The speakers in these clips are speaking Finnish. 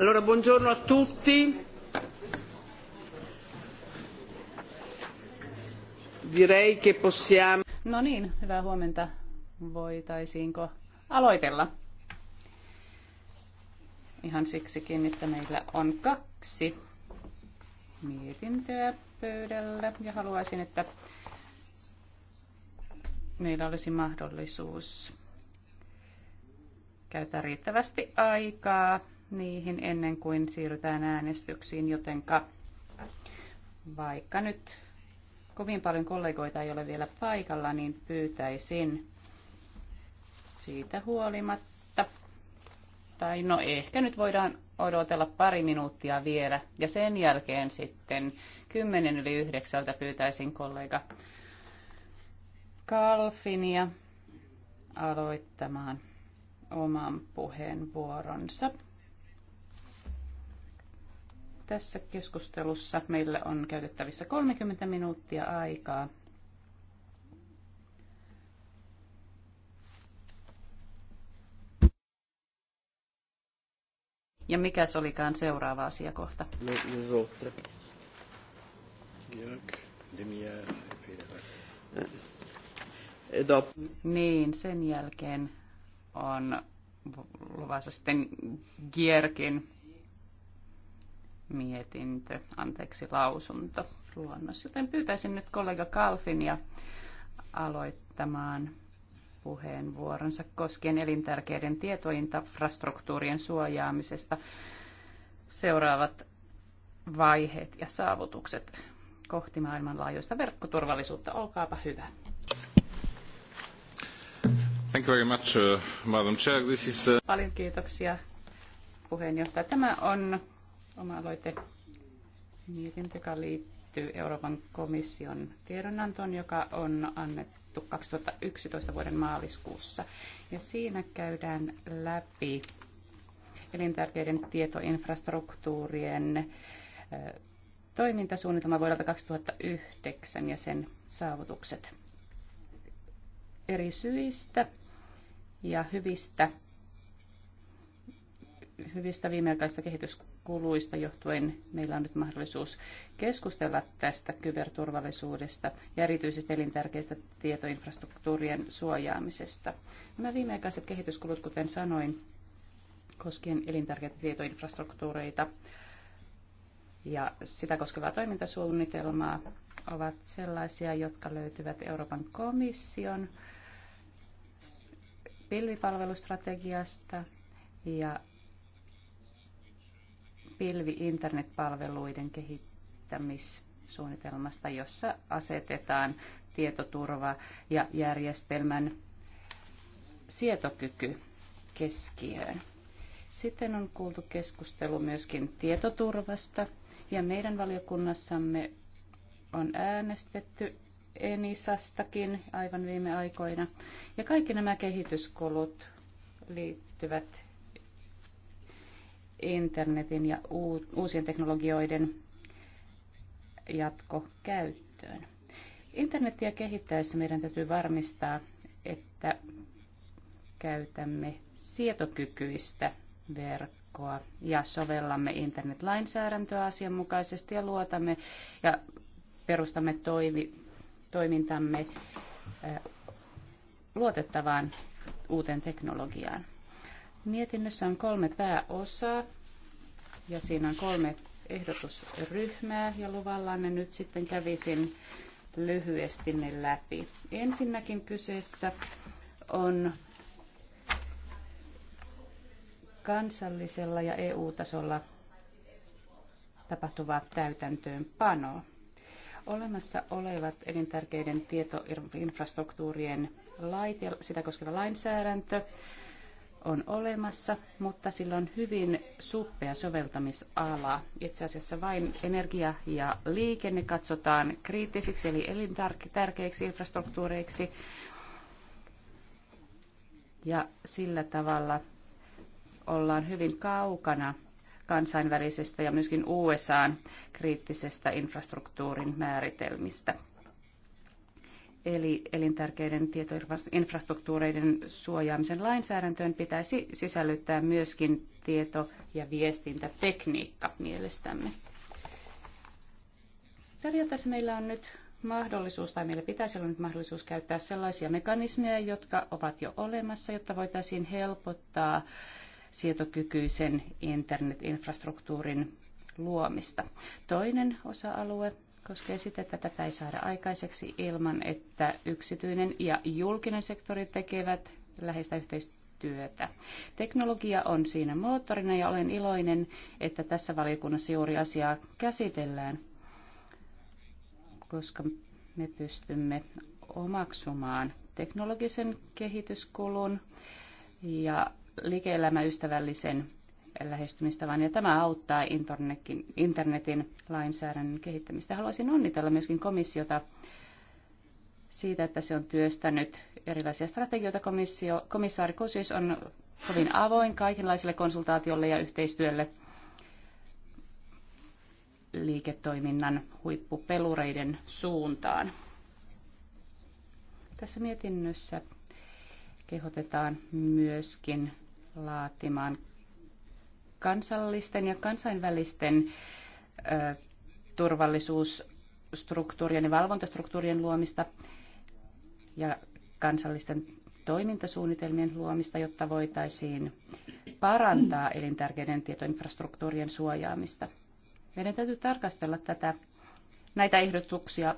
Allora, buongiorno a tutti. Direi che possiamo... No niin, hyvää huomenta. Voitaisiinko aloitella? Ihan siksikin, että meillä on kaksi mietintöä pöydällä ja haluaisin, että meillä olisi mahdollisuus käyttää riittävästi aikaa niihin ennen kuin siirrytään äänestyksiin, jotenka vaikka nyt kovin paljon kollegoita ei ole vielä paikalla, niin pyytäisin siitä huolimatta. Tai no ehkä nyt voidaan odotella pari minuuttia vielä ja sen jälkeen sitten 10 yli yhdeksältä pyytäisin kollega Kalfinia aloittamaan oman puheenvuoronsa. Tässä keskustelussa meillä on käytettävissä 30 minuuttia aikaa. Ja mikä se olikaan seuraava asiakohta? Niin, sen jälkeen on luvassa sitten Gierkin mietintö, anteeksi lausunto luonnos. Joten pyytäisin nyt kollega Kalfinia aloittamaan puheenvuoronsa koskien elintärkeiden tietoinfrastruktuurien suojaamisesta seuraavat vaiheet ja saavutukset kohti maailmanlaajuista verkkoturvallisuutta. Olkaapa hyvä. Thank you very much, uh, Madam Chair. This is, uh... Paljon kiitoksia puheenjohtaja. Tämä on oma-aloite mietintö, joka liittyy Euroopan komission tiedonantoon, joka on annettu 2011 vuoden maaliskuussa. Ja siinä käydään läpi elintärkeiden tietoinfrastruktuurien toimintasuunnitelma vuodelta 2009 ja sen saavutukset eri syistä ja hyvistä, hyvistä viimeaikaisista kehitys, kuluista johtuen meillä on nyt mahdollisuus keskustella tästä kyberturvallisuudesta ja erityisesti elintärkeistä tietoinfrastruktuurien suojaamisesta. Nämä viimeaikaiset kehityskulut, kuten sanoin, koskien elintärkeitä tietoinfrastruktuureita ja sitä koskevaa toimintasuunnitelmaa ovat sellaisia, jotka löytyvät Euroopan komission pilvipalvelustrategiasta ja pilvi internetpalveluiden kehittämissuunnitelmasta, jossa asetetaan tietoturva ja järjestelmän sietokyky keskiöön. Sitten on kuultu keskustelu myöskin tietoturvasta ja meidän valiokunnassamme on äänestetty Enisastakin aivan viime aikoina. Ja kaikki nämä kehityskulut liittyvät internetin ja uusien teknologioiden jatkokäyttöön. Internetiä kehittäessä meidän täytyy varmistaa, että käytämme sietokykyistä verkkoa ja sovellamme internetlainsäädäntöä asianmukaisesti ja luotamme ja perustamme toimi, toimintamme luotettavaan uuteen teknologiaan. Mietinnössä on kolme pääosaa ja siinä on kolme ehdotusryhmää ja ne nyt sitten kävisin lyhyesti ne läpi. Ensinnäkin kyseessä on kansallisella ja EU-tasolla tapahtuvaa täytäntöönpanoa. Olemassa olevat elintärkeiden tietoinfrastruktuurien lait ja sitä koskeva lainsäädäntö on olemassa, mutta sillä on hyvin suppea soveltamisala. Itse asiassa vain energia ja liikenne katsotaan kriittisiksi eli elintärkeiksi infrastruktuureiksi. Ja sillä tavalla ollaan hyvin kaukana kansainvälisestä ja myöskin USAn kriittisestä infrastruktuurin määritelmistä eli elintärkeiden tietoinfrastruktuureiden suojaamisen lainsäädäntöön pitäisi sisällyttää myöskin tieto- ja viestintätekniikka mielestämme. Periaatteessa meillä on nyt mahdollisuus, tai meillä pitäisi olla nyt mahdollisuus käyttää sellaisia mekanismeja, jotka ovat jo olemassa, jotta voitaisiin helpottaa sietokykyisen internetinfrastruktuurin luomista. Toinen osa-alue koskee sitä, että tätä ei saada aikaiseksi ilman, että yksityinen ja julkinen sektori tekevät läheistä yhteistyötä. Teknologia on siinä moottorina ja olen iloinen, että tässä valiokunnassa juuri asiaa käsitellään, koska me pystymme omaksumaan teknologisen kehityskulun ja liike-elämäystävällisen lähestymistavan, ja tämä auttaa internetin, internetin lainsäädännön kehittämistä. Haluaisin onnitella myöskin komissiota siitä, että se on työstänyt erilaisia strategioita. Komissio, komissaari Kosis on kovin avoin kaikenlaiselle konsultaatiolle ja yhteistyölle liiketoiminnan huippupelureiden suuntaan. Tässä mietinnössä kehotetaan myöskin laatimaan kansallisten ja kansainvälisten turvallisuusstruktuurien ja valvontastruktuurien luomista ja kansallisten toimintasuunnitelmien luomista, jotta voitaisiin parantaa elintärkeiden tietoinfrastruktuurien suojaamista. Meidän täytyy tarkastella tätä, näitä ehdotuksia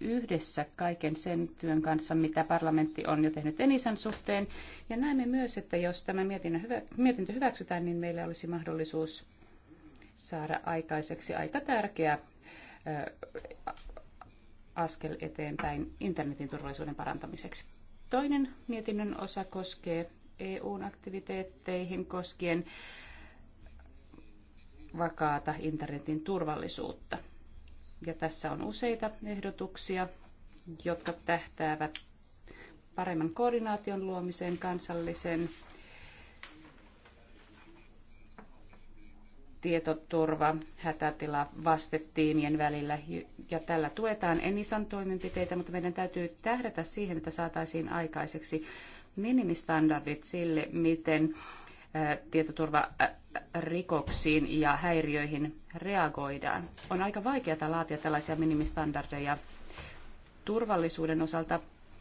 yhdessä kaiken sen työn kanssa, mitä parlamentti on jo tehnyt Enisan suhteen. Ja näemme myös, että jos tämä hyvä, mietintö hyväksytään, niin meillä olisi mahdollisuus saada aikaiseksi aika tärkeä askel eteenpäin internetin turvallisuuden parantamiseksi. Toinen mietinnön osa koskee eu aktiviteetteihin koskien vakaata internetin turvallisuutta. Ja tässä on useita ehdotuksia, jotka tähtäävät paremman koordinaation luomiseen kansallisen tietoturva, hätätila vastetiimien välillä. Ja tällä tuetaan Enisan toimenpiteitä, mutta meidän täytyy tähdätä siihen, että saataisiin aikaiseksi minimistandardit sille, miten tietoturvarikoksiin ja häiriöihin reagoidaan. On aika vaikeaa laatia tällaisia minimistandardeja turvallisuuden osalta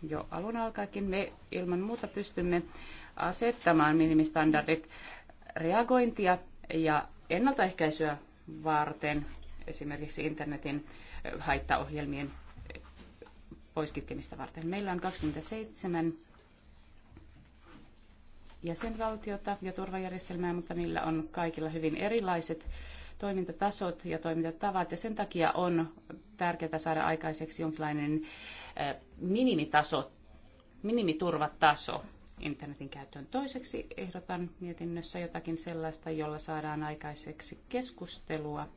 jo alun alkaakin Me ilman muuta pystymme asettamaan minimistandardit reagointia ja ennaltaehkäisyä varten, esimerkiksi internetin haittaohjelmien poiskitkemistä varten. Meillä on 27 jäsenvaltiota ja turvajärjestelmää, mutta niillä on kaikilla hyvin erilaiset toimintatasot ja toimintatavat, ja sen takia on tärkeää saada aikaiseksi jonkinlainen minimitaso, minimiturvataso internetin käyttöön. Toiseksi ehdotan mietinnössä jotakin sellaista, jolla saadaan aikaiseksi keskustelua,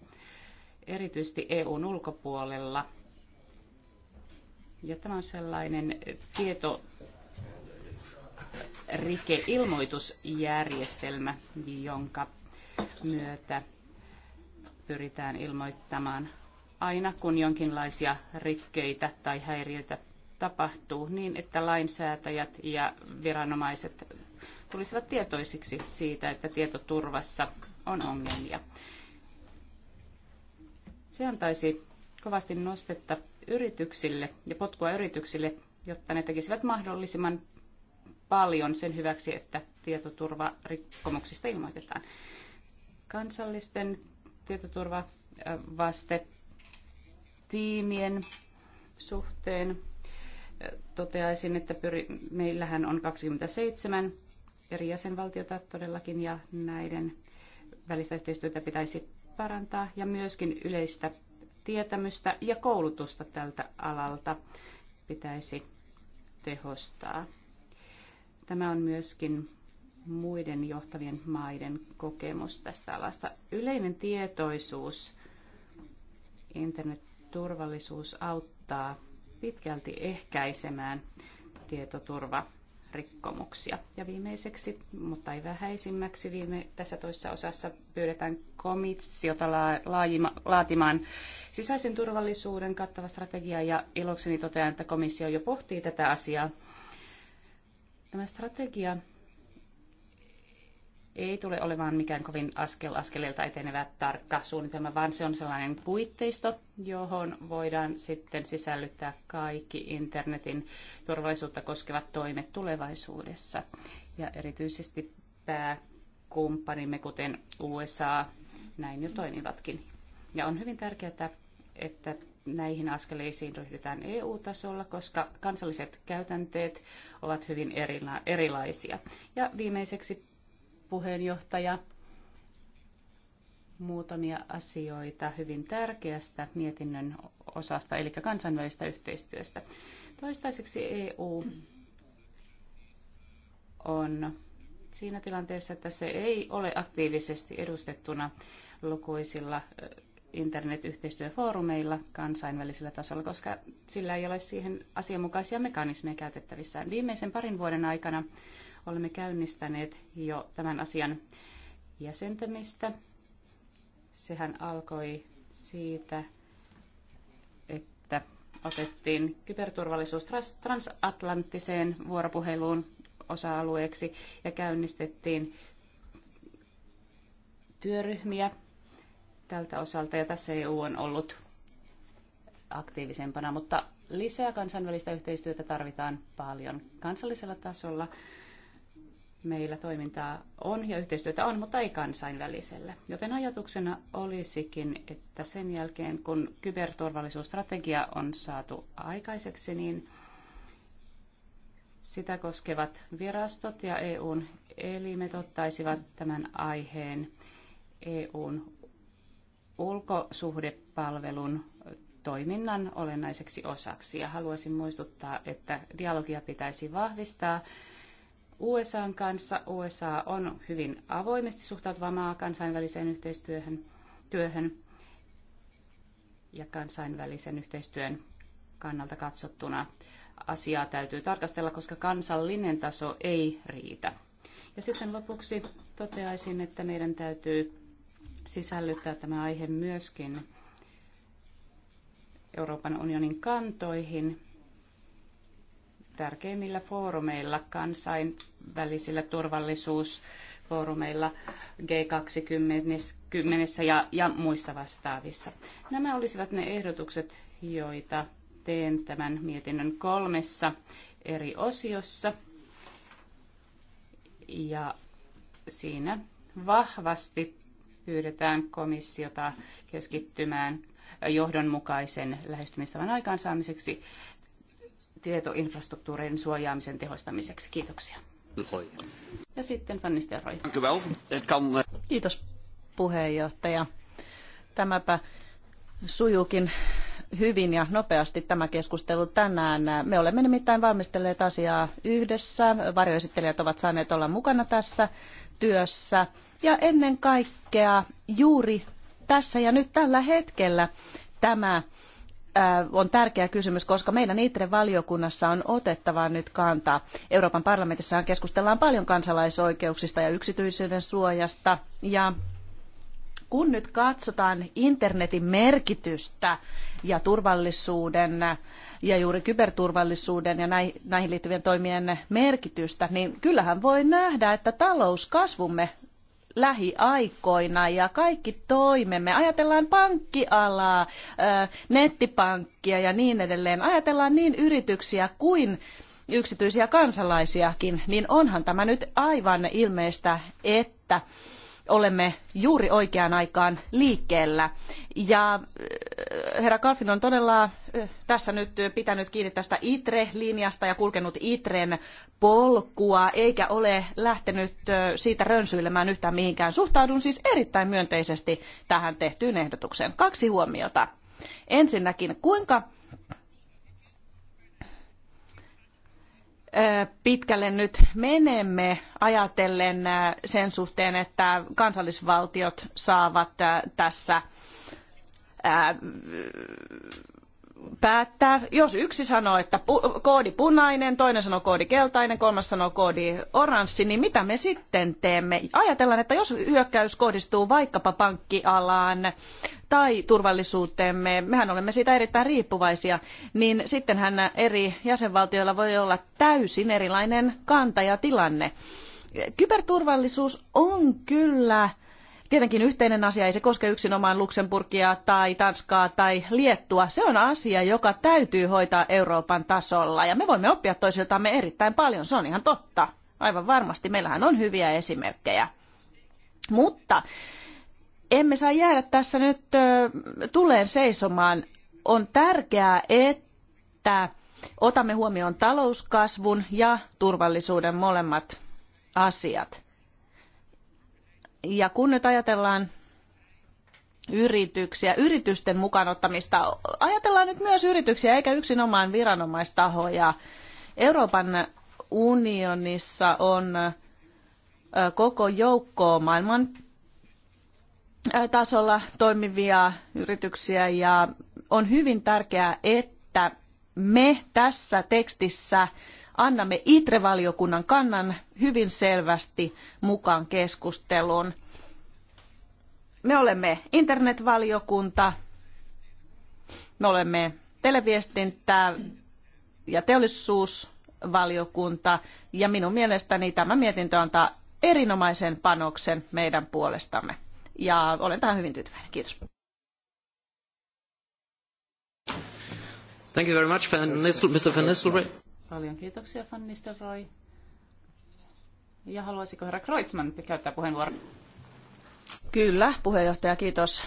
erityisesti EUn ulkopuolella. Ja tämä on sellainen tieto rikeilmoitusjärjestelmä, jonka myötä pyritään ilmoittamaan aina, kun jonkinlaisia rikkeitä tai häiriöitä tapahtuu, niin että lainsäätäjät ja viranomaiset tulisivat tietoisiksi siitä, että tietoturvassa on ongelmia. Se antaisi kovasti nostetta yrityksille ja potkua yrityksille, jotta ne tekisivät mahdollisimman paljon sen hyväksi, että tietoturvarikkomuksista ilmoitetaan. Kansallisten tietoturvavaste tiimien suhteen toteaisin, että pyri, meillähän on 27 eri jäsenvaltiota todellakin ja näiden välistä yhteistyötä pitäisi parantaa ja myöskin yleistä tietämystä ja koulutusta tältä alalta pitäisi tehostaa. Tämä on myöskin muiden johtavien maiden kokemus tästä alasta. Yleinen tietoisuus, internetturvallisuus auttaa pitkälti ehkäisemään tietoturvarikkomuksia. Ja viimeiseksi, mutta ei vähäisimmäksi, viime, tässä toisessa osassa pyydetään komissiota laatimaan sisäisen turvallisuuden kattava strategia. Ja ilokseni totean, että komissio jo pohtii tätä asiaa Tämä strategia ei tule olemaan mikään kovin askel askeleelta etenevä tarkka suunnitelma, vaan se on sellainen puitteisto, johon voidaan sitten sisällyttää kaikki internetin turvallisuutta koskevat toimet tulevaisuudessa. Ja erityisesti pääkumppanimme, kuten USA, näin jo toimivatkin. Ja on hyvin tärkeää, että näihin askeleisiin ryhdytään EU-tasolla, koska kansalliset käytänteet ovat hyvin erila- erilaisia. Ja viimeiseksi puheenjohtaja muutamia asioita hyvin tärkeästä mietinnön osasta, eli kansainvälistä yhteistyöstä. Toistaiseksi EU on siinä tilanteessa, että se ei ole aktiivisesti edustettuna lukuisilla internetyhteistyöfoorumeilla kansainvälisellä tasolla, koska sillä ei ole siihen asianmukaisia mekanismeja käytettävissään. Viimeisen parin vuoden aikana olemme käynnistäneet jo tämän asian jäsentämistä. Sehän alkoi siitä, että otettiin kyberturvallisuus transatlanttiseen vuoropuheluun osa-alueeksi ja käynnistettiin työryhmiä tältä osalta, ja tässä EU on ollut aktiivisempana, mutta lisää kansainvälistä yhteistyötä tarvitaan paljon kansallisella tasolla. Meillä toimintaa on ja yhteistyötä on, mutta ei kansainvälisellä. Joten ajatuksena olisikin, että sen jälkeen kun kyberturvallisuusstrategia on saatu aikaiseksi, niin sitä koskevat virastot ja EUn elimet ottaisivat tämän aiheen EUn ulkosuhdepalvelun toiminnan olennaiseksi osaksi. Ja haluaisin muistuttaa, että dialogia pitäisi vahvistaa USAn kanssa. USA on hyvin avoimesti suhtautuva maa kansainväliseen yhteistyöhön työhön ja kansainvälisen yhteistyön kannalta katsottuna asiaa täytyy tarkastella, koska kansallinen taso ei riitä. Ja sitten lopuksi toteaisin, että meidän täytyy sisällyttää tämä aihe myöskin Euroopan unionin kantoihin tärkeimmillä foorumeilla, kansainvälisillä turvallisuusfoorumeilla, G20 ja, ja muissa vastaavissa. Nämä olisivat ne ehdotukset, joita teen tämän mietinnön kolmessa eri osiossa. Ja siinä vahvasti pyydetään komissiota keskittymään johdonmukaisen lähestymistavan aikaansaamiseksi tietoinfrastruktuurin suojaamisen tehostamiseksi. Kiitoksia. Ja sitten Van Nistelrooy. Eh, Kiitos puheenjohtaja. Tämäpä sujuukin hyvin ja nopeasti tämä keskustelu tänään. Me olemme nimittäin valmistelleet asiaa yhdessä. Varjoesittelijät ovat saaneet olla mukana tässä työssä ja ennen kaikkea juuri tässä ja nyt tällä hetkellä tämä äh, on tärkeä kysymys, koska meidän ITRE valiokunnassa on otettava nyt kantaa. Euroopan parlamentissa keskustellaan paljon kansalaisoikeuksista ja yksityisyyden suojasta ja kun nyt katsotaan internetin merkitystä ja turvallisuuden ja juuri kyberturvallisuuden ja näihin liittyvien toimien merkitystä, niin kyllähän voi nähdä, että talouskasvumme lähiaikoina ja kaikki toimemme, ajatellaan pankkialaa, nettipankkia ja niin edelleen, ajatellaan niin yrityksiä kuin yksityisiä kansalaisiakin, niin onhan tämä nyt aivan ilmeistä, että olemme juuri oikeaan aikaan liikkeellä. Ja äh, herra Kalfin on todella äh, tässä nyt pitänyt kiinni tästä ITRE-linjasta ja kulkenut ITREn polkua, eikä ole lähtenyt äh, siitä rönsyilemään yhtään mihinkään. Suhtaudun siis erittäin myönteisesti tähän tehtyyn ehdotukseen. Kaksi huomiota. Ensinnäkin, kuinka pitkälle nyt menemme ajatellen sen suhteen, että kansallisvaltiot saavat tässä päättää. Jos yksi sanoo, että pu- koodi punainen, toinen sanoo koodi keltainen, kolmas sanoo koodi oranssi, niin mitä me sitten teemme? Ajatellaan, että jos hyökkäys kohdistuu vaikkapa pankkialaan tai turvallisuuteemme, mehän olemme siitä erittäin riippuvaisia, niin sittenhän eri jäsenvaltioilla voi olla täysin erilainen kanta ja tilanne. Kyberturvallisuus on kyllä tietenkin yhteinen asia, ei se koske yksinomaan Luxemburgia tai Tanskaa tai Liettua. Se on asia, joka täytyy hoitaa Euroopan tasolla ja me voimme oppia toisiltamme erittäin paljon, se on ihan totta. Aivan varmasti, meillähän on hyviä esimerkkejä. Mutta emme saa jäädä tässä nyt tuleen seisomaan. On tärkeää, että otamme huomioon talouskasvun ja turvallisuuden molemmat asiat. Ja kun nyt ajatellaan yrityksiä, yritysten mukaanottamista, ajatellaan nyt myös yrityksiä eikä yksinomaan viranomaistahoja. Euroopan unionissa on koko joukko maailman tasolla toimivia yrityksiä ja on hyvin tärkeää, että me tässä tekstissä annamme ITRE-valiokunnan kannan hyvin selvästi mukaan keskusteluun. Me olemme internetvaliokunta, me olemme televiestintä ja teollisuusvaliokunta ja minun mielestäni tämä mietintö antaa erinomaisen panoksen meidän puolestamme. Ja olen tähän hyvin tyytyväinen. Kiitos. Thank you very much, Mr. Van Nistelrooy. Paljon kiitoksia, Van Roy. Ja haluaisiko herra Kreutzmann käyttää puheenvuoron? Kyllä, puheenjohtaja, kiitos.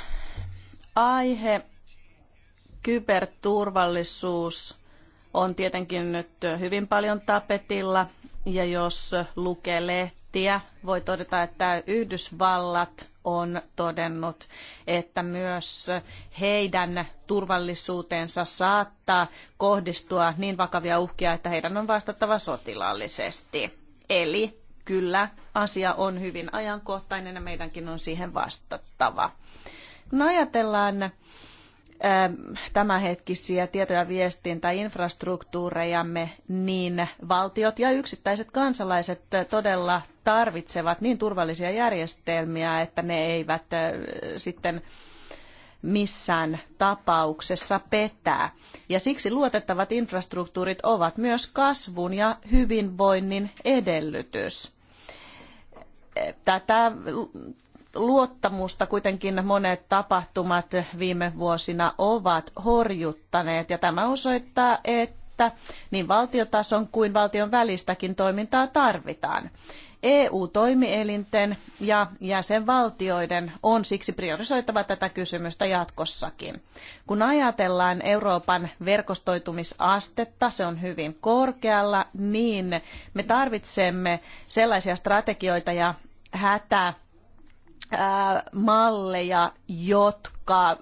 Aihe kyberturvallisuus on tietenkin nyt hyvin paljon tapetilla – ja jos lukee lehtiä, voi todeta, että Yhdysvallat on todennut, että myös heidän turvallisuuteensa saattaa kohdistua niin vakavia uhkia, että heidän on vastattava sotilaallisesti. Eli kyllä, asia on hyvin ajankohtainen ja meidänkin on siihen vastattava. No ajatellaan Ähm, tämänhetkisiä tieto- ja viestintäinfrastruktuurejamme, niin valtiot ja yksittäiset kansalaiset äh, todella tarvitsevat niin turvallisia järjestelmiä, että ne eivät äh, sitten missään tapauksessa petää. Ja siksi luotettavat infrastruktuurit ovat myös kasvun ja hyvinvoinnin edellytys. Tätä luottamusta kuitenkin monet tapahtumat viime vuosina ovat horjuttaneet ja tämä osoittaa, että niin valtiotason kuin valtion välistäkin toimintaa tarvitaan. EU-toimielinten ja jäsenvaltioiden on siksi priorisoitava tätä kysymystä jatkossakin. Kun ajatellaan Euroopan verkostoitumisastetta, se on hyvin korkealla, niin me tarvitsemme sellaisia strategioita ja hätä malleja, jotka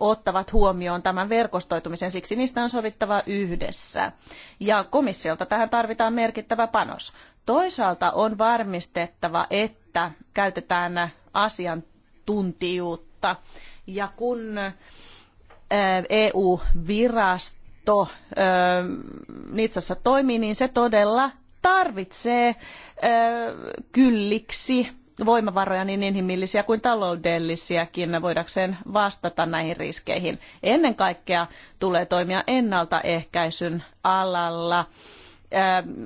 ottavat huomioon tämän verkostoitumisen, siksi niistä on sovittava yhdessä. Ja komissiolta tähän tarvitaan merkittävä panos. Toisaalta on varmistettava, että käytetään asiantuntijuutta. Ja kun EU-virasto Nitsassa toimii, niin se todella tarvitsee kylliksi voimavaroja niin inhimillisiä kuin taloudellisiakin voidakseen vastata näihin riskeihin. Ennen kaikkea tulee toimia ennaltaehkäisyn alalla.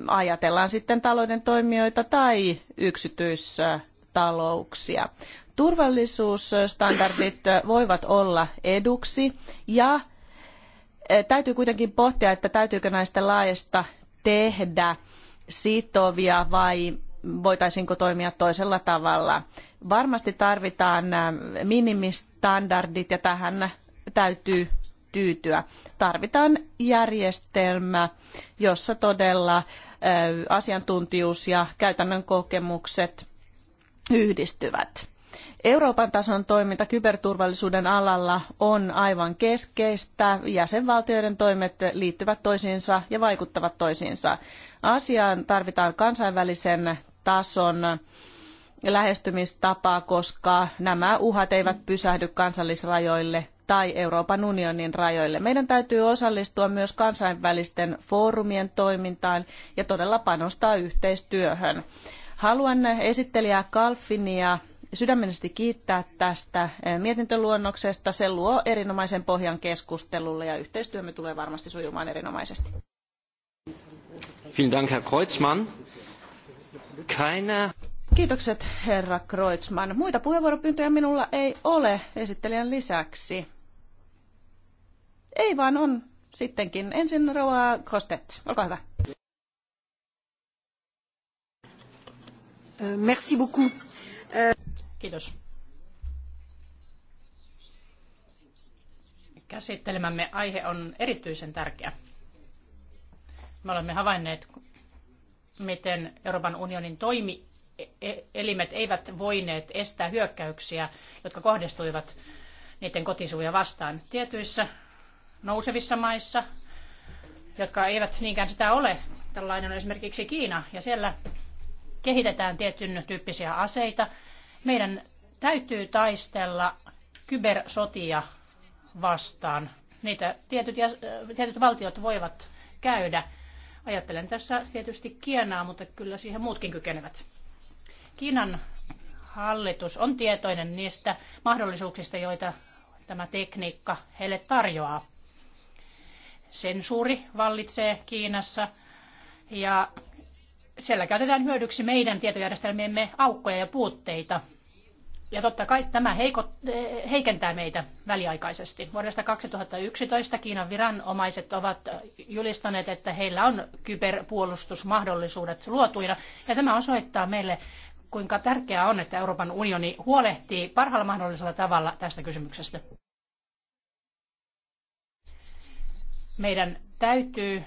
Ajatellaan sitten talouden toimijoita tai yksityistalouksia. Turvallisuusstandardit voivat olla eduksi ja täytyy kuitenkin pohtia, että täytyykö näistä laajista tehdä sitovia vai voitaisiinko toimia toisella tavalla. Varmasti tarvitaan minimistandardit ja tähän täytyy tyytyä. Tarvitaan järjestelmä, jossa todella asiantuntijuus ja käytännön kokemukset yhdistyvät. Euroopan tason toiminta kyberturvallisuuden alalla on aivan keskeistä. Jäsenvaltioiden toimet liittyvät toisiinsa ja vaikuttavat toisiinsa. Asiaan tarvitaan kansainvälisen tason lähestymistapaa, koska nämä uhat eivät pysähdy kansallisrajoille tai Euroopan unionin rajoille. Meidän täytyy osallistua myös kansainvälisten foorumien toimintaan ja todella panostaa yhteistyöhön. Haluan esittelijä Kalfinia sydämellisesti kiittää tästä mietintöluonnoksesta. Se luo erinomaisen pohjan keskustelulle ja yhteistyömme tulee varmasti sujumaan erinomaisesti. Vielen Dank, Herr Kreuzmann keine... Kiitokset, herra Kreutzmann. Muita puheenvuoropyyntöjä minulla ei ole esittelijän lisäksi. Ei vaan on sittenkin. Ensin Roa Kostet, olkaa hyvä. Äh, merci beaucoup. Äh, Kiitos. Käsittelemämme aihe on erityisen tärkeä. Me olemme havainneet miten Euroopan unionin toimielimet e, e, eivät voineet estää hyökkäyksiä, jotka kohdistuivat niiden kotisivuja vastaan. Tietyissä nousevissa maissa, jotka eivät niinkään sitä ole, tällainen on esimerkiksi Kiina, ja siellä kehitetään tietyn tyyppisiä aseita. Meidän täytyy taistella kybersotia vastaan. Niitä tietyt, äh, tietyt valtiot voivat käydä. Ajattelen tässä tietysti Kiinaa, mutta kyllä siihen muutkin kykenevät. Kiinan hallitus on tietoinen niistä mahdollisuuksista, joita tämä tekniikka heille tarjoaa. Sensuuri vallitsee Kiinassa ja siellä käytetään hyödyksi meidän tietojärjestelmiemme aukkoja ja puutteita ja totta kai tämä heikentää meitä väliaikaisesti. Vuodesta 2011 Kiinan viranomaiset ovat julistaneet, että heillä on kyberpuolustusmahdollisuudet luotuina. Ja tämä osoittaa meille, kuinka tärkeää on, että Euroopan unioni huolehtii parhaalla mahdollisella tavalla tästä kysymyksestä. Meidän täytyy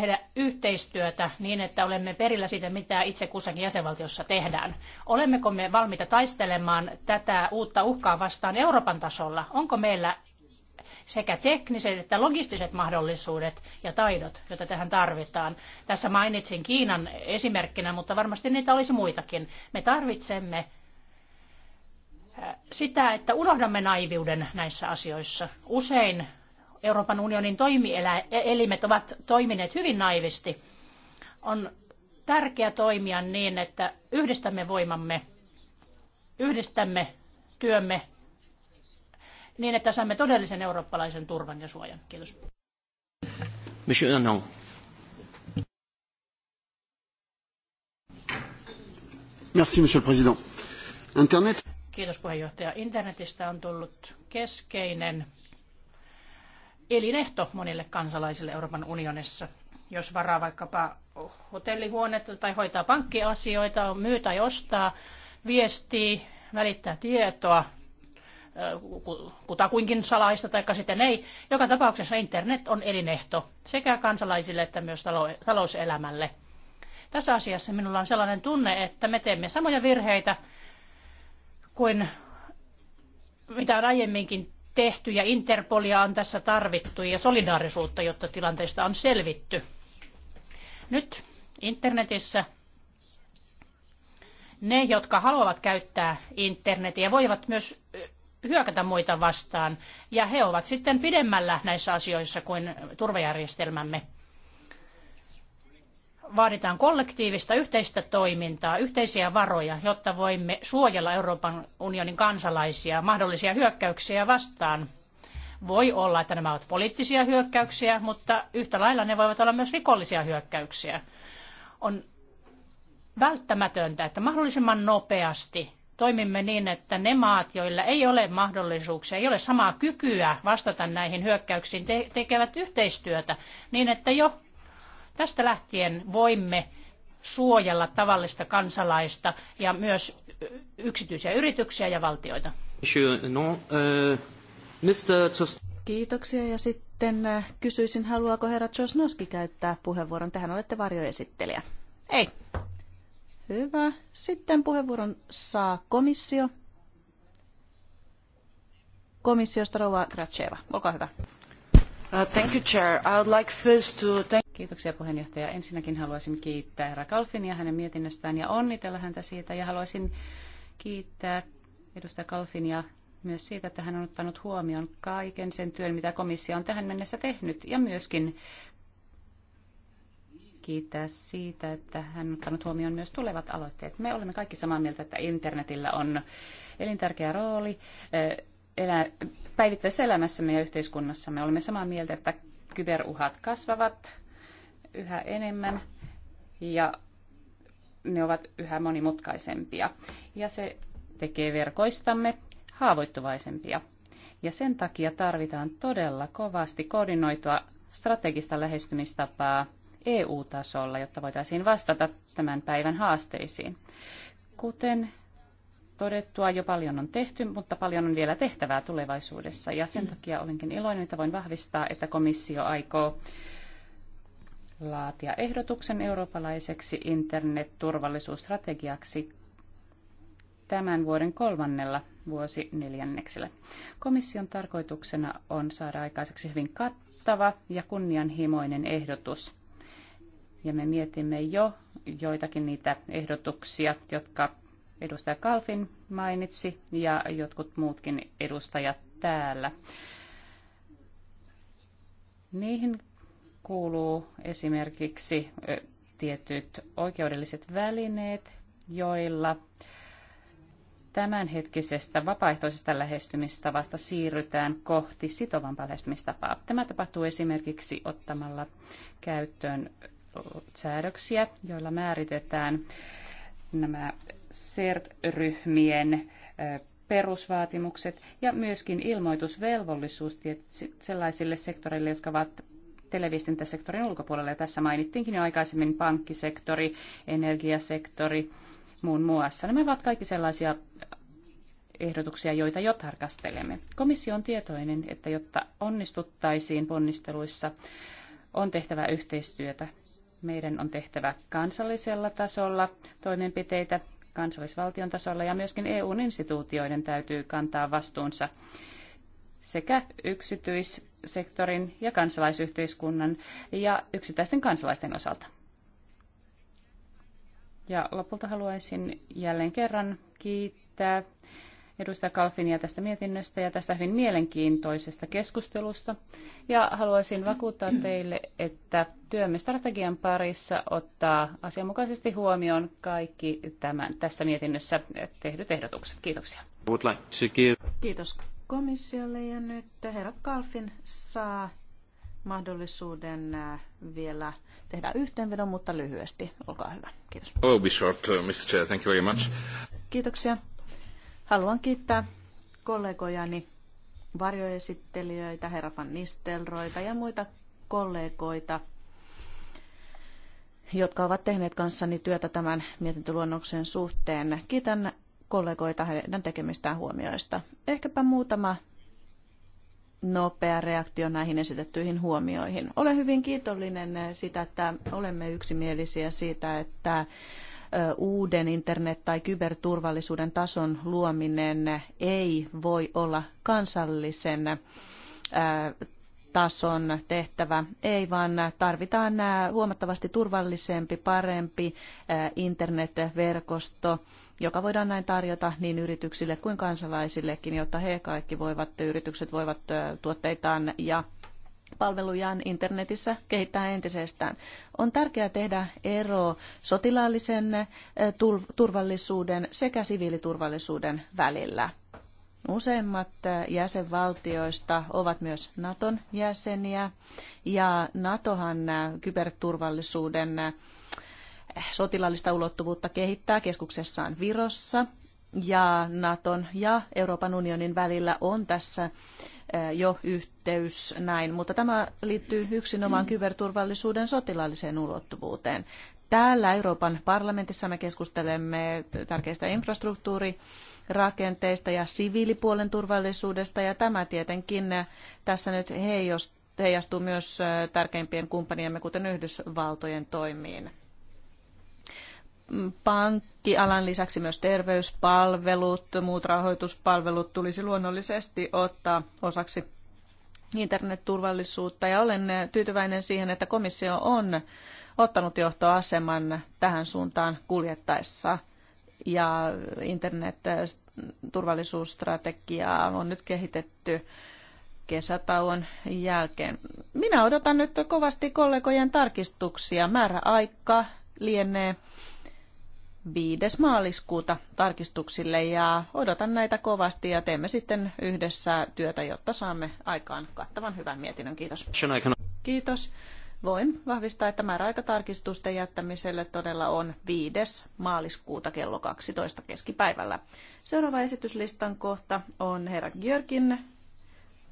tehdä yhteistyötä niin, että olemme perillä siitä, mitä itse kussakin jäsenvaltiossa tehdään. Olemmeko me valmiita taistelemaan tätä uutta uhkaa vastaan Euroopan tasolla? Onko meillä sekä tekniset että logistiset mahdollisuudet ja taidot, joita tähän tarvitaan. Tässä mainitsin Kiinan esimerkkinä, mutta varmasti niitä olisi muitakin. Me tarvitsemme äh, sitä, että unohdamme naiviuden näissä asioissa. Usein Euroopan unionin toimielimet ovat toimineet hyvin naivisti. On tärkeää toimia niin, että yhdistämme voimamme, yhdistämme työmme niin, että saamme todellisen eurooppalaisen turvan ja suojan. Kiitos. Monsieur Merci, monsieur le président. Internet... Kiitos puheenjohtaja. Internetistä on tullut keskeinen elinehto monille kansalaisille Euroopan unionissa. Jos varaa vaikkapa hotellihuonetta tai hoitaa pankkiasioita, myy tai ostaa, viestii, välittää tietoa, äh, kutakuinkin salaista tai sitten ei. Joka tapauksessa internet on elinehto sekä kansalaisille että myös talouselämälle. Tässä asiassa minulla on sellainen tunne, että me teemme samoja virheitä kuin mitä on aiemminkin tehty ja Interpolia on tässä tarvittu ja solidaarisuutta, jotta tilanteesta on selvitty. Nyt internetissä ne, jotka haluavat käyttää internetiä, voivat myös hyökätä muita vastaan. Ja he ovat sitten pidemmällä näissä asioissa kuin turvajärjestelmämme vaaditaan kollektiivista yhteistä toimintaa, yhteisiä varoja, jotta voimme suojella Euroopan unionin kansalaisia mahdollisia hyökkäyksiä vastaan. Voi olla, että nämä ovat poliittisia hyökkäyksiä, mutta yhtä lailla ne voivat olla myös rikollisia hyökkäyksiä. On välttämätöntä, että mahdollisimman nopeasti toimimme niin, että ne maat, joilla ei ole mahdollisuuksia, ei ole samaa kykyä vastata näihin hyökkäyksiin, tekevät yhteistyötä niin, että jo Tästä lähtien voimme suojella tavallista kansalaista ja myös yksityisiä yrityksiä ja valtioita. Euh, Kiitoksia ja sitten äh, kysyisin, haluaako herra Josnoski käyttää puheenvuoron? Tähän olette varjoesittelijä. Ei. Hyvä. Sitten puheenvuoron saa komissio. Komissiosta rouva Gracheva. Olkaa hyvä. Uh, thank you, Chair. I would like first to thank Kiitoksia puheenjohtaja. Ensinnäkin haluaisin kiittää herra Kalfinia hänen mietinnöstään ja onnitella häntä siitä. Ja haluaisin kiittää edustaja Kalfinia myös siitä, että hän on ottanut huomioon kaiken sen työn, mitä komissio on tähän mennessä tehnyt. Ja myöskin kiittää siitä, että hän on ottanut huomioon myös tulevat aloitteet. Me olemme kaikki samaa mieltä, että internetillä on elintärkeä rooli eh, elä, päivittäisessä elämässämme ja yhteiskunnassamme. Olemme samaa mieltä, että kyberuhat kasvavat, yhä enemmän ja ne ovat yhä monimutkaisempia. Ja se tekee verkoistamme haavoittuvaisempia. Ja sen takia tarvitaan todella kovasti koordinoitua strategista lähestymistapaa EU-tasolla, jotta voitaisiin vastata tämän päivän haasteisiin. Kuten todettua, jo paljon on tehty, mutta paljon on vielä tehtävää tulevaisuudessa. Ja sen takia olenkin iloinen, että voin vahvistaa, että komissio aikoo laatia ehdotuksen eurooppalaiseksi internetturvallisuusstrategiaksi tämän vuoden kolmannella vuosineljänneksellä. Komission tarkoituksena on saada aikaiseksi hyvin kattava ja kunnianhimoinen ehdotus. Ja me mietimme jo joitakin niitä ehdotuksia, jotka edustaja Kalfin mainitsi ja jotkut muutkin edustajat täällä. Niihin kuuluu esimerkiksi tietyt oikeudelliset välineet, joilla tämänhetkisestä vapaaehtoisesta lähestymistavasta siirrytään kohti sitovampaa lähestymistapaa. Tämä tapahtuu esimerkiksi ottamalla käyttöön säädöksiä, joilla määritetään nämä CERT-ryhmien perusvaatimukset ja myöskin ilmoitusvelvollisuus sellaisille sektoreille, jotka ovat televiestintäsektorin ulkopuolelle. Ja tässä mainittiinkin jo aikaisemmin pankkisektori, energiasektori muun muassa. Nämä ovat kaikki sellaisia ehdotuksia, joita jo tarkastelemme. Komissio on tietoinen, että jotta onnistuttaisiin ponnisteluissa, on tehtävä yhteistyötä. Meidän on tehtävä kansallisella tasolla toimenpiteitä, kansallisvaltion tasolla ja myöskin EUn instituutioiden täytyy kantaa vastuunsa sekä yksityis- sektorin ja kansalaisyhteiskunnan ja yksittäisten kansalaisten osalta. Ja lopulta haluaisin jälleen kerran kiittää edustaja Kalfinia tästä mietinnöstä ja tästä hyvin mielenkiintoisesta keskustelusta. Ja haluaisin vakuuttaa teille, että työmme strategian parissa ottaa asianmukaisesti huomioon kaikki tämän tässä mietinnössä tehdyt ehdotukset. Kiitoksia. Kiitos komissiolle ja nyt herra Kalfin saa mahdollisuuden äh, vielä tehdä yhteenvedon, mutta lyhyesti. Olkaa hyvä. Kiitos. I'll oh, be short, uh, Mr. Chair. Thank you very much. Kiitoksia. Haluan kiittää kollegojani varjoesittelijöitä, herra Van Nistelroita ja muita kollegoita, jotka ovat tehneet kanssani työtä tämän mietintöluonnoksen suhteen. Kiitän kollegoita heidän tekemistään huomioista. Ehkäpä muutama nopea reaktio näihin esitettyihin huomioihin. Olen hyvin kiitollinen sitä, että olemme yksimielisiä siitä, että uuden internet- tai kyberturvallisuuden tason luominen ei voi olla kansallisen tason tehtävä, ei vaan tarvitaan huomattavasti turvallisempi, parempi internetverkosto, joka voidaan näin tarjota niin yrityksille kuin kansalaisillekin, jotta he kaikki voivat, yritykset voivat tuotteitaan ja palvelujaan internetissä kehittää entisestään. On tärkeää tehdä ero sotilaallisen turvallisuuden sekä siviiliturvallisuuden välillä Useimmat äh, jäsenvaltioista ovat myös Naton jäseniä ja Natohan äh, kyberturvallisuuden äh, sotilaallista ulottuvuutta kehittää keskuksessaan Virossa ja Naton ja Euroopan unionin välillä on tässä jo yhteys näin, mutta tämä liittyy yksinomaan kyberturvallisuuden sotilaalliseen ulottuvuuteen. Täällä Euroopan parlamentissa me keskustelemme tärkeistä infrastruktuuri rakenteista ja siviilipuolen turvallisuudesta ja tämä tietenkin tässä nyt heijastuu myös tärkeimpien kumppaniemme, kuten Yhdysvaltojen toimiin. Pankkialan lisäksi myös terveyspalvelut, muut rahoituspalvelut tulisi luonnollisesti ottaa osaksi internetturvallisuutta ja olen tyytyväinen siihen, että komissio on ottanut johtoaseman tähän suuntaan kuljettaessa. Ja internet-turvallisuusstrategiaa on nyt kehitetty kesätauon jälkeen. Minä odotan nyt kovasti kollegojen tarkistuksia. Määräaika lienee 5. maaliskuuta tarkistuksille ja odotan näitä kovasti ja teemme sitten yhdessä työtä, jotta saamme aikaan kattavan hyvän mietinnön. Kiitos. Kiitos voin vahvistaa, että määräaikatarkistusten jättämiselle todella on 5. maaliskuuta kello 12 keskipäivällä. Seuraava esityslistan kohta on herra Gjörkin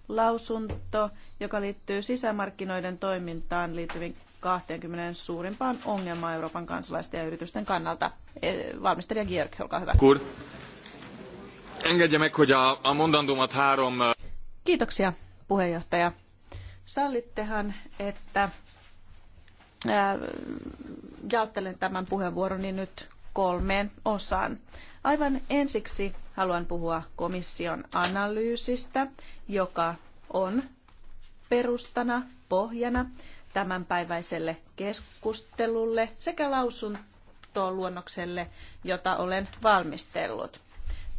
lausunto, joka liittyy sisämarkkinoiden toimintaan liittyviin 20 suurimpaan ongelmaan Euroopan kansalaisten ja yritysten kannalta. E, valmistelija Georg, olkaa hyvä. Kur. meg, hogy a, a mondandumat három... Kiitoksia, puheenjohtaja. Sallittehan, että jaottelen tämän puheenvuoroni nyt kolmeen osaan. Aivan ensiksi haluan puhua komission analyysistä, joka on perustana, pohjana tämänpäiväiselle keskustelulle sekä lausuntoluonnokselle, jota olen valmistellut.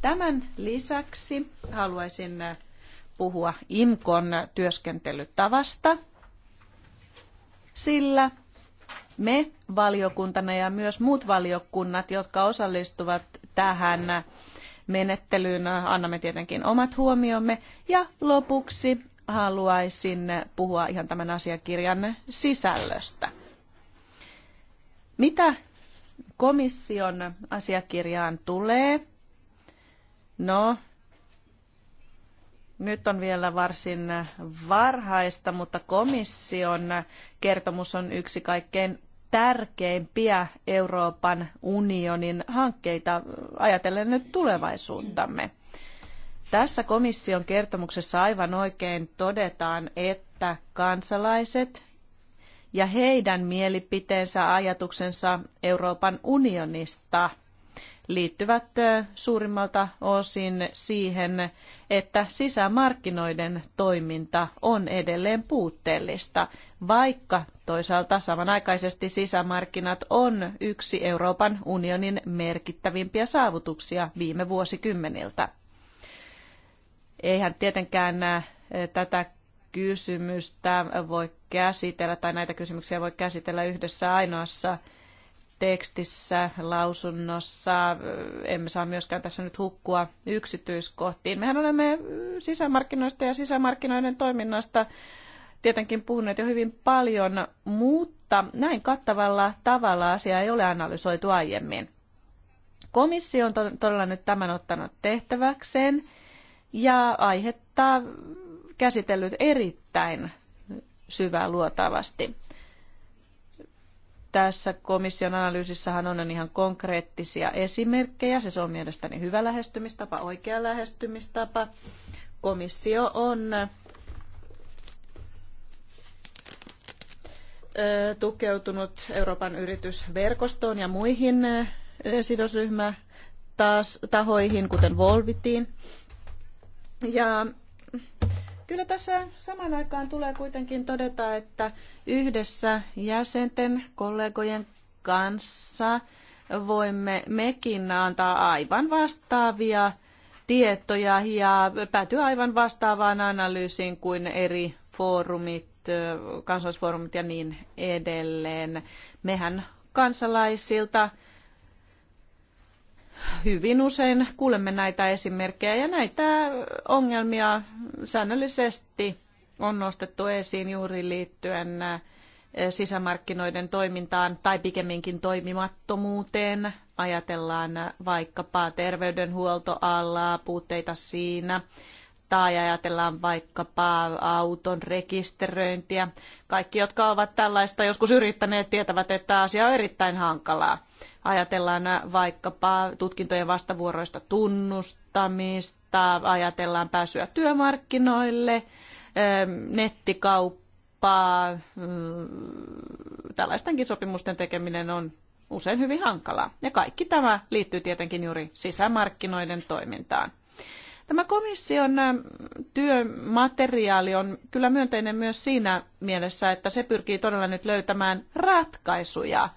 Tämän lisäksi haluaisin puhua IMKON työskentelytavasta, sillä me valiokuntana ja myös muut valiokunnat, jotka osallistuvat tähän menettelyyn, annamme tietenkin omat huomiomme. Ja lopuksi haluaisin puhua ihan tämän asiakirjan sisällöstä. Mitä komission asiakirjaan tulee? No, nyt on vielä varsin varhaista, mutta komission kertomus on yksi kaikkein tärkeimpiä Euroopan unionin hankkeita ajatellen nyt tulevaisuuttamme. Tässä komission kertomuksessa aivan oikein todetaan, että kansalaiset ja heidän mielipiteensä ajatuksensa Euroopan unionista – liittyvät suurimmalta osin siihen, että sisämarkkinoiden toiminta on edelleen puutteellista, vaikka toisaalta samanaikaisesti sisämarkkinat on yksi Euroopan unionin merkittävimpiä saavutuksia viime vuosikymmeniltä. Eihän tietenkään tätä kysymystä voi käsitellä tai näitä kysymyksiä voi käsitellä yhdessä ainoassa tekstissä, lausunnossa. Emme saa myöskään tässä nyt hukkua yksityiskohtiin. Mehän olemme sisämarkkinoista ja sisämarkkinoiden toiminnasta tietenkin puhuneet jo hyvin paljon, mutta näin kattavalla tavalla asia ei ole analysoitu aiemmin. Komissio on todella nyt tämän ottanut tehtäväkseen ja aihetta käsitellyt erittäin syvää luotavasti tässä komission analyysissähän on ihan konkreettisia esimerkkejä. Se on mielestäni hyvä lähestymistapa, oikea lähestymistapa. Komissio on tukeutunut Euroopan yritysverkostoon ja muihin sidosryhmätahoihin, kuten Volvitiin. Ja Kyllä tässä saman aikaan tulee kuitenkin todeta, että yhdessä jäsenten, kollegojen kanssa voimme mekin antaa aivan vastaavia tietoja ja päätyä aivan vastaavaan analyysiin kuin eri foorumit, kansallisfoorumit ja niin edelleen. Mehän kansalaisilta hyvin usein kuulemme näitä esimerkkejä ja näitä ongelmia säännöllisesti on nostettu esiin juuri liittyen eh, sisämarkkinoiden toimintaan tai pikemminkin toimimattomuuteen. Ajatellaan vaikkapa terveydenhuoltoalaa, puutteita siinä, tai ajatellaan vaikkapa auton rekisteröintiä. Kaikki, jotka ovat tällaista joskus yrittäneet, tietävät, että asia on erittäin hankalaa. Ajatellaan vaikkapa tutkintojen vastavuoroista tunnustamista, ajatellaan pääsyä työmarkkinoille, ähm, nettikauppaa. Mm, tällaistenkin sopimusten tekeminen on usein hyvin hankalaa. Ja kaikki tämä liittyy tietenkin juuri sisämarkkinoiden toimintaan. Tämä komission ähm, työmateriaali on kyllä myönteinen myös siinä mielessä, että se pyrkii todella nyt löytämään ratkaisuja –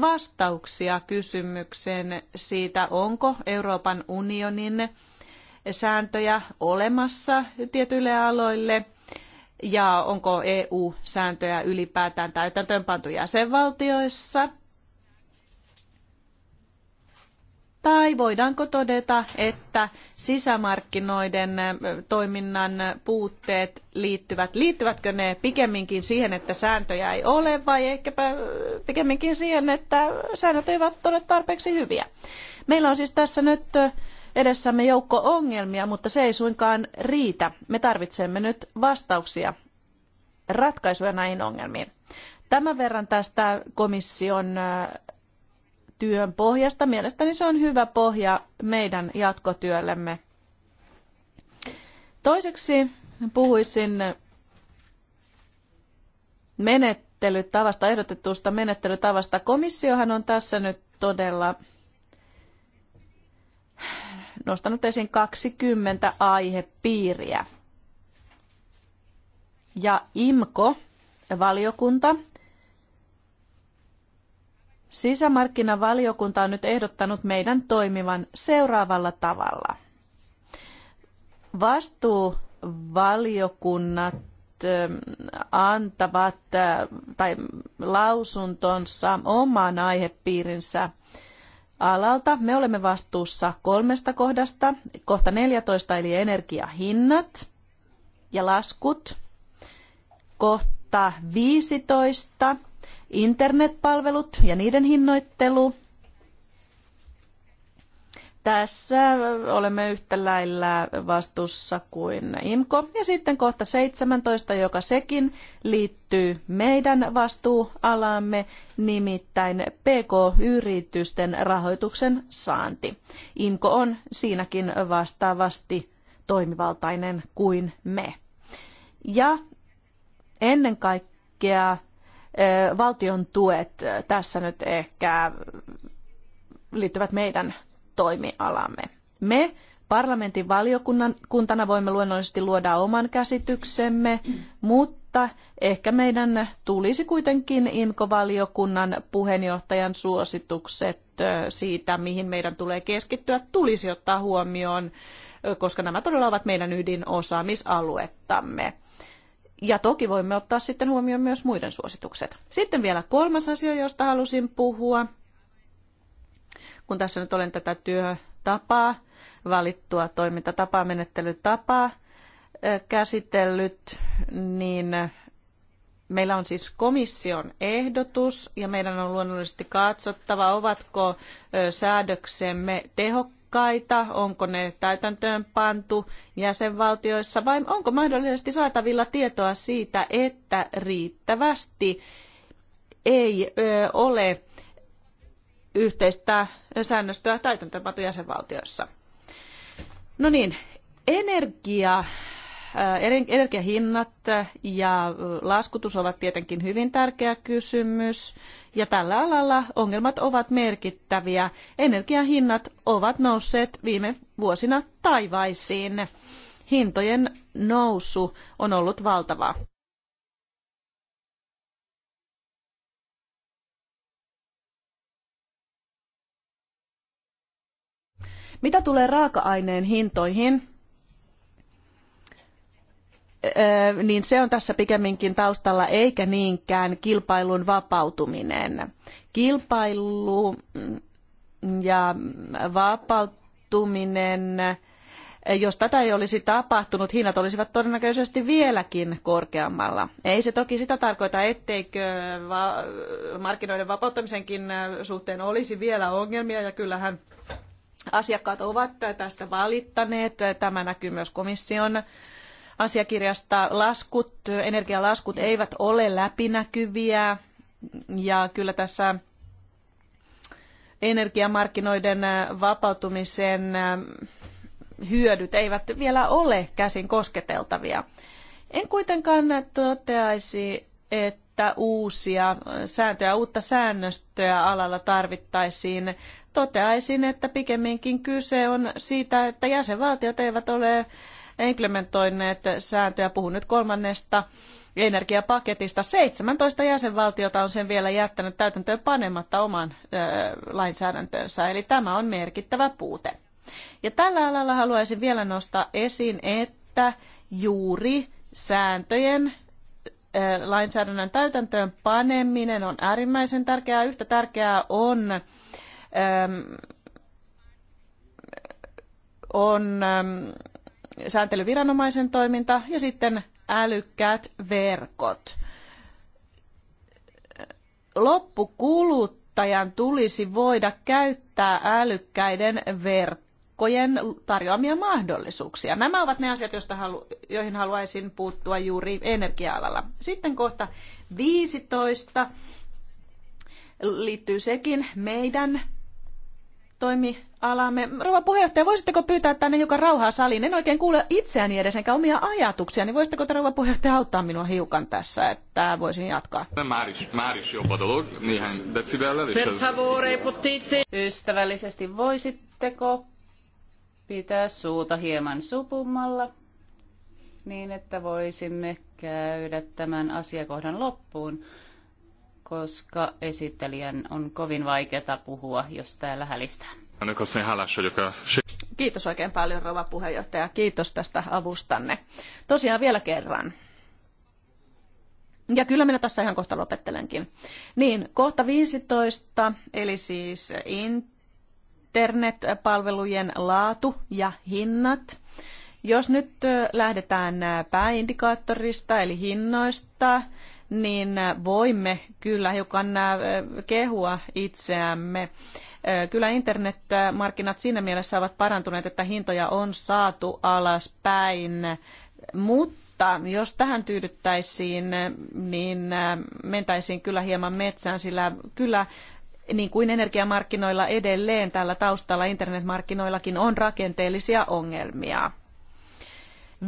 vastauksia kysymykseen siitä, onko Euroopan unionin sääntöjä olemassa tietyille aloille ja onko EU-sääntöjä ylipäätään täytäntöönpantu jäsenvaltioissa – tai voidaanko todeta, että sisämarkkinoiden toiminnan puutteet liittyvät? Liittyvätkö ne pikemminkin siihen, että sääntöjä ei ole vai ehkäpä pikemminkin siihen, että säännöt eivät ole tarpeeksi hyviä? Meillä on siis tässä nyt edessämme joukko ongelmia, mutta se ei suinkaan riitä. Me tarvitsemme nyt vastauksia, ratkaisuja näihin ongelmiin. Tämän verran tästä komission työn pohjasta. Mielestäni se on hyvä pohja meidän jatkotyöllemme. Toiseksi puhuisin menettelytavasta, ehdotetusta menettelytavasta. Komissiohan on tässä nyt todella nostanut esiin 20 aihepiiriä. Ja IMKO, valiokunta, Sisämarkkinavaliokunta on nyt ehdottanut meidän toimivan seuraavalla tavalla. Vastuuvaliokunnat ähm, antavat äh, tai lausuntonsa oman aihepiirinsä alalta. Me olemme vastuussa kolmesta kohdasta. Kohta 14 eli energiahinnat ja laskut. Kohta 15 internetpalvelut ja niiden hinnoittelu. Tässä olemme yhtä lailla vastuussa kuin IMKO. Ja sitten kohta 17, joka sekin liittyy meidän vastuualaamme, nimittäin PK-yritysten rahoituksen saanti. IMKO on siinäkin vastaavasti toimivaltainen kuin me. Ja ennen kaikkea Eh, valtion tuet eh, tässä nyt ehkä liittyvät meidän toimialamme. Me parlamentin valiokunnan kuntana voimme luonnollisesti luoda oman käsityksemme, mutta ehkä meidän tulisi kuitenkin IMKO-valiokunnan puheenjohtajan suositukset eh, siitä, mihin meidän tulee keskittyä, tulisi ottaa huomioon, koska nämä todella ovat meidän ydinosaamisaluettamme. Ja toki voimme ottaa sitten huomioon myös muiden suositukset. Sitten vielä kolmas asia, josta halusin puhua. Kun tässä nyt olen tätä työtapaa, valittua toimintatapaa, menettelytapaa käsitellyt, niin meillä on siis komission ehdotus ja meidän on luonnollisesti katsottava, ovatko säädöksemme tehokkaita tehokkaita, onko ne täytäntöön pantu jäsenvaltioissa vai onko mahdollisesti saatavilla tietoa siitä, että riittävästi ei ole yhteistä säännöstöä pantu jäsenvaltioissa. No niin, energia Energiahinnat ja laskutus ovat tietenkin hyvin tärkeä kysymys. Ja tällä alalla ongelmat ovat merkittäviä. Energiahinnat ovat nousseet viime vuosina taivaisiin. Hintojen nousu on ollut valtavaa. Mitä tulee raaka-aineen hintoihin, niin se on tässä pikemminkin taustalla eikä niinkään kilpailun vapautuminen. Kilpailu ja vapautuminen, jos tätä ei olisi tapahtunut, hinnat olisivat todennäköisesti vieläkin korkeammalla. Ei se toki sitä tarkoita, etteikö markkinoiden vapauttamisenkin suhteen olisi vielä ongelmia ja kyllähän asiakkaat ovat tästä valittaneet. Tämä näkyy myös komission asiakirjasta. Laskut, energialaskut eivät ole läpinäkyviä ja kyllä tässä energiamarkkinoiden vapautumisen äh, hyödyt eivät vielä ole käsin kosketeltavia. En kuitenkaan toteaisi, että uusia sääntöjä, uutta säännöstöä alalla tarvittaisiin. Toteaisin, että pikemminkin kyse on siitä, että jäsenvaltiot eivät ole implementoineet sääntöjä. Puhun nyt kolmannesta energiapaketista. 17 jäsenvaltiota on sen vielä jättänyt täytäntöön panematta oman ö, lainsäädäntöönsä, eli tämä on merkittävä puute. Ja tällä alalla haluaisin vielä nostaa esiin, että juuri sääntöjen lainsäädännön täytäntöön paneminen on äärimmäisen tärkeää. Yhtä tärkeää on, ö, on ö, sääntelyviranomaisen toiminta ja sitten älykkäät verkot. Loppukuluttajan tulisi voida käyttää älykkäiden verkkojen tarjoamia mahdollisuuksia. Nämä ovat ne asiat, joista halu, joihin haluaisin puuttua juuri energia-alalla. Sitten kohta 15 liittyy sekin meidän toimi alamme. Rouva puheenjohtaja, voisitteko pyytää tänne hiukan rauhaa saliin? En oikein kuule itseäni edes enkä omia ajatuksia, niin voisitteko te rouva puheenjohtaja auttaa minua hiukan tässä, että voisin jatkaa? Per favore, potete. Ystävällisesti voisitteko pitää suuta hieman supummalla, niin että voisimme käydä tämän asiakohdan loppuun koska esittelijän on kovin vaikeaa puhua, jos täällä hälistään. Kiitos oikein paljon rouva puheenjohtaja. Kiitos tästä avustanne. Tosiaan vielä kerran. Ja kyllä minä tässä ihan kohta lopettelenkin. Niin, kohta 15, eli siis internetpalvelujen laatu ja hinnat. Jos nyt lähdetään pääindikaattorista, eli hinnoista, niin äh, voimme kyllä hiukan äh, kehua itseämme. Äh, kyllä internetmarkkinat siinä mielessä ovat parantuneet, että hintoja on saatu alaspäin, mutta jos tähän tyydyttäisiin, niin mentäisiin kyllä hieman metsään, sillä kyllä niin kuin energiamarkkinoilla edelleen tällä taustalla internetmarkkinoillakin on rakenteellisia ongelmia.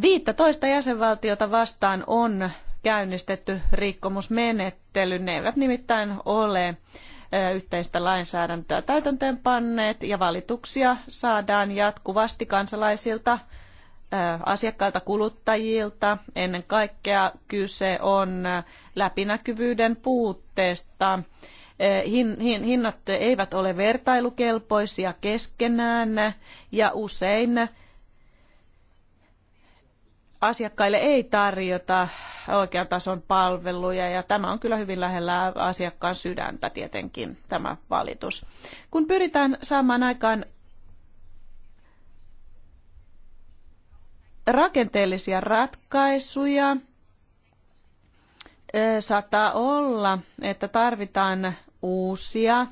15 jäsenvaltiota vastaan on käynnistetty rikkomusmenettely. Ne eivät nimittäin ole yhteistä lainsäädäntöä täytäntöönpanneet ja valituksia saadaan jatkuvasti kansalaisilta, asiakkailta, kuluttajilta. Ennen kaikkea kyse on läpinäkyvyyden puutteesta. Hinnat eivät ole vertailukelpoisia keskenään ja usein asiakkaille ei tarjota oikean tason palveluja ja tämä on kyllä hyvin lähellä asiakkaan sydäntä tietenkin tämä valitus. Kun pyritään saamaan aikaan rakenteellisia ratkaisuja, saattaa olla, että tarvitaan uusia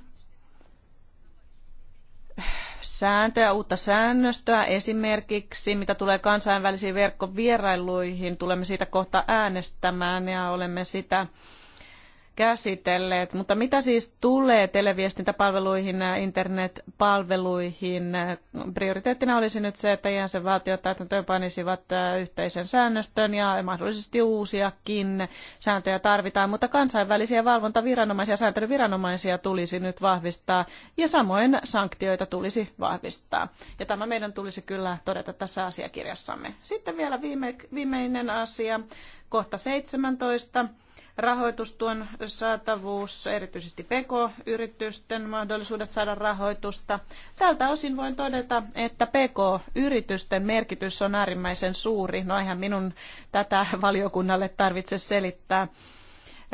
sääntöä, uutta säännöstöä. Esimerkiksi mitä tulee kansainvälisiin verkkovierailuihin, tulemme siitä kohta äänestämään ja olemme sitä käsitelleet. Mutta mitä siis tulee televiestintäpalveluihin ja internetpalveluihin? Prioriteettina olisi nyt se, että jäsenvaltiot panisivat yhteisen säännöstön ja mahdollisesti uusiakin sääntöjä tarvitaan, mutta kansainvälisiä valvontaviranomaisia, sääntelyviranomaisia tulisi nyt vahvistaa ja samoin sanktioita tulisi vahvistaa. Ja tämä meidän tulisi kyllä todeta tässä asiakirjassamme. Sitten vielä viime, viimeinen asia, kohta 17 rahoitustuen saatavuus, erityisesti PK-yritysten mahdollisuudet saada rahoitusta. Tältä osin voin todeta, että PK-yritysten merkitys on äärimmäisen suuri. No eihän minun tätä valiokunnalle tarvitse selittää.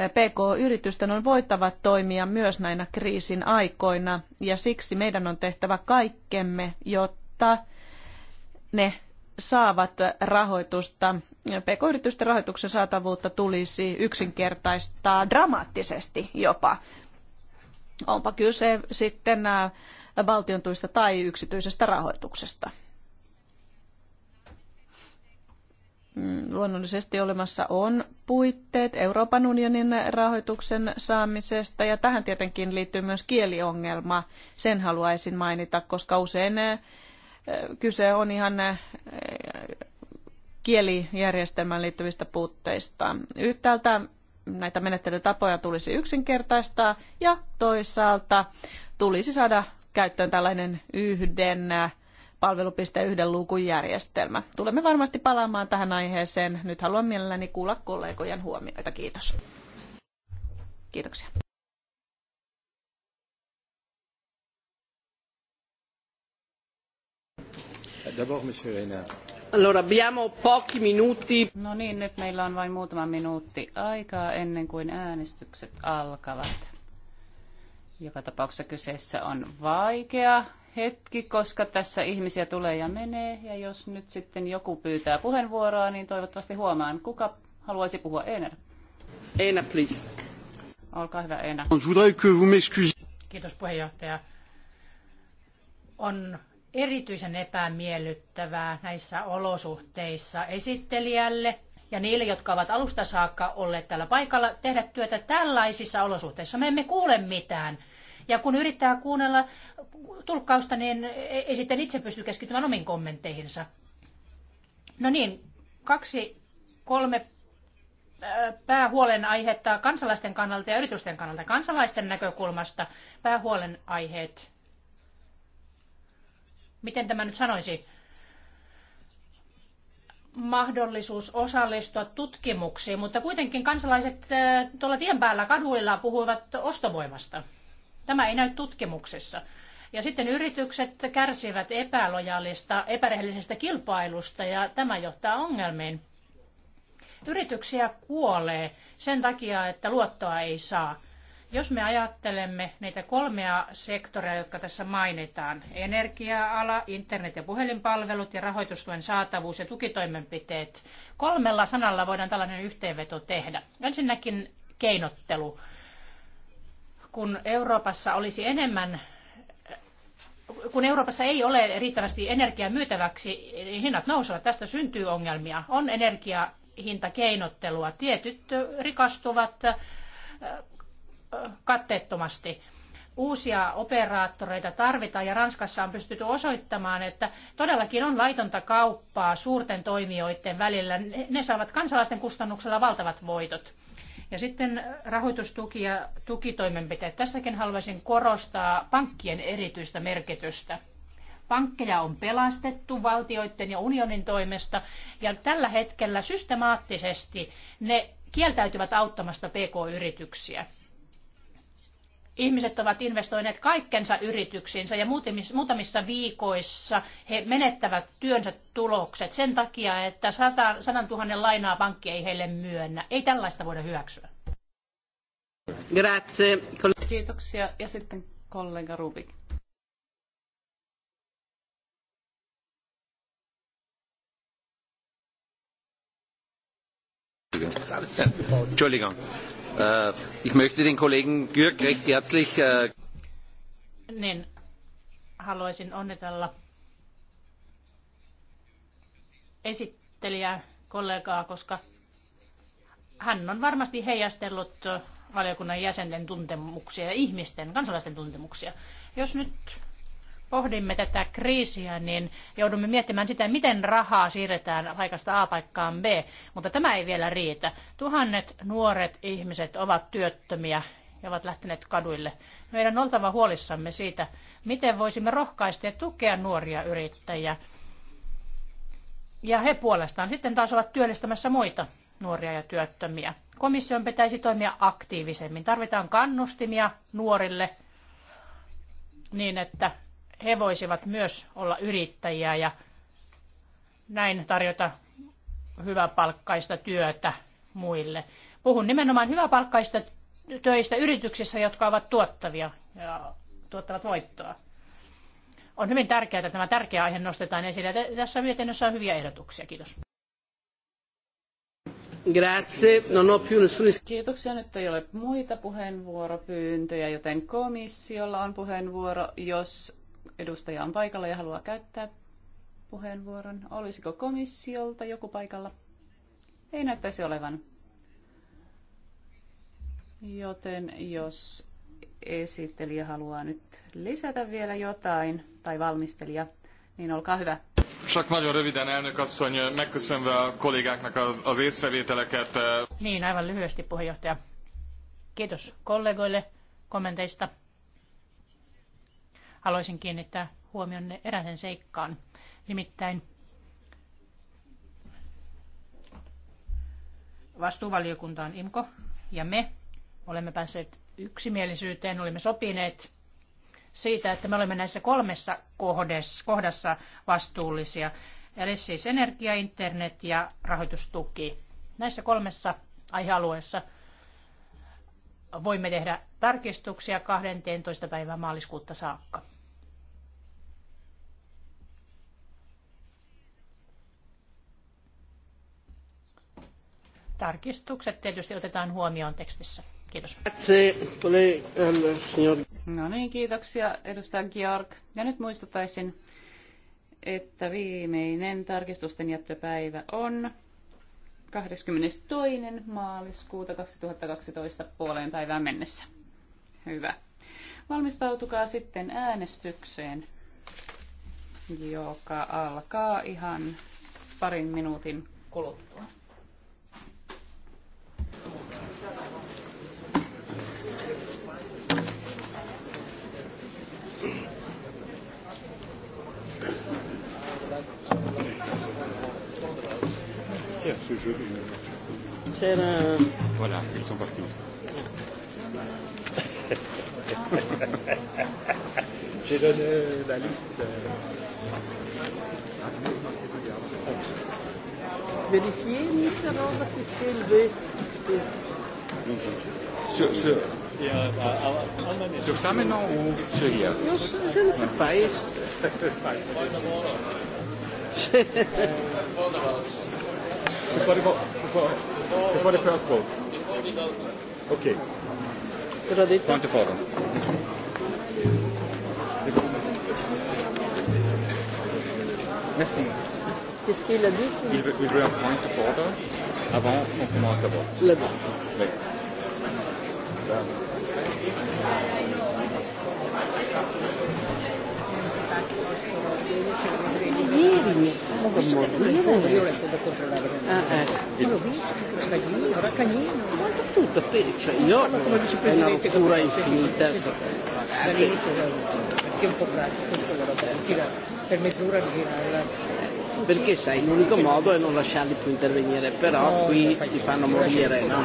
PK-yritysten on voittava toimia myös näinä kriisin aikoina ja siksi meidän on tehtävä kaikkemme, jotta ne saavat rahoitusta, pk-yritysten rahoituksen saatavuutta tulisi yksinkertaistaa dramaattisesti jopa. Onpa kyse sitten valtion tuista tai yksityisestä rahoituksesta. Mm, luonnollisesti olemassa on puitteet Euroopan unionin rahoituksen saamisesta ja tähän tietenkin liittyy myös kieliongelma. Sen haluaisin mainita, koska usein kyse on ihan eh, kielijärjestelmään liittyvistä puutteista. Yhtäältä näitä menettelytapoja tulisi yksinkertaistaa ja toisaalta tulisi saada käyttöön tällainen yhden eh, palvelupiste yhden luukun järjestelmä. Tulemme varmasti palaamaan tähän aiheeseen. Nyt haluan mielelläni kuulla kollegojen huomioita. Kiitos. Kiitoksia. No niin, nyt meillä on vain muutama minuutti aikaa ennen kuin äänestykset alkavat. Joka tapauksessa kyseessä on vaikea hetki, koska tässä ihmisiä tulee ja menee. Ja jos nyt sitten joku pyytää puheenvuoroa, niin toivottavasti huomaan, kuka haluaisi puhua Ener. Ener, please. Olkaa hyvä, Ener. Kiitos puheenjohtaja. On erityisen epämiellyttävää näissä olosuhteissa esittelijälle ja niille, jotka ovat alusta saakka olleet täällä paikalla, tehdä työtä tällaisissa olosuhteissa. Me emme kuule mitään. Ja kun yrittää kuunnella tulkkausta, niin ei e- sitten itse pysty keskittymään omiin kommentteihinsa. No niin, kaksi, kolme äh, päähuolen aihetta kansalaisten kannalta ja yritysten kannalta. Kansalaisten näkökulmasta päähuolen aiheet miten tämä nyt sanoisi, mahdollisuus osallistua tutkimuksiin, mutta kuitenkin kansalaiset äh, tuolla tien päällä kaduilla puhuivat ostovoimasta. Tämä ei näy tutkimuksessa. Ja sitten yritykset kärsivät epälojaalista, epärehellisestä kilpailusta ja tämä johtaa ongelmiin. Yrityksiä kuolee sen takia, että luottoa ei saa. Jos me ajattelemme näitä kolmea sektoria, jotka tässä mainitaan, energia-ala, internet- ja puhelinpalvelut ja rahoitustuen saatavuus ja tukitoimenpiteet, kolmella sanalla voidaan tällainen yhteenveto tehdä. Ensinnäkin keinottelu. Kun Euroopassa olisi enemmän kun Euroopassa ei ole riittävästi energiaa myytäväksi, niin hinnat nousevat. Tästä syntyy ongelmia. On energiahintakeinottelua. Tietyt rikastuvat katteettomasti. Uusia operaattoreita tarvitaan ja Ranskassa on pystytty osoittamaan, että todellakin on laitonta kauppaa suurten toimijoiden välillä. Ne saavat kansalaisten kustannuksella valtavat voitot. Ja sitten rahoitustuki ja tukitoimenpiteet. Tässäkin haluaisin korostaa pankkien erityistä merkitystä. Pankkeja on pelastettu valtioiden ja unionin toimesta ja tällä hetkellä systemaattisesti ne kieltäytyvät auttamasta pk-yrityksiä ihmiset ovat investoineet kaikkensa yrityksiinsä ja muutamissa viikoissa he menettävät työnsä tulokset sen takia, että 100 000 lainaa pankki ei heille myönnä. Ei tällaista voida hyväksyä. Grazie. Kiitoksia. Ja sitten kollega Rubik. Entschuldigung. Äh, ich möchte den Kollegen Gürk recht herzlich... Äh, niin, haluaisin onnitella esittelijää, kollegaa, koska hän on varmasti heijastellut äh, valiokunnan jäsenten tuntemuksia ja ihmisten, kansalaisten tuntemuksia. Jos nyt pohdimme tätä kriisiä, niin joudumme miettimään sitä, miten rahaa siirretään paikasta A paikkaan B, mutta tämä ei vielä riitä. Tuhannet nuoret ihmiset ovat työttömiä ja ovat lähteneet kaduille. Meidän on oltava huolissamme siitä, miten voisimme rohkaista ja tukea nuoria yrittäjiä. Ja he puolestaan sitten taas ovat työllistämässä muita nuoria ja työttömiä. Komission pitäisi toimia aktiivisemmin. Tarvitaan kannustimia nuorille niin, että he voisivat myös olla yrittäjiä ja näin tarjota hyväpalkkaista työtä muille. Puhun nimenomaan hyväpalkkaista töistä yrityksissä, jotka ovat tuottavia ja tuottavat voittoa. On hyvin tärkeää, että tämä tärkeä aihe nostetaan esille. Tässä mietinnössä on hyviä ehdotuksia. Kiitos. Grazie. Non ho più nessun... Kiitoksia. Nyt ei ole muita puheenvuoropyyntöjä, joten komissiolla on puheenvuoro, jos edustaja on paikalla ja haluaa käyttää puheenvuoron. Olisiko komissiolta joku paikalla? Ei näyttäisi olevan. Joten jos esittelijä haluaa nyt lisätä vielä jotain, tai valmistelija, niin olkaa hyvä. Csak nagyon röviden, elnök asszony, megköszönve a kollégáknak az, az észrevételeket. Niin, aivan lyhyesti puheenjohtaja. Kiitos kollegoille kommenteista haluaisin kiinnittää huomionne erään seikkaan. Nimittäin vastuuvaliokunta on IMKO ja me olemme päässeet yksimielisyyteen, olimme sopineet siitä, että me olemme näissä kolmessa kohdassa, vastuullisia. Eli siis energia, internet ja rahoitustuki. Näissä kolmessa aihealueessa voimme tehdä tarkistuksia 12. päivää maaliskuutta saakka. tarkistukset tietysti otetaan huomioon tekstissä. Kiitos. No niin, kiitoksia edustaja Georg. Ja nyt muistuttaisin, että viimeinen tarkistusten jättöpäivä on 22. maaliskuuta 2012 puoleen päivään mennessä. Hyvä. Valmistautukaa sitten äänestykseen, joka alkaa ihan parin minuutin kuluttua. Voilà, ils sont partis. J'ai donné la liste. Vérifier, liste avant d'afficher le B. Sur, sur, sur ça maintenant ou sur hier Je ne sais pas. before the, before, before the first vote. Before we go. Okay. Point of order. Merci. Qu'est-ce qu'il a dit il veut, il veut un point de vote avant qu'on commence le vote. Le vote. Oui. Ieri mi è stato Ah, ecco. Cagnino, Quanto tutto, cioè, io è una rottura infinita. Ragazzi. Perché è un po' pratico per mezz'ora girarla perché sai l'unico modo è non lasciarli più intervenire però qui si fanno morire no?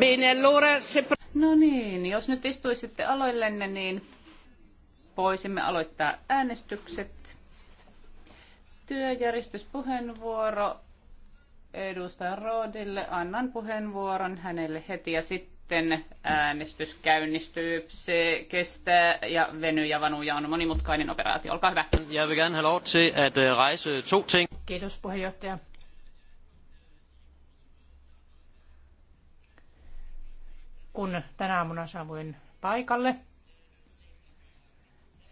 Bene, allora se... No niin, jos nyt istuisitte aloillenne, niin voisimme aloittaa äänestykset. Työjärjestyspuheenvuoro edustaja Roodille. Annan puheenvuoron hänelle heti ja sitten äänestys käynnistyy. Se kestää ja venyy ja vanuu ja on monimutkainen operaatio. Olkaa hyvä. Jeg vil gerne have lov til øh, ting. Kiitos puheenjohtaja kun tänä aamuna saavuin paikalle,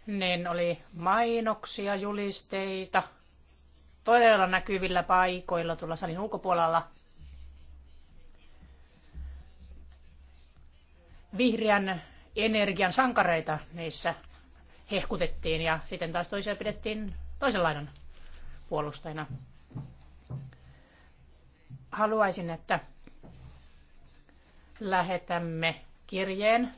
niin oli mainoksia, julisteita, todella näkyvillä paikoilla tuolla salin ulkopuolella. Vihreän energian sankareita niissä hehkutettiin ja sitten taas toisia pidettiin toisenlainen puolustajina. Haluaisin, että lähetämme kirjeen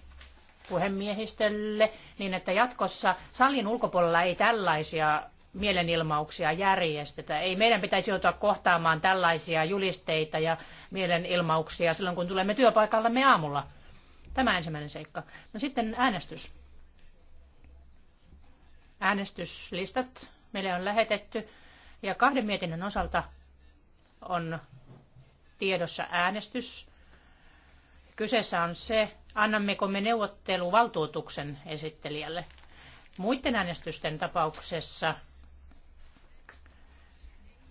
puhemiehistölle niin, että jatkossa salin ulkopuolella ei tällaisia mielenilmauksia järjestetä. Ei meidän pitäisi joutua kohtaamaan tällaisia julisteita ja mielenilmauksia silloin, kun tulemme työpaikallamme aamulla. Tämä ensimmäinen seikka. No sitten äänestys. Äänestyslistat meille on lähetetty ja kahden mietinnön osalta on tiedossa äänestys Kyseessä on se, annammeko me neuvotteluvaltuutuksen esittelijälle. Muiden äänestysten tapauksessa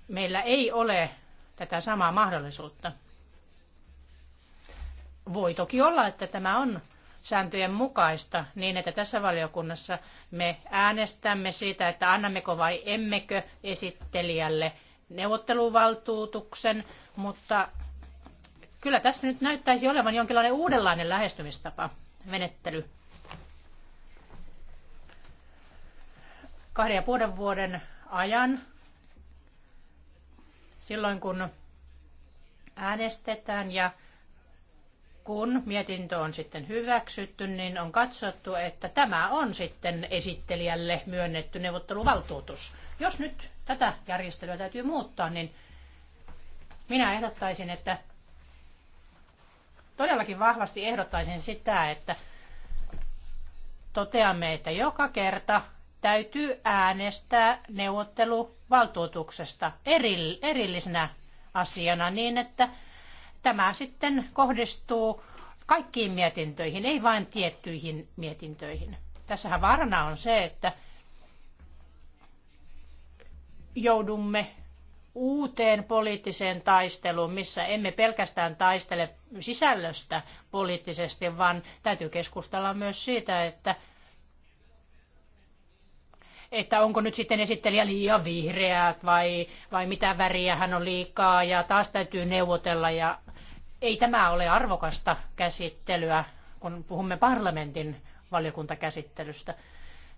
meillä ei ole tätä samaa mahdollisuutta. Voi toki olla, että tämä on sääntöjen mukaista niin, että tässä valiokunnassa me äänestämme siitä, että annammeko vai emmekö esittelijälle neuvotteluvaltuutuksen, mutta Kyllä tässä nyt näyttäisi olevan jonkinlainen uudenlainen lähestymistapa, menettely. Kahden ja puolen vuoden ajan, silloin kun äänestetään ja kun mietintö on sitten hyväksytty, niin on katsottu, että tämä on sitten esittelijälle myönnetty neuvotteluvaltuutus. Jos nyt tätä järjestelyä täytyy muuttaa, niin minä ehdottaisin, että todellakin vahvasti ehdottaisin sitä, että toteamme, että joka kerta täytyy äänestää neuvotteluvaltuutuksesta erillisenä asiana niin, että tämä sitten kohdistuu kaikkiin mietintöihin, ei vain tiettyihin mietintöihin. Tässähän varna on se, että joudumme uuteen poliittiseen taisteluun, missä emme pelkästään taistele sisällöstä poliittisesti, vaan täytyy keskustella myös siitä, että että onko nyt sitten esittelijä liian vihreät vai, vai mitä väriä hän on liikaa ja taas täytyy neuvotella ja ei tämä ole arvokasta käsittelyä, kun puhumme parlamentin valiokuntakäsittelystä.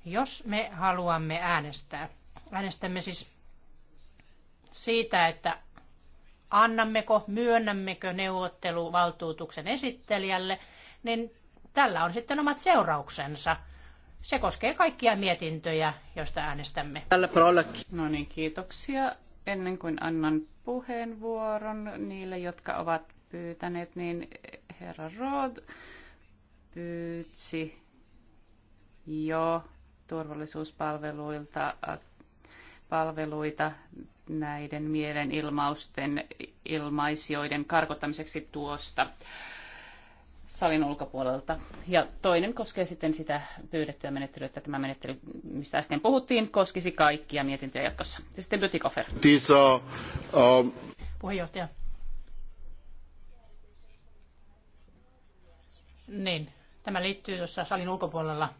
Jos me haluamme äänestää, äänestämme siis siitä, että annammeko, myönnämmekö neuvotteluvaltuutuksen esittelijälle, niin tällä on sitten omat seurauksensa. Se koskee kaikkia mietintöjä, joista äänestämme. No niin, kiitoksia. Ennen kuin annan puheenvuoron niille, jotka ovat pyytäneet, niin herra Rod pyytsi jo turvallisuuspalveluilta palveluita näiden mielenilmausten ilmaisijoiden karkottamiseksi tuosta salin ulkopuolelta. Ja toinen koskee sitten sitä pyydettyä menettelyä, että tämä menettely, mistä äsken puhuttiin, koskisi kaikkia mietintöjä jatkossa. Ja sitten Bytikofer. Um... Puheenjohtaja. Niin, tämä liittyy tuossa salin ulkopuolella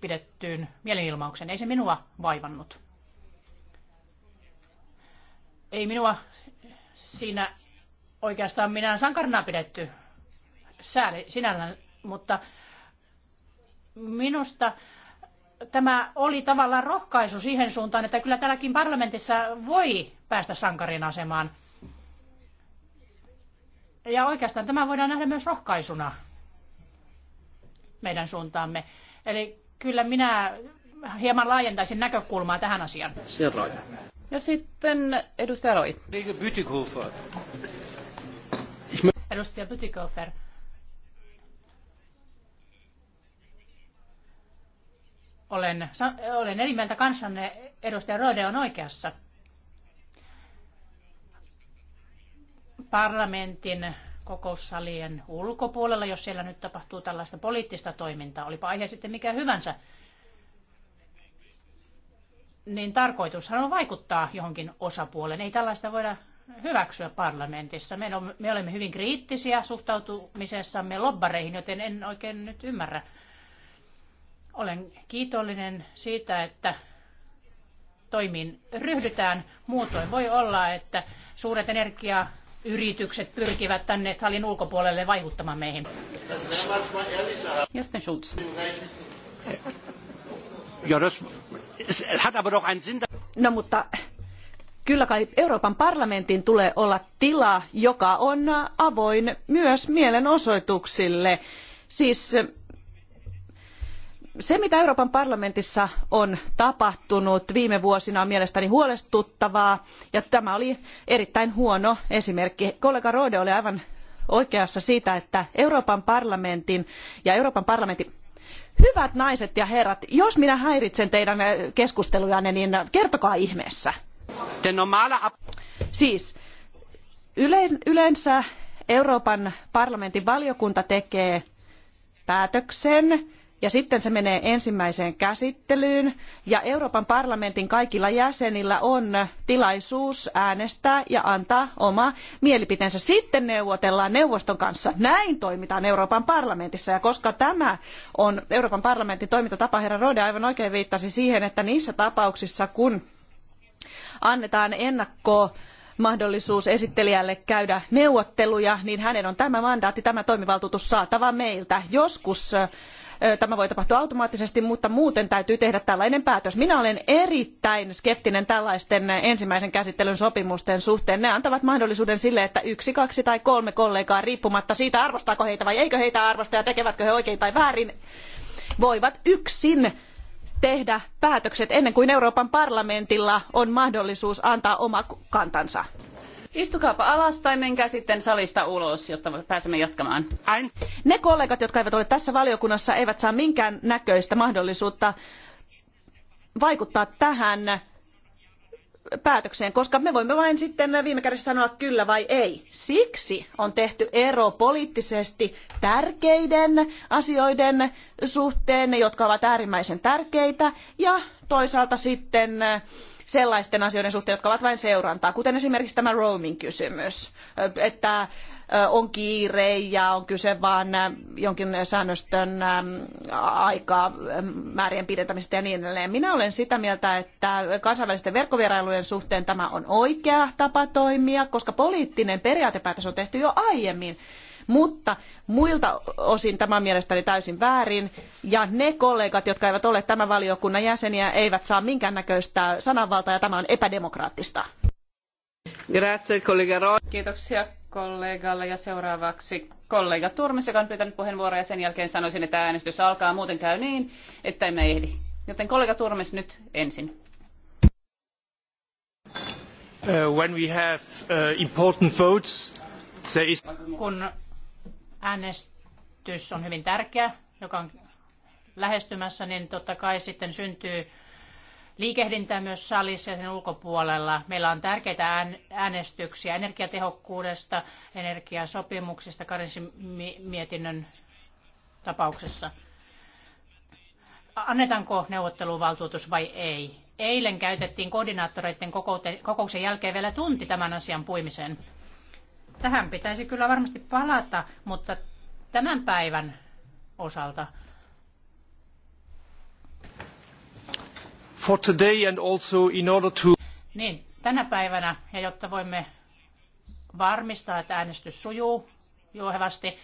pidettyyn mielenilmaukseen. Ei se minua vaivannut. Ei minua siinä oikeastaan minä sankarina pidetty sääli sinällään, mutta minusta tämä oli tavallaan rohkaisu siihen suuntaan, että kyllä tälläkin parlamentissa voi päästä sankarin asemaan. Ja oikeastaan tämä voidaan nähdä myös rohkaisuna meidän suuntaamme. Eli kyllä minä hieman laajentaisin näkökulmaa tähän asiaan. Seuraava. Ja sitten edustaja Roy. Edustaja Bytikofer. Olen, olen eri mieltä kanssanne, edustaja Rode on oikeassa. Parlamentin kokoussalien ulkopuolella, jos siellä nyt tapahtuu tällaista poliittista toimintaa, olipa aihe sitten mikä hyvänsä, niin tarkoitushan on vaikuttaa johonkin osapuoleen. Ei tällaista voida hyväksyä parlamentissa. Me, on, me olemme hyvin kriittisiä suhtautumisessamme lobbareihin, joten en oikein nyt ymmärrä. Olen kiitollinen siitä, että toimiin ryhdytään. Muutoin voi olla, että suuret energiayritykset pyrkivät tänne talin ulkopuolelle vaikuttamaan meihin. Ja sitten No mutta kyllä kai Euroopan parlamentin tulee olla tila, joka on avoin myös mielenosoituksille. Siis se, mitä Euroopan parlamentissa on tapahtunut viime vuosina, on mielestäni huolestuttavaa. Ja tämä oli erittäin huono esimerkki. Kollega Rode oli aivan oikeassa siitä, että Euroopan parlamentin ja Euroopan parlamentin Hyvät naiset ja herrat, jos minä häiritsen teidän eh, keskustelujanne, niin kertokaa ihmeessä. Siis yleensä Euroopan parlamentin valiokunta tekee päätöksen ja sitten se menee ensimmäiseen käsittelyyn ja Euroopan parlamentin kaikilla jäsenillä on tilaisuus äänestää ja antaa oma mielipiteensä. Sitten neuvotellaan neuvoston kanssa. Näin toimitaan Euroopan parlamentissa ja koska tämä on Euroopan parlamentin toimintatapa, herra Rode aivan oikein viittasi siihen, että niissä tapauksissa kun annetaan ennakkoon mahdollisuus esittelijälle käydä neuvotteluja, niin hänen on tämä mandaatti, tämä toimivaltuutus saatava meiltä. Joskus tämä voi tapahtua automaattisesti, mutta muuten täytyy tehdä tällainen päätös. Minä olen erittäin skeptinen tällaisten ensimmäisen käsittelyn sopimusten suhteen. Ne antavat mahdollisuuden sille, että yksi, kaksi tai kolme kollegaa riippumatta siitä, arvostaako heitä vai eikö heitä arvosta ja tekevätkö he oikein tai väärin, voivat yksin tehdä päätökset ennen kuin Euroopan parlamentilla on mahdollisuus antaa oma kantansa. Istukaapa alas tai menkää sitten salista ulos, jotta pääsemme jatkamaan. Ne kollegat, jotka eivät ole tässä valiokunnassa, eivät saa minkään näköistä mahdollisuutta vaikuttaa tähän päätökseen, koska me voimme vain sitten viime kädessä sanoa kyllä vai ei. Siksi on tehty ero poliittisesti tärkeiden asioiden suhteen, jotka ovat äärimmäisen tärkeitä, ja toisaalta sitten sellaisten asioiden suhteen, jotka ovat vain seurantaa, kuten esimerkiksi tämä roaming-kysymys, että on kiire ja on kyse vaan jonkin säännöstön aikaa määrien pidentämisestä ja niin edelleen. Minä olen sitä mieltä, että kansainvälisten verkkovierailujen suhteen tämä on oikea tapa toimia, koska poliittinen periaatepäätös on tehty jo aiemmin. Mutta muilta osin tämä on mielestäni täysin väärin. Ja ne kollegat, jotka eivät ole tämän valiokunnan jäseniä, eivät saa minkäännäköistä sananvaltaa ja tämä on epädemokraattista. kollega Kiitoksia kollegalle ja seuraavaksi kollega Turmis, joka on pyytänyt puheenvuoroa ja sen jälkeen sanoisin, että äänestys alkaa. Muuten käy niin, että emme ehdi. Joten kollega Turmes nyt ensin. Uh, when we have uh, important votes, there is... Kun äänestys on hyvin tärkeä, joka on lähestymässä, niin totta kai sitten syntyy liikehdintää myös salissa ja sen ulkopuolella. Meillä on tärkeitä äänestyksiä energiatehokkuudesta, energiasopimuksista Karinsin mietinnön tapauksessa. Annetaanko neuvotteluvaltuutus vai ei? Eilen käytettiin koordinaattoreiden kokouksen jälkeen vielä tunti tämän asian puimiseen. Tähän pitäisi kyllä varmasti palata, mutta tämän päivän osalta. For today and also in order to... Niin, tänä päivänä, ja jotta voimme varmistaa, että äänestys sujuu juohevasti,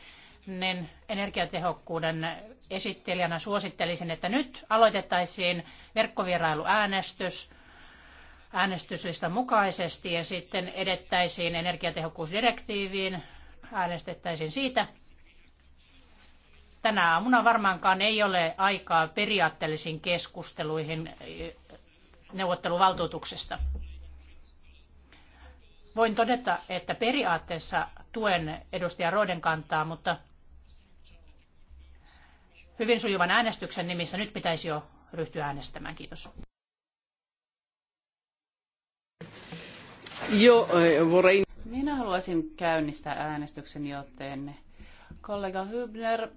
niin energiatehokkuuden esittelijänä suosittelisin, että nyt aloitettaisiin verkkovierailuäänestys äänestyslistan mukaisesti ja sitten edettäisiin energiatehokkuusdirektiiviin, äänestettäisiin siitä. Tänä aamuna varmaankaan ei ole aikaa periaatteellisiin keskusteluihin e, neuvotteluvaltuutuksesta. Voin todeta, että periaatteessa tuen edustaja Roden kantaa, mutta hyvin sujuvan äänestyksen nimissä nyt pitäisi jo ryhtyä äänestämään. Kiitos. Joo, eh, Minä haluaisin käynnistää äänestyksen, joten kollega Hübner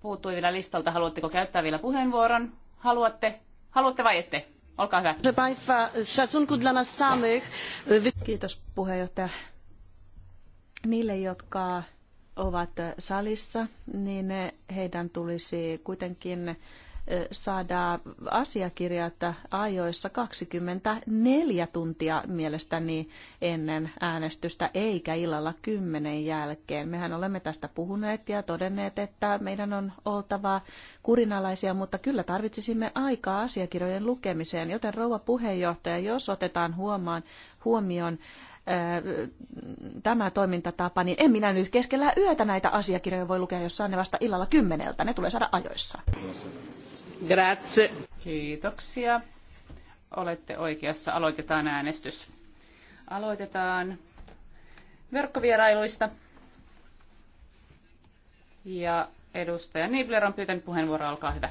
puuttui vielä listalta. Haluatteko käyttää vielä puheenvuoron? Haluatte? Haluatte vai ette? Olkaa hyvä. Kiitos puheenjohtaja. Niille, jotka ovat salissa, niin heidän tulisi kuitenkin saada että ajoissa 24 tuntia mielestäni ennen äänestystä, eikä illalla 10 jälkeen. Mehän olemme tästä puhuneet ja todenneet, että meidän on oltava kurinalaisia, mutta kyllä tarvitsisimme aikaa asiakirjojen lukemiseen. Joten rouva puheenjohtaja, jos otetaan huomaan, huomioon tämä toimintatapa, niin en minä nyt keskellä yötä näitä asiakirjoja voi lukea, jos saan ne vasta illalla kymmeneltä. Ne tulee saada ajoissa. Kiitoksia. Olette oikeassa. Aloitetaan äänestys. Aloitetaan verkkovierailuista. Ja edustaja Nibler on pyytänyt puheenvuoroa. Olkaa hyvä.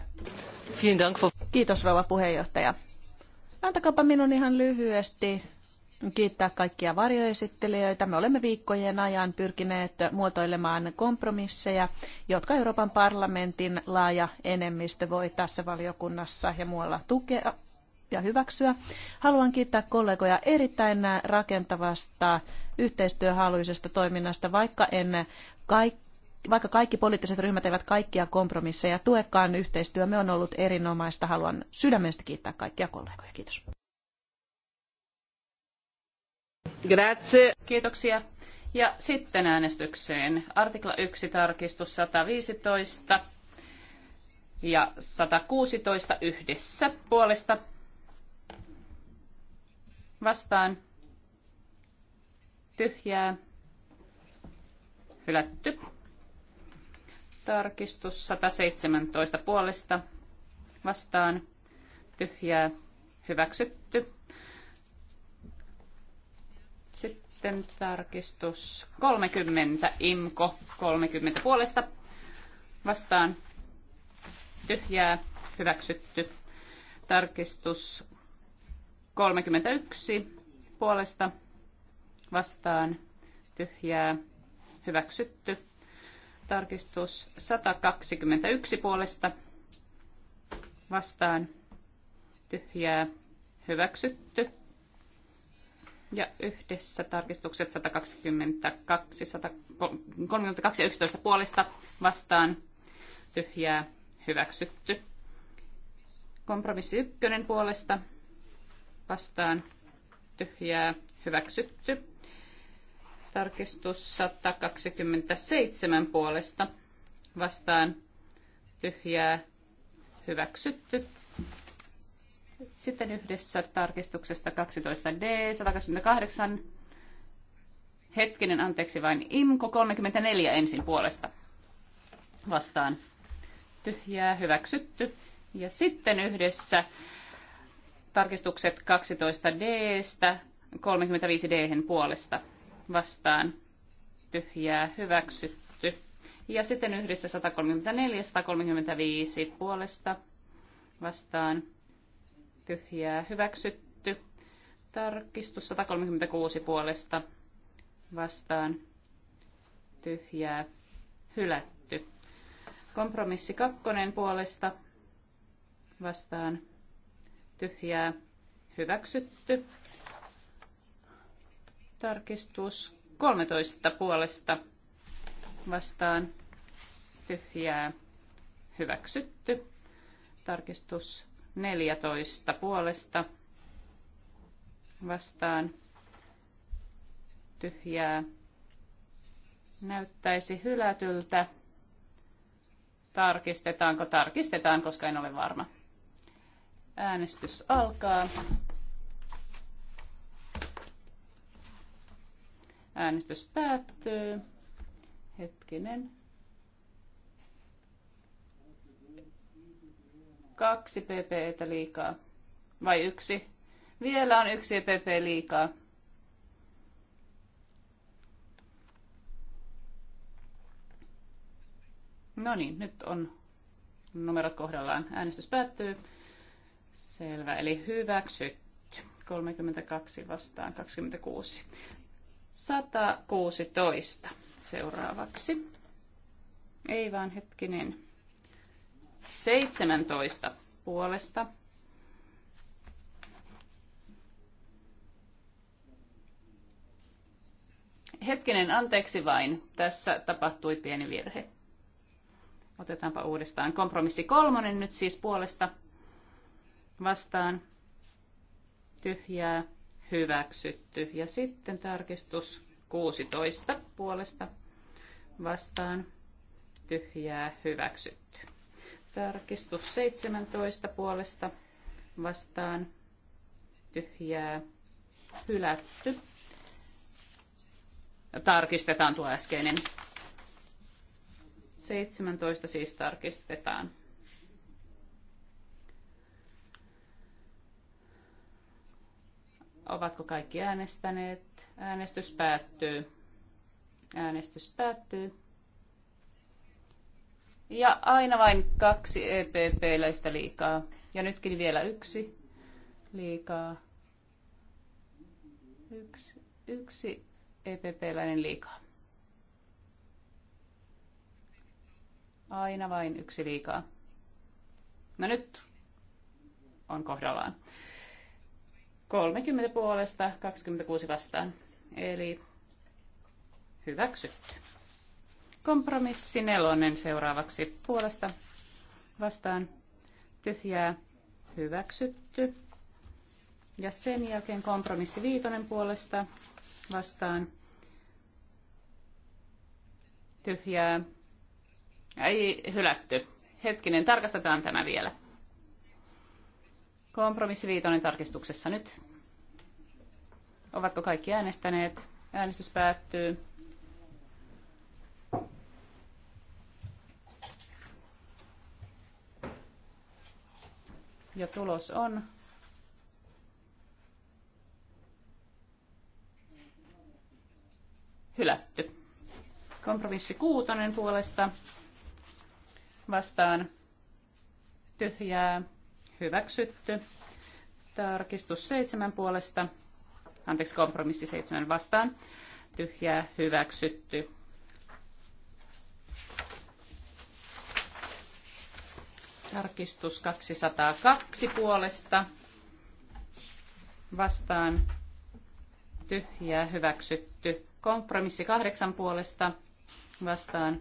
Kiitos rouva puheenjohtaja. Antakaapa minun ihan lyhyesti kiittää kaikkia varjoesittelijöitä. Me olemme viikkojen ajan pyrkineet muotoilemaan kompromisseja, jotka Euroopan parlamentin laaja enemmistö voi tässä valiokunnassa ja muualla tukea ja hyväksyä. Haluan kiittää kollegoja erittäin rakentavasta yhteistyöhaluisesta toiminnasta, vaikka en kaikki vaikka kaikki poliittiset ryhmät eivät kaikkia kompromisseja tuekaan, yhteistyömme on ollut erinomaista. Haluan sydämestä kiittää kaikkia kollegoja. Kiitos. Grazie. Kiitoksia. Ja sitten äänestykseen. Artikla 1, tarkistus 115 ja 116 yhdessä puolesta. Vastaan. Tyhjää. Hylätty. Tarkistus 117 puolesta. Vastaan. Tyhjää. Hyväksytty. Sitten tarkistus 30, imko 30 puolesta. Vastaan tyhjää, hyväksytty. Tarkistus 31 puolesta vastaan tyhjää, hyväksytty. Tarkistus 121 puolesta vastaan tyhjää, hyväksytty ja yhdessä tarkistukset 122, 132 ja 11 puolesta vastaan tyhjää hyväksytty. Kompromissi ykkönen puolesta vastaan tyhjää hyväksytty. Tarkistus 127 puolesta vastaan tyhjää hyväksytty. Sitten yhdessä tarkistuksesta 12D, 128, hetkinen anteeksi vain, IMKO 34 ensin puolesta vastaan. Tyhjää, hyväksytty. Ja sitten yhdessä tarkistukset 12 d 35D puolesta vastaan. Tyhjää, hyväksytty. Ja sitten yhdessä 134-135 puolesta vastaan tyhjää hyväksytty. Tarkistus 136 puolesta vastaan tyhjää hylätty. Kompromissi kakkonen puolesta vastaan tyhjää hyväksytty. Tarkistus 13 puolesta vastaan tyhjää hyväksytty. Tarkistus 14 puolesta vastaan tyhjää näyttäisi hylätyltä. Tarkistetaanko? Tarkistetaan, koska en ole varma. Äänestys alkaa. Äänestys päättyy. Hetkinen. Kaksi PPtä liikaa. Vai yksi? Vielä on yksi PP e liikaa. No niin, nyt on numerot kohdallaan. Äänestys päättyy. Selvä, eli hyväksytty. 32 vastaan 26. 116 seuraavaksi. Ei vaan hetkinen. 17 puolesta. Hetkinen, anteeksi vain. Tässä tapahtui pieni virhe. Otetaanpa uudestaan. Kompromissi kolmonen nyt siis puolesta vastaan. Tyhjää, hyväksytty. Ja sitten tarkistus 16 puolesta vastaan. Tyhjää, hyväksytty. Tarkistus 17 puolesta vastaan tyhjää hylätty. Tarkistetaan tuo äskeinen. 17 siis tarkistetaan. Ovatko kaikki äänestäneet? Äänestys päättyy. Äänestys päättyy. Ja aina vain kaksi EPP-läistä liikaa. Ja nytkin vielä yksi liikaa. Yksi, yksi EPP-läinen liikaa. Aina vain yksi liikaa. No nyt on kohdallaan. 30 puolesta, 26 vastaan. Eli hyväksytty. Kompromissi nelonen seuraavaksi puolesta vastaan tyhjää hyväksytty. Ja sen jälkeen kompromissi viitonen puolesta vastaan tyhjää. Ei hylätty. Hetkinen, tarkastetaan tämä vielä. Kompromissi viitonen tarkistuksessa nyt. Ovatko kaikki äänestäneet? Äänestys päättyy. Ja tulos on hylätty. Kompromissi kuutonen puolesta vastaan tyhjää hyväksytty. Tarkistus seitsemän puolesta, anteeksi kompromissi seitsemän vastaan, tyhjää hyväksytty. Tarkistus 202 puolesta vastaan tyhjää hyväksytty. Kompromissi 8 puolesta vastaan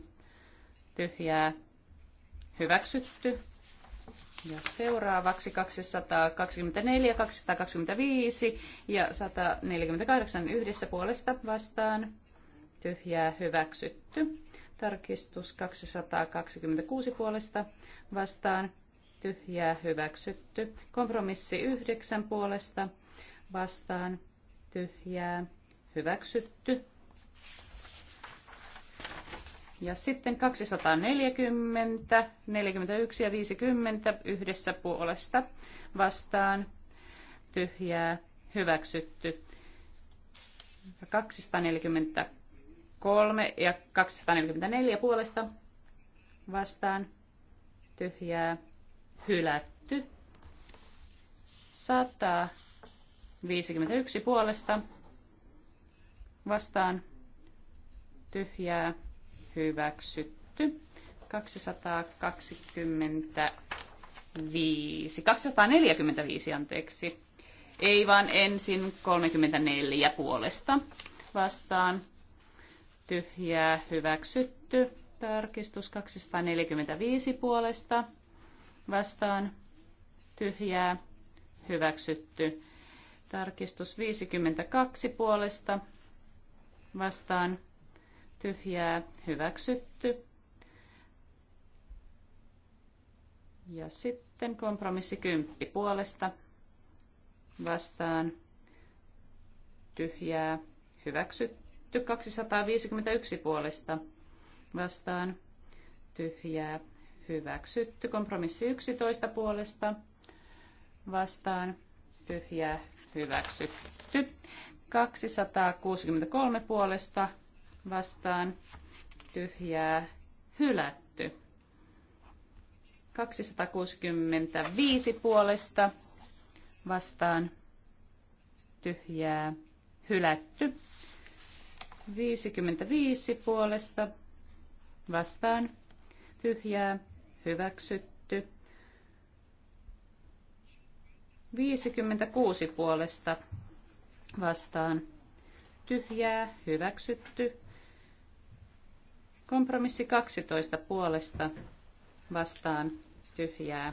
tyhjää hyväksytty. Ja seuraavaksi 224, 225 ja 148 yhdessä puolesta vastaan tyhjää hyväksytty. Tarkistus 226 puolesta vastaan tyhjää hyväksytty. Kompromissi 9 puolesta vastaan tyhjää hyväksytty. Ja sitten 240, 41 ja 50 yhdessä puolesta vastaan tyhjää hyväksytty. 240 3 ja 244 puolesta vastaan tyhjää hylätty. 151 puolesta vastaan tyhjää hyväksytty. 225, 245 anteeksi. Ei vaan ensin 34 puolesta vastaan ja hyväksytty. Tarkistus 245 puolesta vastaan tyhjää hyväksytty. Tarkistus 52 puolesta vastaan tyhjää hyväksytty. Ja sitten kompromissi 10 puolesta vastaan tyhjää hyväksytty hylätty 251 puolesta vastaan tyhjää hyväksytty. Kompromissi 11 puolesta vastaan tyhjää hyväksytty. 263 puolesta vastaan tyhjää hylätty. 265 puolesta vastaan tyhjää hylätty. 55 puolesta vastaan tyhjää hyväksytty. 56 puolesta vastaan tyhjää hyväksytty. Kompromissi 12 puolesta vastaan tyhjää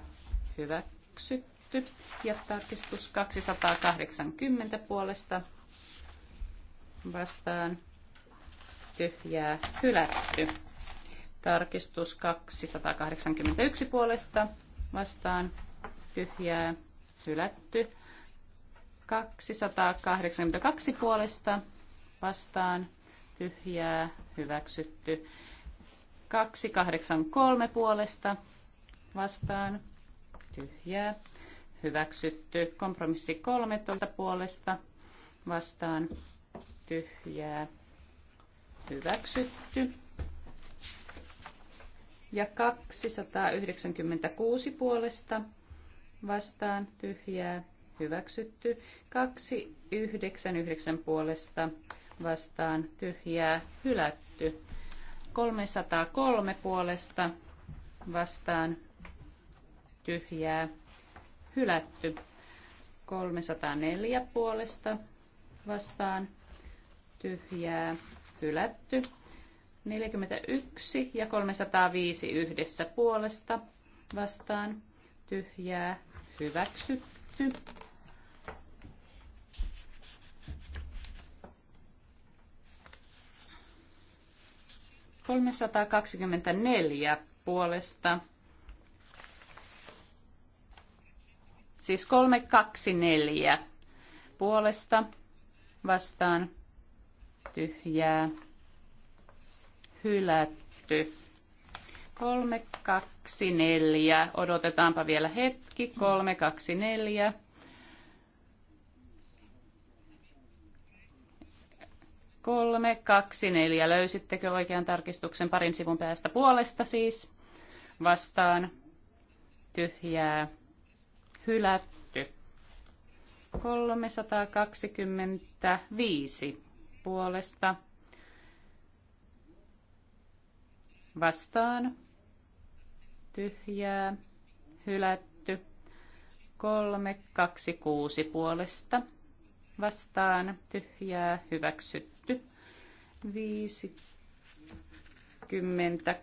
hyväksytty. Ja tarkistus 280 puolesta vastaan tyhjää hylätty. Tarkistus 281 puolesta vastaan tyhjää hylätty. 282 puolesta vastaan tyhjää hyväksytty. 283 puolesta vastaan tyhjää hyväksytty. Kompromissi 13 puolesta vastaan tyhjää hyväksytty. Ja 296 puolesta vastaan tyhjää hyväksytty. 299 puolesta vastaan tyhjää hylätty. 303 puolesta vastaan tyhjää hylätty. 304 puolesta vastaan tyhjää hylätty. 41 ja 305 yhdessä puolesta vastaan tyhjää hyväksytty. 324 puolesta. Siis kolme kaksi neljä puolesta vastaan tyhjää, hylätty. kolme kaksi neljä Odotetaanpa vielä hetki. kolme kaksi neljä Kolme, kaksi, neljä. Löysittekö oikean tarkistuksen parin sivun päästä puolesta siis? Vastaan tyhjää hylätty. 325 puolesta vastaan tyhjää hylätty 326 puolesta vastaan tyhjää hyväksytty 5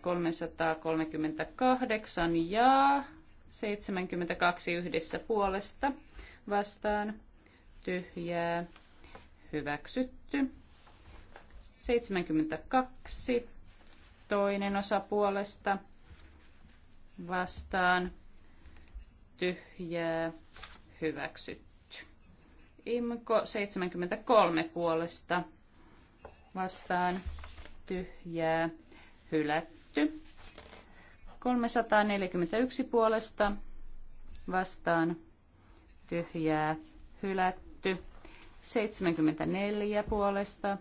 338 ja 72 yhdessä puolesta vastaan tyhjää hyväksytty. 72, toinen osa puolesta vastaan tyhjää hyväksytty. Imko 73 puolesta vastaan tyhjää hylätty. 341 puolesta vastaan tyhjää hylätty. 74 puolesta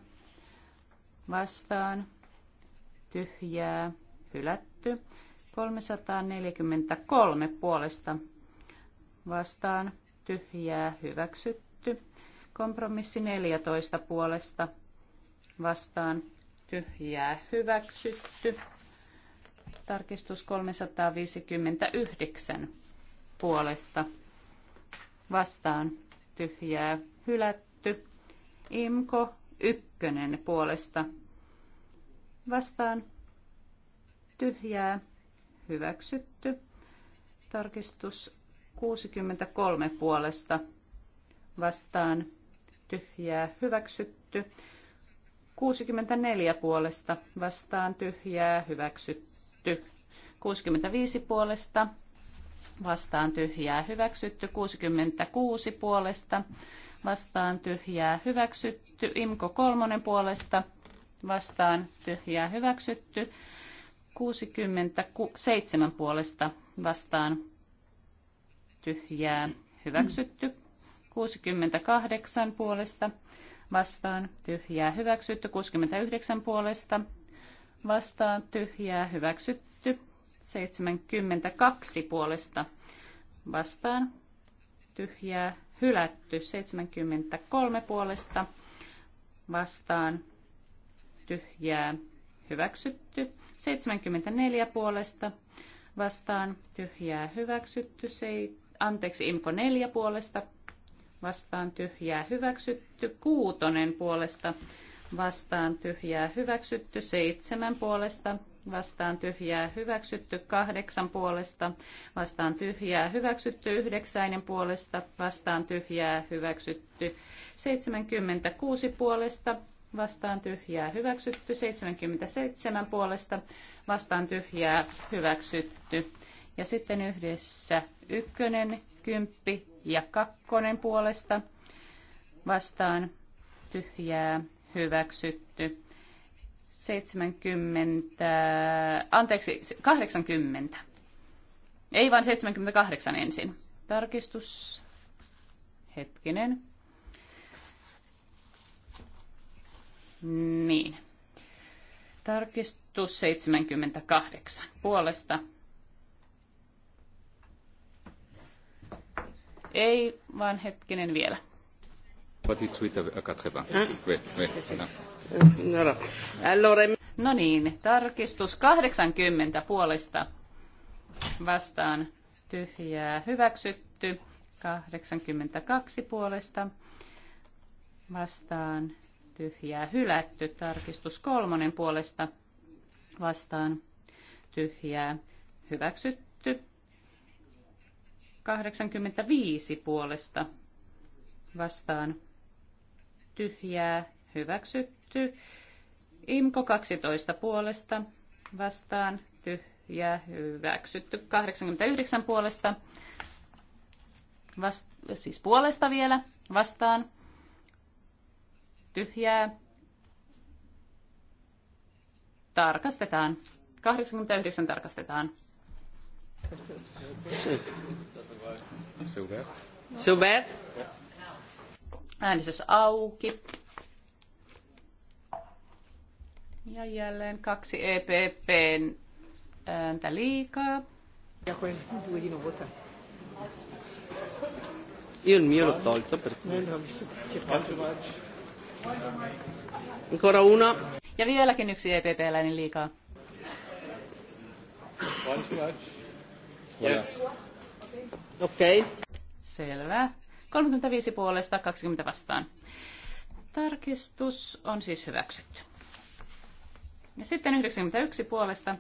vastaan, tyhjää, hylätty. 343 puolesta vastaan, tyhjää, hyväksytty. Kompromissi 14 puolesta vastaan, tyhjää, hyväksytty. Tarkistus 359 puolesta vastaan, tyhjää, hylätty. Imko ykkönen puolesta vastaan tyhjää hyväksytty. Tarkistus 63 puolesta vastaan tyhjää hyväksytty. 64 puolesta vastaan tyhjää hyväksytty. 65 puolesta vastaan tyhjää hyväksytty. 66 puolesta vastaan tyhjää hyväksytty hyväksytty. Imko kolmonen puolesta vastaan tyhjää hyväksytty. 67 puolesta vastaan tyhjää hyväksytty. 68 puolesta vastaan tyhjää hyväksytty. 69 puolesta vastaan tyhjää hyväksytty. 72 puolesta vastaan tyhjää hylätty. 73 puolesta vastaan tyhjää hyväksytty. 74 puolesta vastaan tyhjää hyväksytty. Se, anteeksi, Imko 4 puolesta vastaan tyhjää hyväksytty. Kuutonen puolesta vastaan tyhjää hyväksytty. Seitsemän puolesta vastaan tyhjää hyväksytty kahdeksan puolesta, vastaan tyhjää hyväksytty yhdeksäinen puolesta, vastaan tyhjää hyväksytty 76 puolesta, vastaan tyhjää hyväksytty 77 puolesta, vastaan tyhjää hyväksytty. Ja sitten yhdessä ykkönen, kymppi ja kakkonen puolesta, vastaan tyhjää hyväksytty. 70, anteeksi, 80. Ei vaan 78 ensin. Tarkistus. Hetkinen. Niin. Tarkistus 78. Puolesta. Ei, vaan hetkinen vielä. Petit suite à 80. Oui, oui, No niin, tarkistus 80 puolesta vastaan tyhjää hyväksytty. 82 puolesta vastaan tyhjää hylätty. Tarkistus kolmonen puolesta vastaan tyhjää hyväksytty. 85 puolesta vastaan tyhjää hyväksytty hyväksytty. Imko 12 puolesta vastaan tyhjä hyväksytty. 89 puolesta, vast, siis puolesta vielä vastaan tyhjää. Tarkastetaan. 89 tarkastetaan. Silver. Silver. Äänestys auki. Ja jälleen kaksi EPPn ääntä liikaa. Ja quel due di nuovo Io il mio Ancora una. Ja vieläkin yksi EPP-läinen liikaa. Yes. Okei. Okay. Selvä. 35 puolesta, 20 vastaan. Tarkistus on siis hyväksytty. Ja sitten 91 puolesta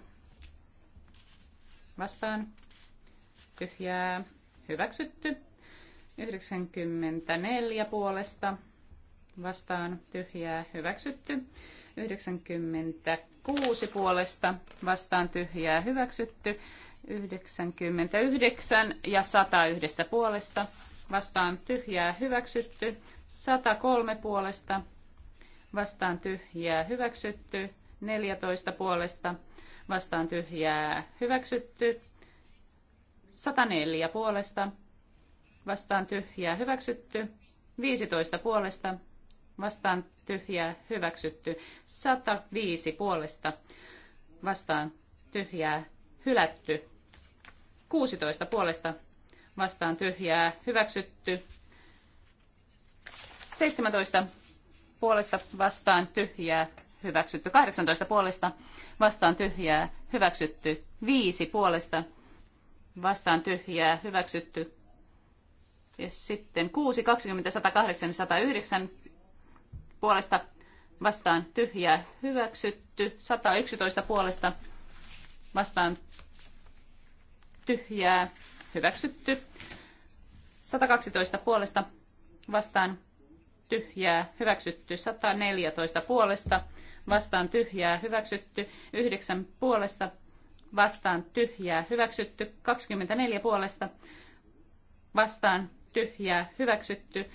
vastaan tyhjää hyväksytty. 94 puolesta vastaan tyhjää hyväksytty. 96 puolesta vastaan tyhjää hyväksytty. 99 ja 100 yhdessä puolesta vastaan tyhjää hyväksytty. 103 puolesta vastaan tyhjää hyväksytty. 14 puolesta vastaan tyhjää hyväksytty. 104 puolesta vastaan tyhjää hyväksytty. 15 puolesta vastaan tyhjää hyväksytty. 105 puolesta vastaan tyhjää hylätty. 16 puolesta vastaan tyhjää hyväksytty. 17 puolesta vastaan tyhjää hyväksytty. 18 puolesta vastaan tyhjää, hyväksytty. 5 puolesta vastaan tyhjää, hyväksytty. Ja sitten 6, 20, 108, 109 puolesta vastaan tyhjää, hyväksytty. 111 puolesta vastaan tyhjää, hyväksytty. 112 puolesta vastaan tyhjää, hyväksytty 114 puolesta, vastaan tyhjää hyväksytty, 9 puolesta vastaan tyhjää hyväksytty, 24 puolesta vastaan tyhjää hyväksytty,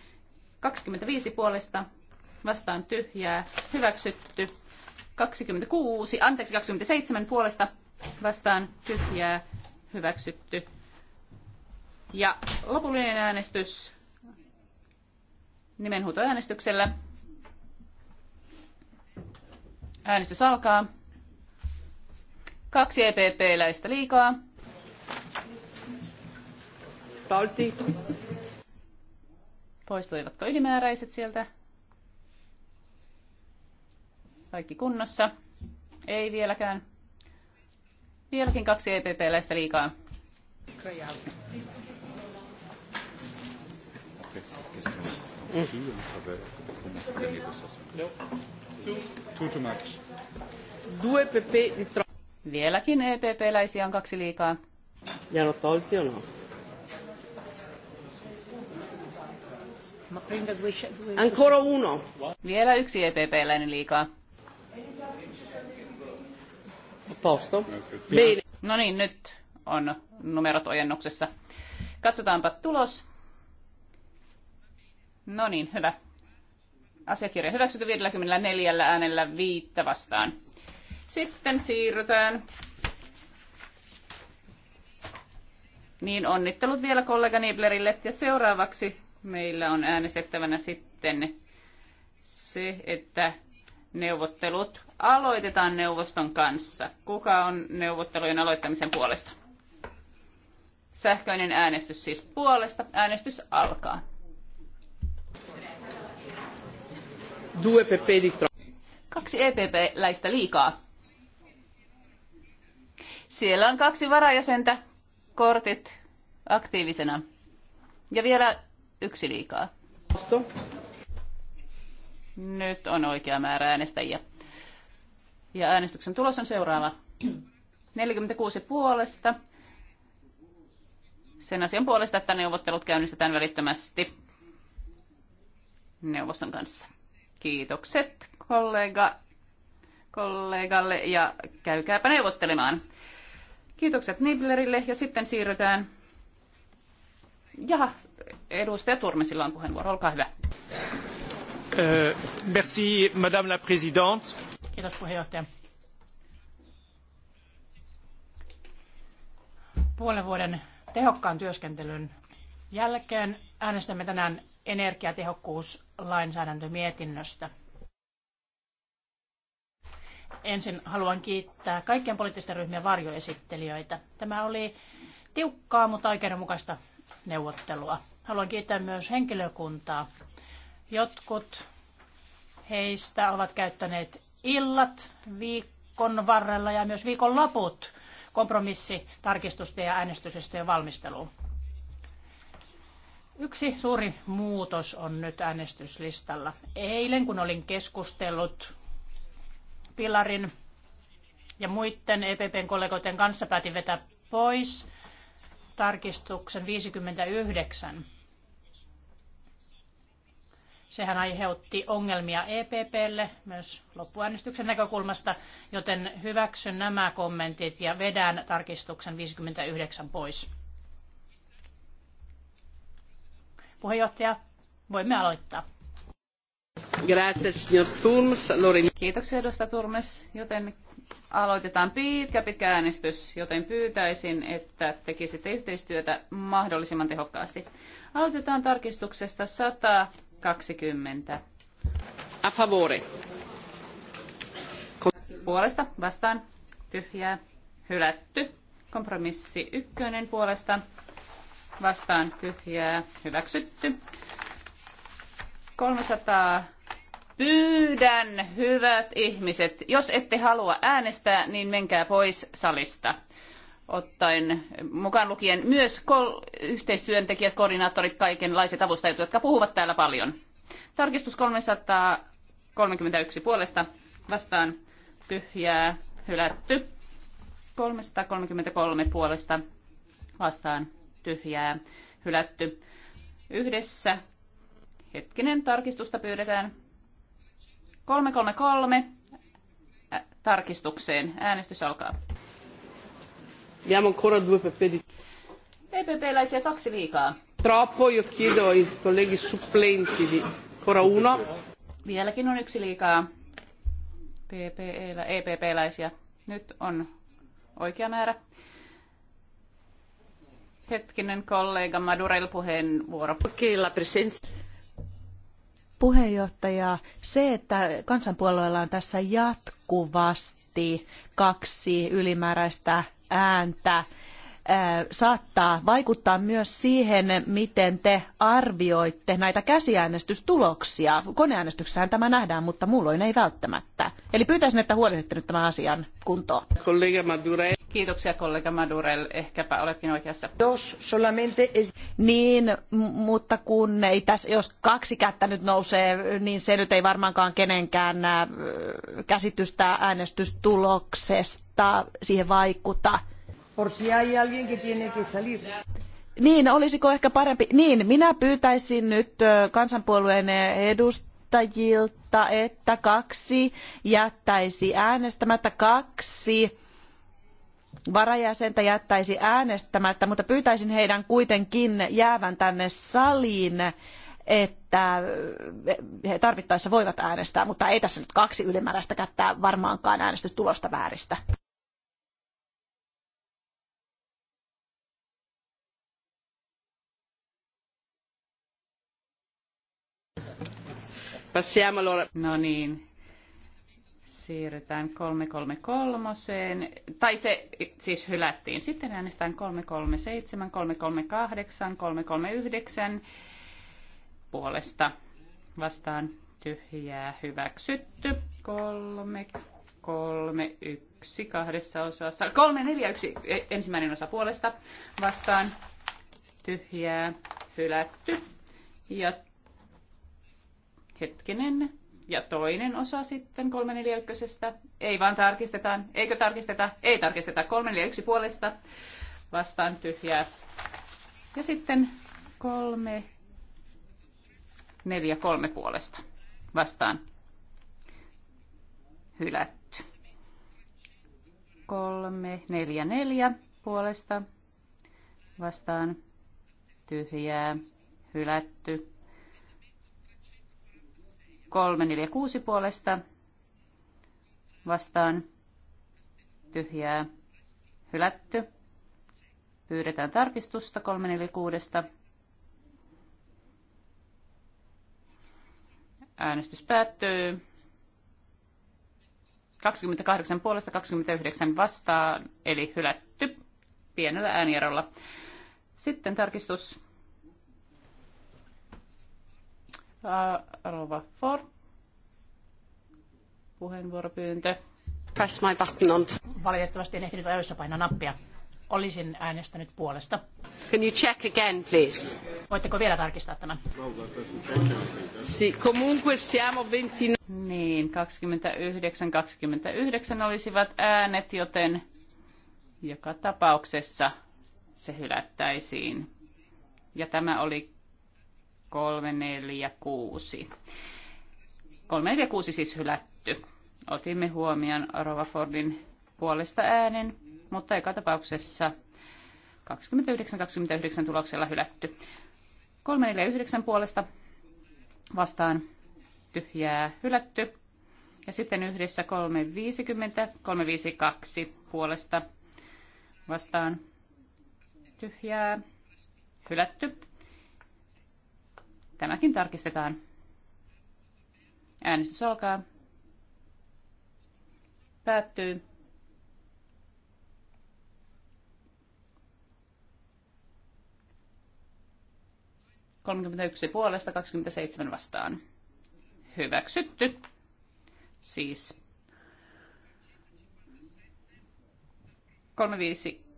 25 puolesta vastaan tyhjää hyväksytty, 26, anteeksi 27 puolesta vastaan tyhjää hyväksytty. Ja lopullinen äänestys nimenhuutoäänestyksellä. Äänestys alkaa. Kaksi EPP-läistä liikaa. Talti. Poistuivatko ylimääräiset sieltä? Kaikki kunnossa. Ei vieläkään. Vieläkin kaksi EPP-läistä liikaa. Mm. Due pepe di tro... Vieläkin EPP-läisiä on kaksi liikaa. Ja no tolti on. Ancora uno. Vielä yksi EPP-läinen liikaa. Posto. Bene. No niin, nyt on numerot ojennuksessa. Katsotaanpa tulos. No niin, hyvä. Asiakirja hyväksytty 54 äänellä viittä vastaan. Sitten siirrytään. Niin onnittelut vielä kollega Niblerille. Ja seuraavaksi meillä on äänestettävänä sitten se, että neuvottelut aloitetaan neuvoston kanssa. Kuka on neuvottelujen aloittamisen puolesta? Sähköinen äänestys siis puolesta. Äänestys alkaa. Due Kaksi EPP-läistä liikaa. Siellä on kaksi varajäsentä, kortit aktiivisena. Ja vielä yksi liikaa. Nyt on oikea määrä äänestäjiä. Ja äänestyksen tulos on seuraava. 46 puolesta. Sen asian puolesta, että neuvottelut käynnistetään välittömästi neuvoston kanssa. Kiitokset kollega, kollegalle ja käykääpä neuvottelemaan. Kiitokset Niblerille ja sitten siirrytään. Ja edustaja Turmesilla on puheenvuoro, olkaa hyvä. Uh, merci, madame la présidente. Kiitos puheenjohtaja. Puolen vuoden tehokkaan työskentelyn jälkeen äänestämme tänään energiatehokkuuslainsäädäntömietinnöstä. Ensin haluan kiittää kaikkien poliittisten ryhmien varjoesittelijöitä. Tämä oli tiukkaa, mutta oikeudenmukaista neuvottelua. Haluan kiittää myös henkilökuntaa. Jotkut heistä ovat käyttäneet illat, viikon varrella ja myös viikon loput kompromissitarkistusten ja äänestysestojen valmisteluun. Yksi suuri muutos on nyt äänestyslistalla. Eilen, kun olin keskustellut Pilarin ja muiden EPPn kollegoiden kanssa, päätin vetää pois tarkistuksen 59. Sehän aiheutti ongelmia EPPlle myös loppuäänestyksen näkökulmasta, joten hyväksyn nämä kommentit ja vedän tarkistuksen 59 pois. Puheenjohtaja, voimme aloittaa. Grazie, signor Turms. Kiitoksia, edustaja Turmes. Joten aloitetaan pitkä, pitkä äänestys, joten pyytäisin, että tekisitte yhteistyötä mahdollisimman tehokkaasti. Aloitetaan tarkistuksesta 120. A favore. Puolesta, vastaan, tyhjää, hylätty. Kompromissi ykkönen puolesta, vastaan tyhjää hyväksytty. 300 Pyydän, hyvät ihmiset, jos ette halua äänestää, niin menkää pois salista. Ottaen mukaan lukien myös kol- yhteistyöntekijät, koordinaattorit, kaikenlaiset avustajat, jotka puhuvat täällä paljon. Tarkistus 331 puolesta vastaan tyhjää hylätty. 333 puolesta vastaan tyhjää hylätty. Yhdessä hetkinen tarkistusta pyydetään 333 ä, tarkistukseen. Äänestys alkaa. Abbiamo ancora EPP-läisiä e kaksi liikaa. Troppo, io chiedo i colleghi supplenti di uno. Vieläkin on yksi liikaa EPP-läisiä. E Nyt on oikea määrä. Hetkinen kollega Madurel puheenvuoro. Kyllä, precis. Puheenjohtaja, se, että kansanpuolueella on tässä jatkuvasti kaksi ylimääräistä ääntä, saattaa vaikuttaa myös siihen, miten te arvioitte näitä käsiäänestystuloksia. Koneäänestyksessähän tämä nähdään, mutta muulloin ei välttämättä. Eli pyytäisin, että huolehditte nyt tämän asian kuntoon. Kollega Madure. Kiitoksia kollega Madurell, ehkäpä oletkin oikeassa. Jos solamente es... Niin, mutta kun ei tässä, jos kaksi kättä nyt nousee, niin se nyt ei varmaankaan kenenkään käsitystä äänestystuloksesta siihen vaikuta por si hay alguien que tiene que salir. Niin, olisiko ehkä parempi? Niin, minä pyytäisin nyt kansanpuolueen edustajilta, että kaksi jättäisi äänestämättä kaksi varajäsentä jättäisi äänestämättä, mutta pyytäisin heidän kuitenkin jäävän tänne saliin, että he tarvittaessa voivat äänestää, mutta ei tässä nyt kaksi ylimääräistä kättää varmaankaan äänestystulosta vääristä. Passiamo allora. No niin. Siirrytään 333. Tai se siis hylättiin. Sitten äänestetään 337, 338, 339 puolesta vastaan tyhjää hyväksytty. 331 kahdessa osassa. 341 ensimmäinen osa puolesta vastaan tyhjää hylätty. Ja Hetkinen. Ja toinen osa sitten 341. Ei vaan tarkistetaan. Eikö tarkisteta? Ei tarkisteta. 341 puolesta vastaan tyhjää. Ja sitten 343 puolesta vastaan hylätty. 344 puolesta vastaan tyhjää hylätty. 346 puolesta vastaan tyhjää hylätty. Pyydetään tarkistusta 346. Äänestys päättyy. 28 puolesta 29 vastaan, eli hylätty pienellä äänierolla. Sitten tarkistus Rova Ford. Puheenvuoropyyntö. Press my button on. Valitettavasti en ehtinyt ajoissa painaa nappia. Olisin äänestänyt puolesta. Can you check again, please? Voitteko vielä tarkistaa tämän? Si, comunque siamo 29. Niin, 29, 29 olisivat äänet, joten joka tapauksessa se hylättäisiin. Ja tämä oli 3, 4, 6. 3, 4, 6 siis hylätty. Otimme huomioon Rova Fordin puolesta äänen, mutta eka tapauksessa 29-29 tuloksella hylätty. 3, 4, 9 puolesta vastaan tyhjää hylätty. Ja sitten yhdessä 350, 352 puolesta vastaan tyhjää hylätty. Tämäkin tarkistetaan. Äänestys alkaa. Päättyy. yksi puolesta, 27 vastaan. Hyväksytty. Siis 35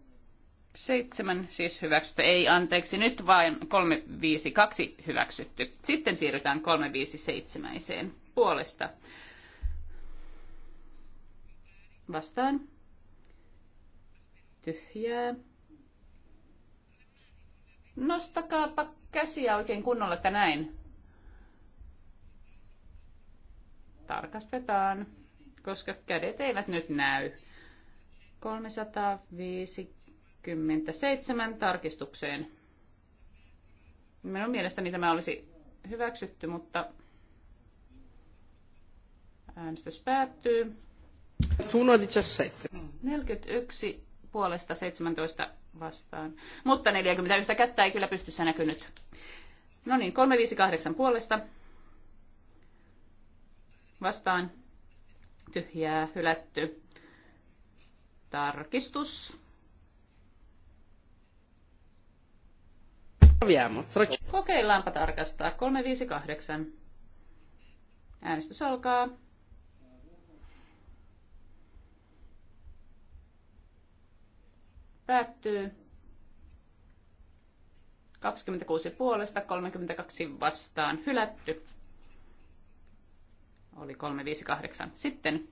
Seitsemän siis hyväksytty, ei anteeksi, nyt vain 352 hyväksytty. Sitten siirrytään 357 puolesta. Vastaan. Tyhjää. Nostakaapa käsiä oikein kunnolla, että näin. Tarkastetaan, koska kädet eivät nyt näy. 350 27 tarkistukseen. Minun mielestäni tämä olisi hyväksytty, mutta äänestys päättyy. 41 puolesta 17 vastaan. Mutta 41 kättä ei kyllä pystyssä näkynyt. No niin, 358 puolesta. Vastaan. Tyhjää, hylätty. Tarkistus. Kokeillaanpa tarkastaa. 358. Äänestys alkaa. Päättyy. 26 puolesta, 32 vastaan. Hylätty. Oli 358. Sitten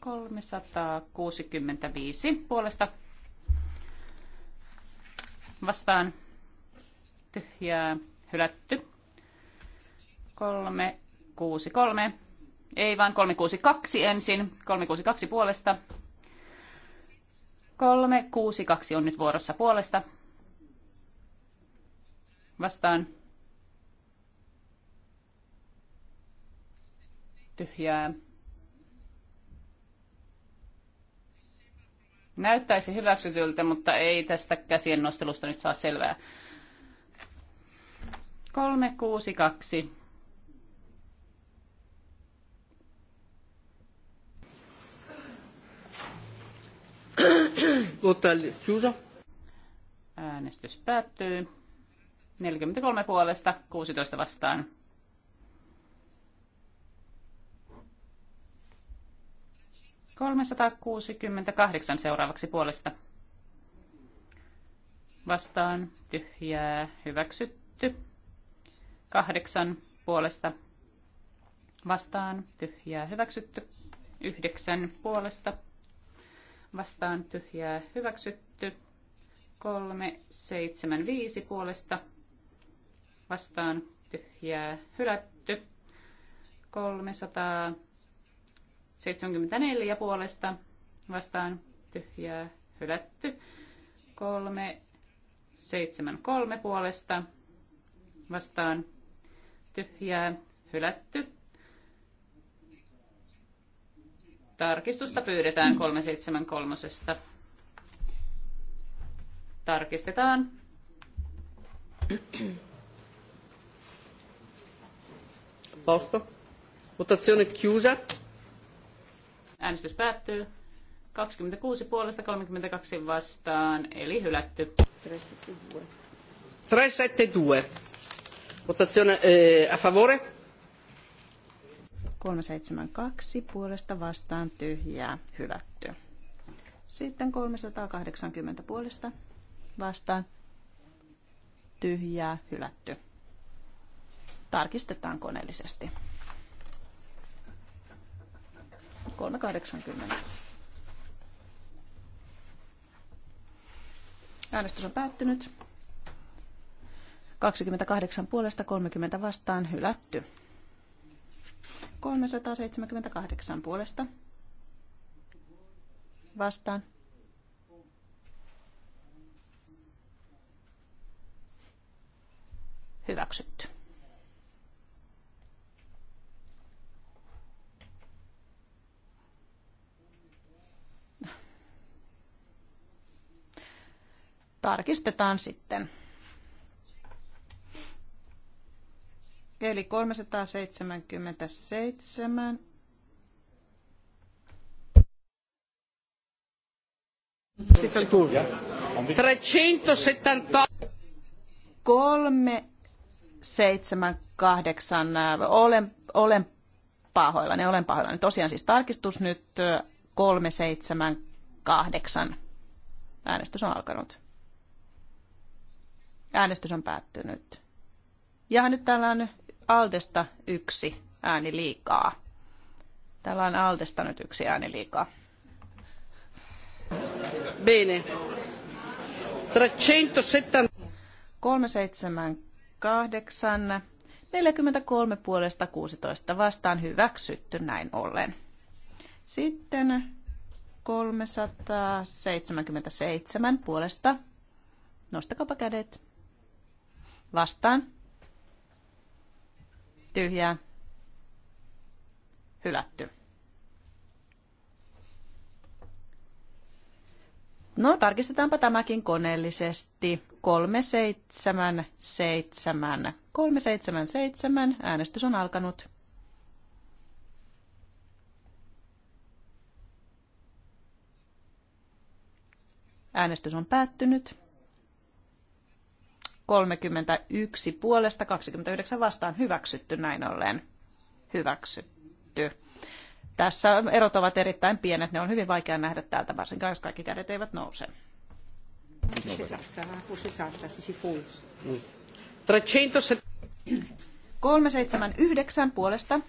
365 puolesta vastaan tyhjää hylätty. 363. Ei vaan 362 ensin. 362 puolesta. 362 on nyt vuorossa puolesta. Vastaan. Tyhjää. Näyttäisi hyväksytyltä, mutta ei tästä käsien nostelusta nyt saa selvää. 362. Äänestys päättyy. 43 puolesta, 16 vastaan. kahdeksan seuraavaksi puolesta. Vastaan tyhjää hyväksytty. Kahdeksan puolesta vastaan tyhjää hyväksytty. Yhdeksän puolesta vastaan tyhjää hyväksytty. Kolme, seitsemän, viisi puolesta vastaan tyhjää hylätty. 374 puolesta vastaan tyhjää hylätty. 373 puolesta vastaan tyhjää, hylätty. Tarkistusta pyydetään 373. Tarkistetaan. Posto. Votazione chiusa. Äänestys päättyy. 26 puolesta 32 vastaan, eli hylätty. 372. 372. Votazione eh, a favore. 372 puolesta vastaan tyhjää hylätty. Sitten 380 puolesta vastaan tyhjää hylätty. Tarkistetaan koneellisesti. 380. Äänestys on päättynyt. 28 puolesta 30 vastaan hylätty. 378 puolesta vastaan. Hyväksytty. Tarkistetaan sitten. Eli 377. Sitten 378. Olen, olen pahoillani, olen pahoillani. Tosiaan siis tarkistus nyt 378. Äänestys on alkanut. Äänestys on päättynyt. Ja nyt täällä on Aldesta yksi ääni liikaa. Täällä on Aldesta nyt yksi ääni liikaa. Bene. 378. 43 puolesta 16 vastaan hyväksytty näin ollen. Sitten 377 puolesta. Nostakapa kädet. Vastaan tyhjää, hylätty. No, tarkistetaanpa tämäkin koneellisesti. 377. 377. Äänestys on alkanut. Äänestys on päättynyt. 31 puolesta 29 vastaan hyväksytty näin ollen. Hyväksytty. Tässä erot ovat erittäin pienet, ne on hyvin vaikea nähdä täältä, varsinkaan jos kaikki kädet eivät nouse. 379 puolesta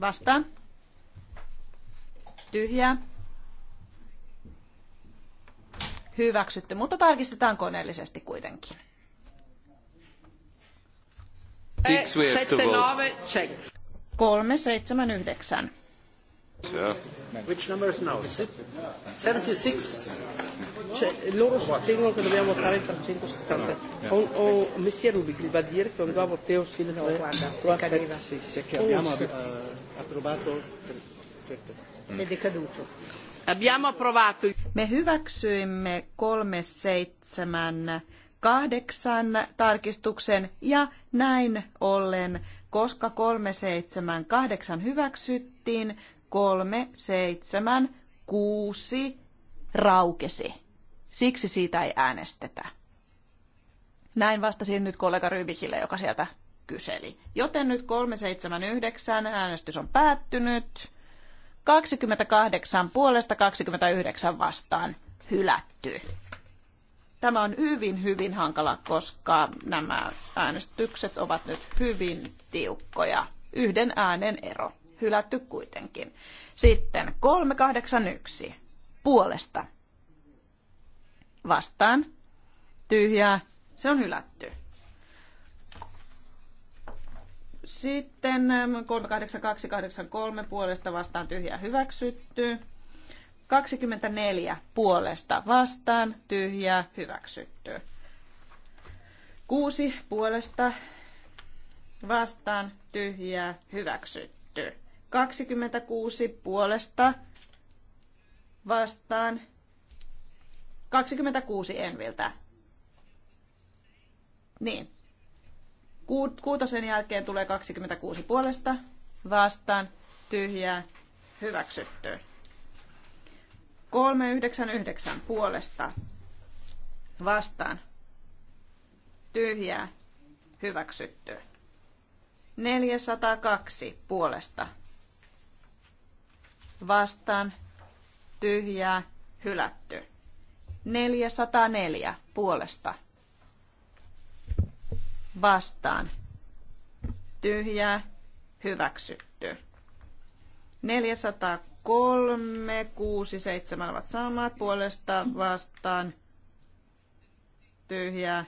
vastaan. Tyhjää hyväksytty, mutta tarkistetaan koneellisesti kuitenkin. Six we have to vote. 379. Yeah. Which number is now? 76? Cioè, loro sostengono che dobbiamo votare il 370. O, o Messia Rubic gli va a dire che non doveva votare il 370. Sì, perché no, abbiamo eh, approvato 7. È decaduto. Me hyväksyimme 378 tarkistuksen ja näin ollen, koska 378 hyväksyttiin, 376 raukesi. Siksi siitä ei äänestetä. Näin vastasin nyt kollega Rybikille, joka sieltä kyseli. Joten nyt 379 äänestys on päättynyt. 28 puolesta 29 vastaan hylätty. Tämä on hyvin, hyvin hankala, koska nämä äänestykset ovat nyt hyvin tiukkoja. Yhden äänen ero. Hylätty kuitenkin. Sitten 381 puolesta vastaan tyhjää. Se on hylätty. Sitten 38283 ähm, puolesta vastaan tyhjä hyväksytty. 24 puolesta vastaan tyhjä hyväksytty. 6 puolesta vastaan tyhjä hyväksytty. 26 puolesta vastaan 26 Enviltä. Niin, Kuutosen jälkeen tulee 26 puolesta vastaan tyhjää hyväksytty. 399 puolesta vastaan tyhjää hyväksytty. 402 puolesta vastaan tyhjää hylätty. 404 puolesta vastaan. Tyhjää hyväksytty. 403, 6, 7 ovat samat puolesta vastaan. Tyhjää.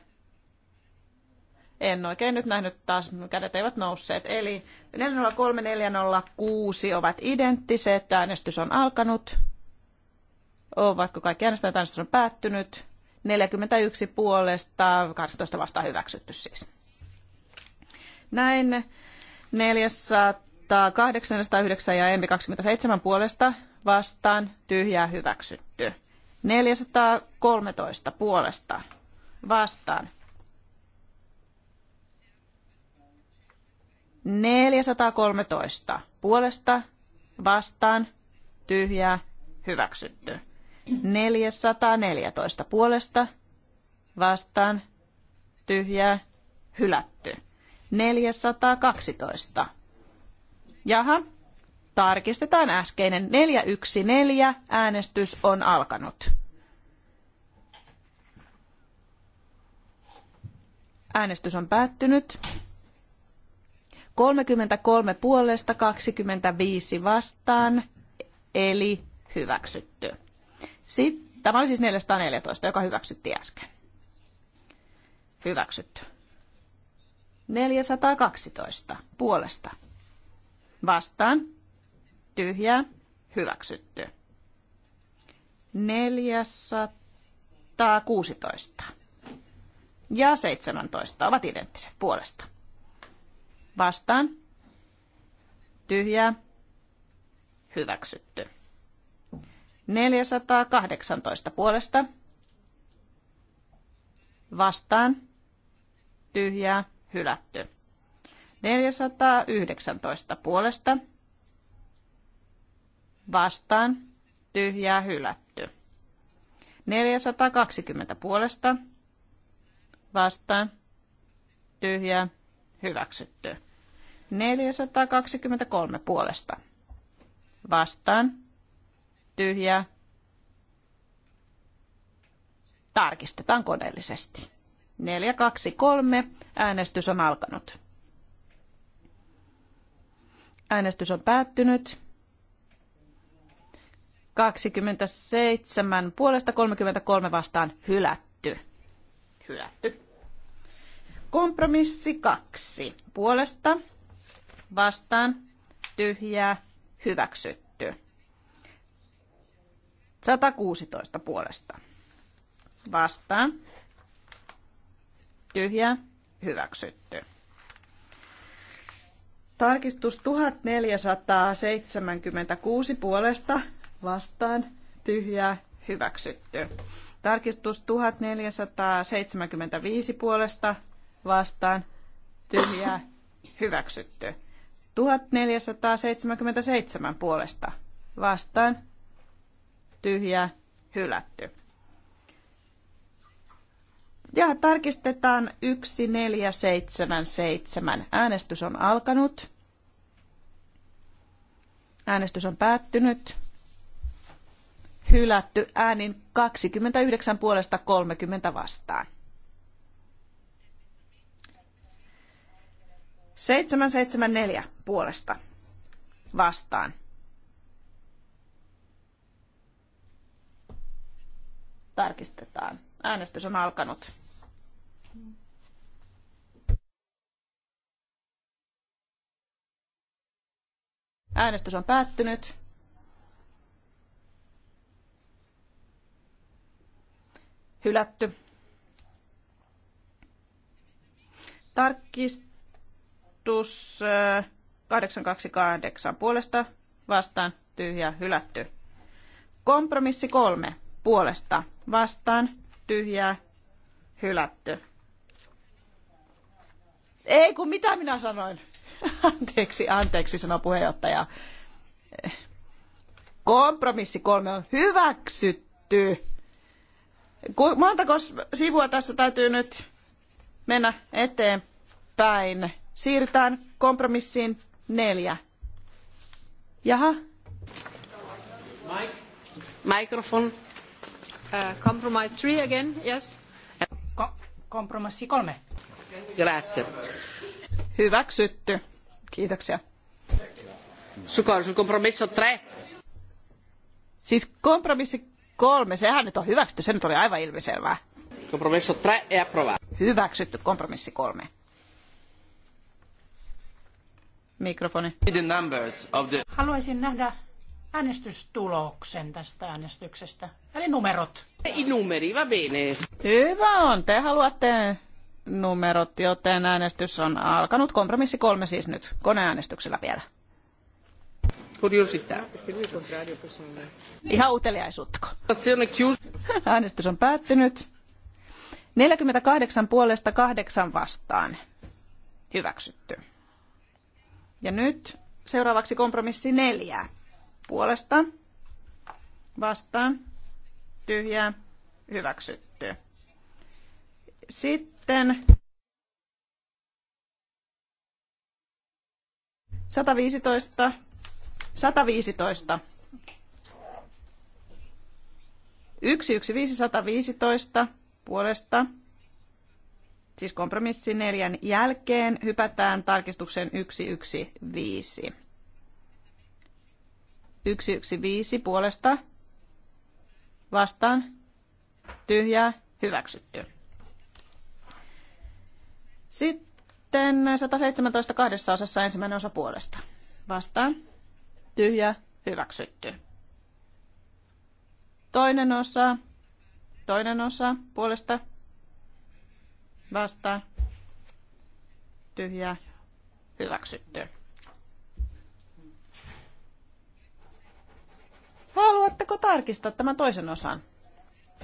En oikein nyt nähnyt taas, kädet eivät nousseet. Eli 403, 406 ovat identtiset. Äänestys on alkanut. Ovatko kaikki äänestäjät? Äänestys on päättynyt. 41 puolesta, 18 vastaan hyväksytty siis. Näin 400, ja Emmi 27 puolesta vastaan tyhjää hyväksytty. 413 puolesta vastaan. 413 puolesta vastaan tyhjää hyväksytty. 414 puolesta vastaan tyhjää hylätty. 412. Jaha, tarkistetaan äskeinen 414. Äänestys on alkanut. Äänestys on päättynyt. 33 puolesta 25 vastaan, eli hyväksytty. Sitten, tämä oli siis 414, joka hyväksyttiin äsken. Hyväksytty. 412 puolesta. Vastaan. Tyhjää. Hyväksytty. 416 ja 17 ovat identtiset puolesta. Vastaan. Tyhjää. Hyväksytty. 418 puolesta. Vastaan. Tyhjää hylätty. 419 puolesta vastaan tyhjää hylätty. 420 puolesta vastaan tyhjää hyväksytty. 423 puolesta vastaan tyhjää tarkistetaan koneellisesti. 423. Äänestys on alkanut. Äänestys on päättynyt. 27 puolesta 33 vastaan hylätty. Hylätty. Kompromissi 2. Puolesta vastaan tyhjää hyväksytty. 116 puolesta vastaan tyhjä hyväksytty. Tarkistus 1476 puolesta vastaan tyhjä hyväksytty. Tarkistus 1475 puolesta vastaan tyhjä hyväksytty. 1477 puolesta vastaan tyhjä hylätty. Ja tarkistetaan 1477. Äänestys on alkanut. Äänestys on päättynyt. Hylätty äänin 29 puolesta 30 vastaan. 774 puolesta vastaan. Tarkistetaan. Äänestys on alkanut. Äänestys on päättynyt. Hylätty. Tarkistus 828 äh, puolesta vastaan tyhjä hylätty. Kompromissi kolme puolesta vastaan tyhjä hylätty. Ei kun mitä minä sanoin. Anteeksi, anteeksi, sanoi puheenjohtaja. Kompromissi kolme on hyväksytty. Montako sivua tässä täytyy nyt mennä eteenpäin? Siirrytään kompromissiin neljä. Jaha. Mike. Microphone. Uh, compromise three again, yes. Ko- kompromissi kolme. Grazie. Hyväksytty. Kiitoksia. Suko, sul kompromisso tre. Siis kompromissi kolme, sehän nyt on hyväksytty, se nyt oli aivan ilmiselvää. Kompromisso tre e approvato. Hyväksytty kompromissi kolme. Mikrofoni. The... Haluaisin nähdä äänestystuloksen tästä äänestyksestä, eli numerot. I numeri, va bene. Hyvä on, te haluatte numerot, joten äänestys on alkanut. Kompromissi kolme siis nyt koneäänestyksellä vielä. Ihan uteliaisuuttako? Äänestys on päättynyt. 48 puolesta kahdeksan vastaan. Hyväksytty. Ja nyt seuraavaksi kompromissi neljä. Puolesta, vastaan, tyhjää, hyväksytty. Sitten sitten 115. 115. 115 puolesta, siis kompromissi neljän jälkeen, hypätään tarkistuksen 115. 115 puolesta, vastaan, tyhjää, hyväksytty. Sitten 117 kahdessa osassa ensimmäinen osa puolesta. Vastaan. Tyhjä. Hyväksytty. Toinen osa. Toinen osa puolesta. Vastaan. Tyhjä. Hyväksytty. Haluatteko tarkistaa tämän toisen osan?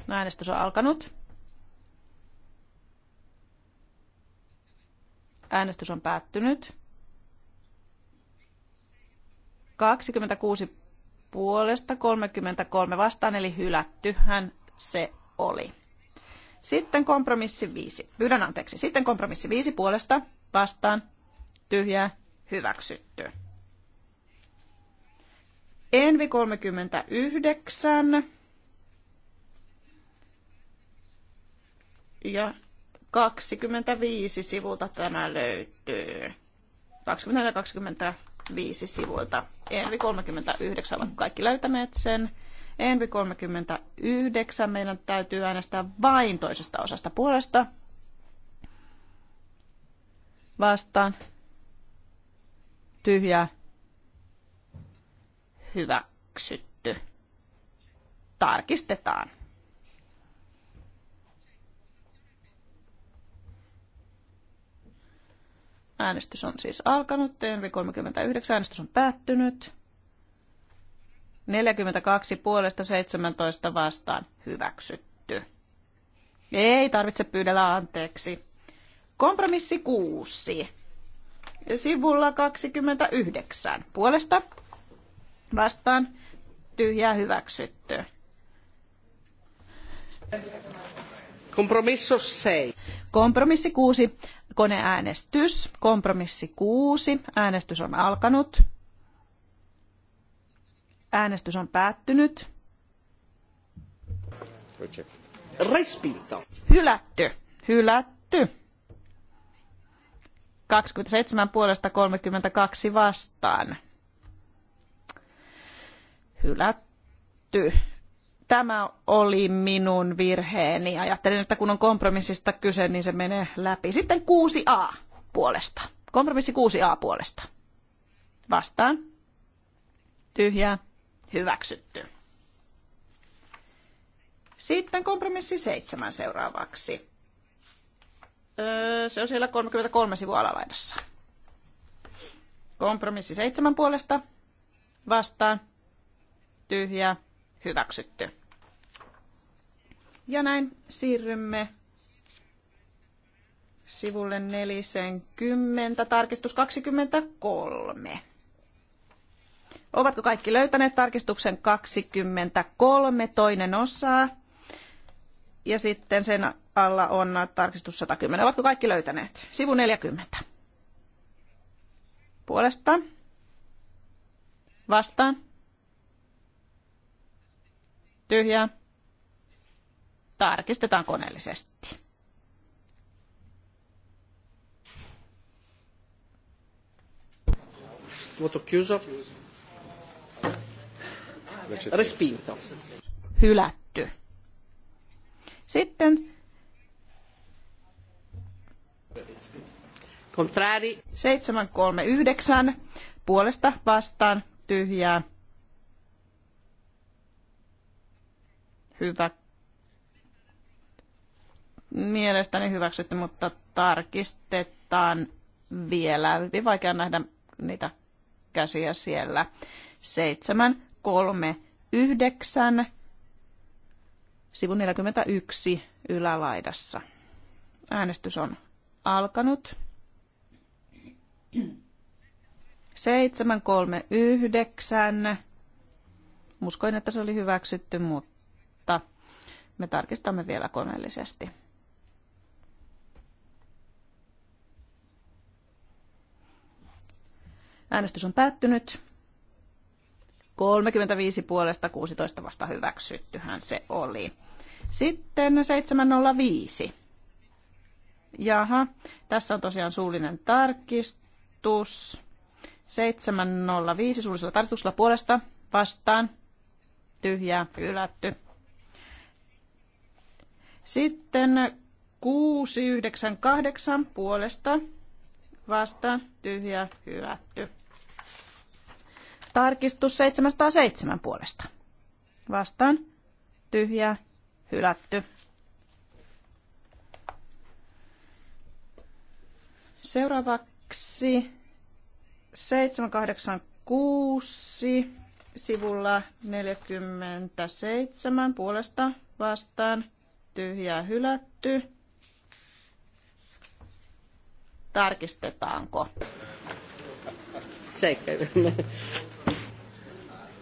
äänestys on alkanut. Äänestys on päättynyt. 26 puolesta 33 vastaan, eli hylättyhän se oli. Sitten kompromissi 5. Pyydän anteeksi. Sitten kompromissi 5 puolesta vastaan tyhjää hyväksytty. Envi 39. Ja 25 sivulta tämä löytyy. 20-25 sivulta. Envi 39, ovat kaikki löytäneet sen? Envi 39, meidän täytyy äänestää vain toisesta osasta puolesta. Vastaan. Tyhjä. Hyväksytty. Tarkistetaan. Äänestys on siis alkanut. Envi 39. Äänestys on päättynyt. 42 puolesta 17 vastaan hyväksytty. Ei tarvitse pyydellä anteeksi. Kompromissi 6. Sivulla 29. Puolesta vastaan tyhjää hyväksytty. Kompromisso 6. Kompromissi 6. Koneäänestys. Kompromissi 6. Äänestys on alkanut. Äänestys on päättynyt. Respinto. Hylätty. Hylätty. 27 puolesta 32 vastaan. Hylätty tämä oli minun virheeni. Ajattelin, että kun on kompromissista kyse, niin se menee läpi. Sitten 6a puolesta. Kompromissi 6a puolesta. Vastaan. Tyhjää. Hyväksytty. Sitten kompromissi 7 seuraavaksi. Öö, se on siellä 33 sivua alalaidassa. Kompromissi 7 puolesta. Vastaan. Tyhjää. Hyväksytty. Ja näin siirrymme sivulle 40, tarkistus 23. Ovatko kaikki löytäneet tarkistuksen 23, toinen osa? Ja sitten sen alla on tarkistus 110. Ovatko kaikki löytäneet? Sivu 40. Puolesta. Vastaan. Tyhjää tarkistetaan koneellisesti. Voto chiuso. Respinto. Hylätty. Sitten Contrari. 739 puolesta vastaan tyhjää. Hyvä mielestäni hyväksytty, mutta tarkistetaan vielä. Hyvin vaikea nähdä niitä käsiä siellä. 7, 3, 9, sivu 41 ylälaidassa. Äänestys on alkanut. 7, 3, 9. Uskoin, että se oli hyväksytty, mutta me tarkistamme vielä koneellisesti. Äänestys on päättynyt. 35 puolesta 16 vasta hyväksyttyhän se oli. Sitten 705. Jaha, tässä on tosiaan suullinen tarkistus. 705 suullisella tarkistuksella puolesta vastaan. Tyhjää, hylätty. Sitten 698 puolesta vastaan, tyhjää, hylätty. Tarkistus 707 puolesta. Vastaan. tyhjä Hylätty. Seuraavaksi 786 sivulla 47 puolesta vastaan tyhjää hylätty. Tarkistetaanko? Check.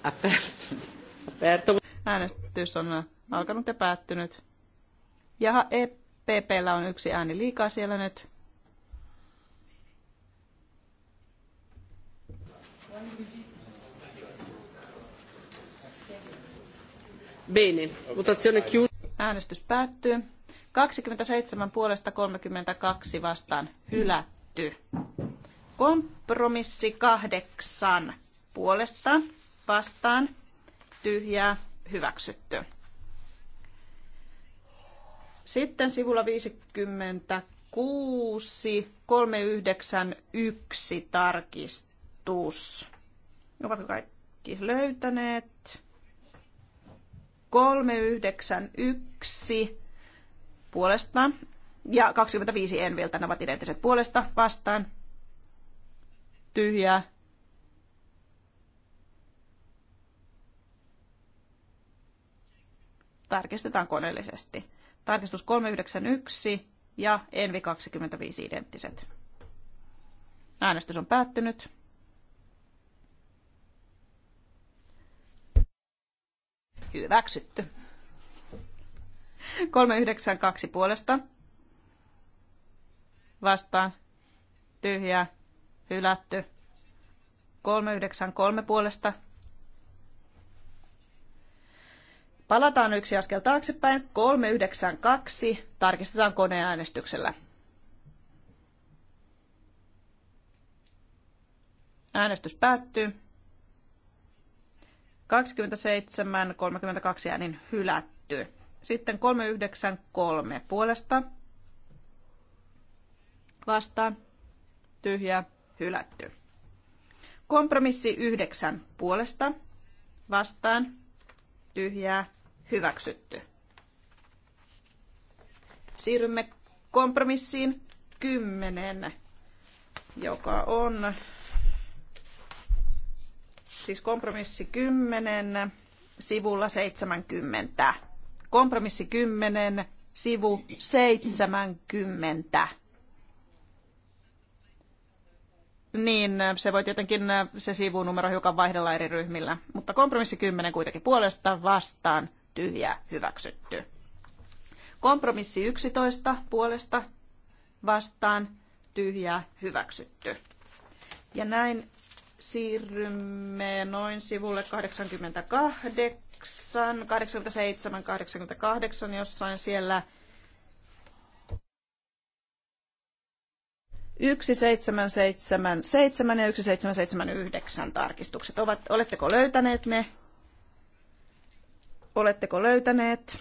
Aperto. Äänestys on alkanut ja päättynyt. Ja EPPllä on yksi ääni liikaa siellä nyt. Bene, votazione Äänestys päättyy. 27 puolesta 32 vastaan hylätty. Kompromissi kahdeksan puolesta vastaan, tyhjää, hyväksytty. Sitten sivulla 56, 391 tarkistus. Ovatko kaikki löytäneet? 391 puolesta ja 25 en Ne ovat identtiset puolesta vastaan. Tyhjää. tarkistetaan koneellisesti. Tarkistus 391 ja Envi 25 identtiset. Äänestys on päättynyt. Hyväksytty. 392 puolesta. Vastaan. Tyhjä. Hylätty. 393 puolesta Palataan yksi askel taaksepäin. 392 tarkistetaan koneäänestyksellä. Äänestys päättyy. 27, 32 äänin hylätty. Sitten 393 puolesta. Vastaan. Tyhjä. Hylätty. Kompromissi 9 puolesta. Vastaan. Tyhjää hyväksytty. Siirrymme kompromissiin 10, joka on siis kompromissi 10 sivulla 70. Kompromissi 10 sivu 70. Niin, se voi tietenkin se sivunumero hiukan vaihdella eri ryhmillä, mutta kompromissi 10 kuitenkin puolesta vastaan tyhjää hyväksytty. Kompromissi 11 puolesta vastaan tyhjää hyväksytty. Ja näin siirrymme noin sivulle 88, 87, 88 jossain siellä 1777 ja 1779 tarkistukset. Ovat, oletteko löytäneet ne? Oletteko löytäneet?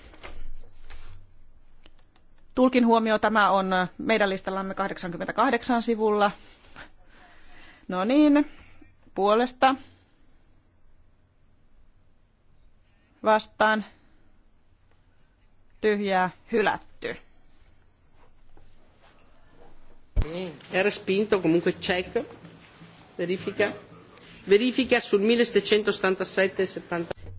Tulkin huomio, tämä on meidän listallamme 88 sivulla. No niin, puolesta. Vastaan. Tyhjää, hylätty. Era spinto, comunque check. Verifica. Verifica sul 1787 70. E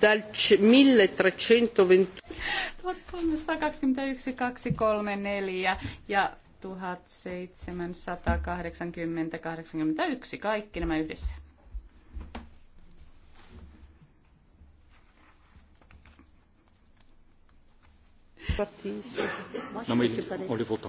dal 1321 234 ja 1780-81, kaikki nämä yhdessä. Parti. Non mais on les vote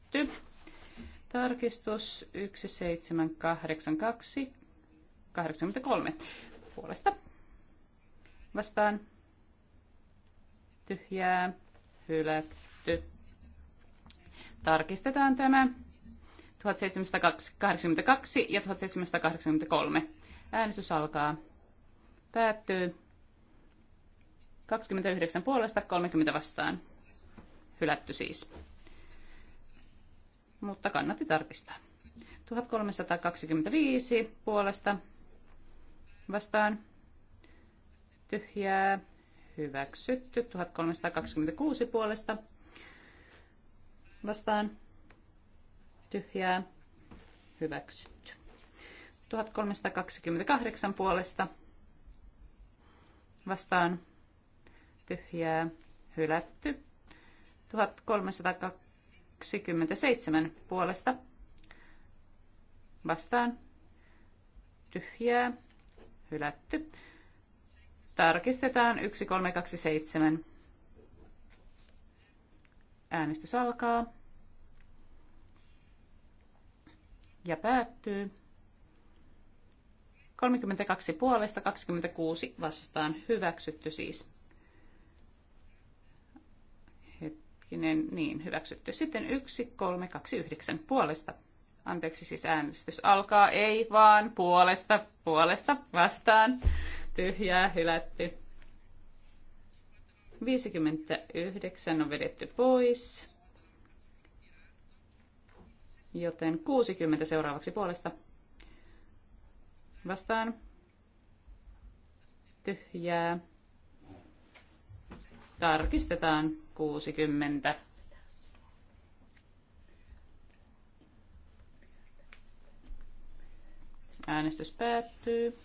hylätty. Tarkistus 1782, 83 puolesta. Vastaan tyhjää, hylätty. Tarkistetaan tämä. 1782 ja 1783. Äänestys alkaa. Päättyy. 29 puolesta, 30 vastaan. Hylätty siis mutta kannatti tarkistaa. 1325 puolesta vastaan tyhjää hyväksytty. 1326 puolesta vastaan tyhjää hyväksytty. 1328 puolesta vastaan tyhjää hylätty. 1320 27 puolesta vastaan tyhjää hylätty. Tarkistetaan 1327. Äänestys alkaa ja päättyy. 32 puolesta, 26 vastaan hyväksytty siis. hetkinen, niin hyväksytty. Sitten 1329 puolesta. Anteeksi, siis äänestys alkaa ei vaan puolesta, puolesta vastaan. Tyhjää, hylätty. 59 on vedetty pois. Joten 60 seuraavaksi puolesta. Vastaan. Tyhjää. Tarkistetaan 60. Äänestys päättyy.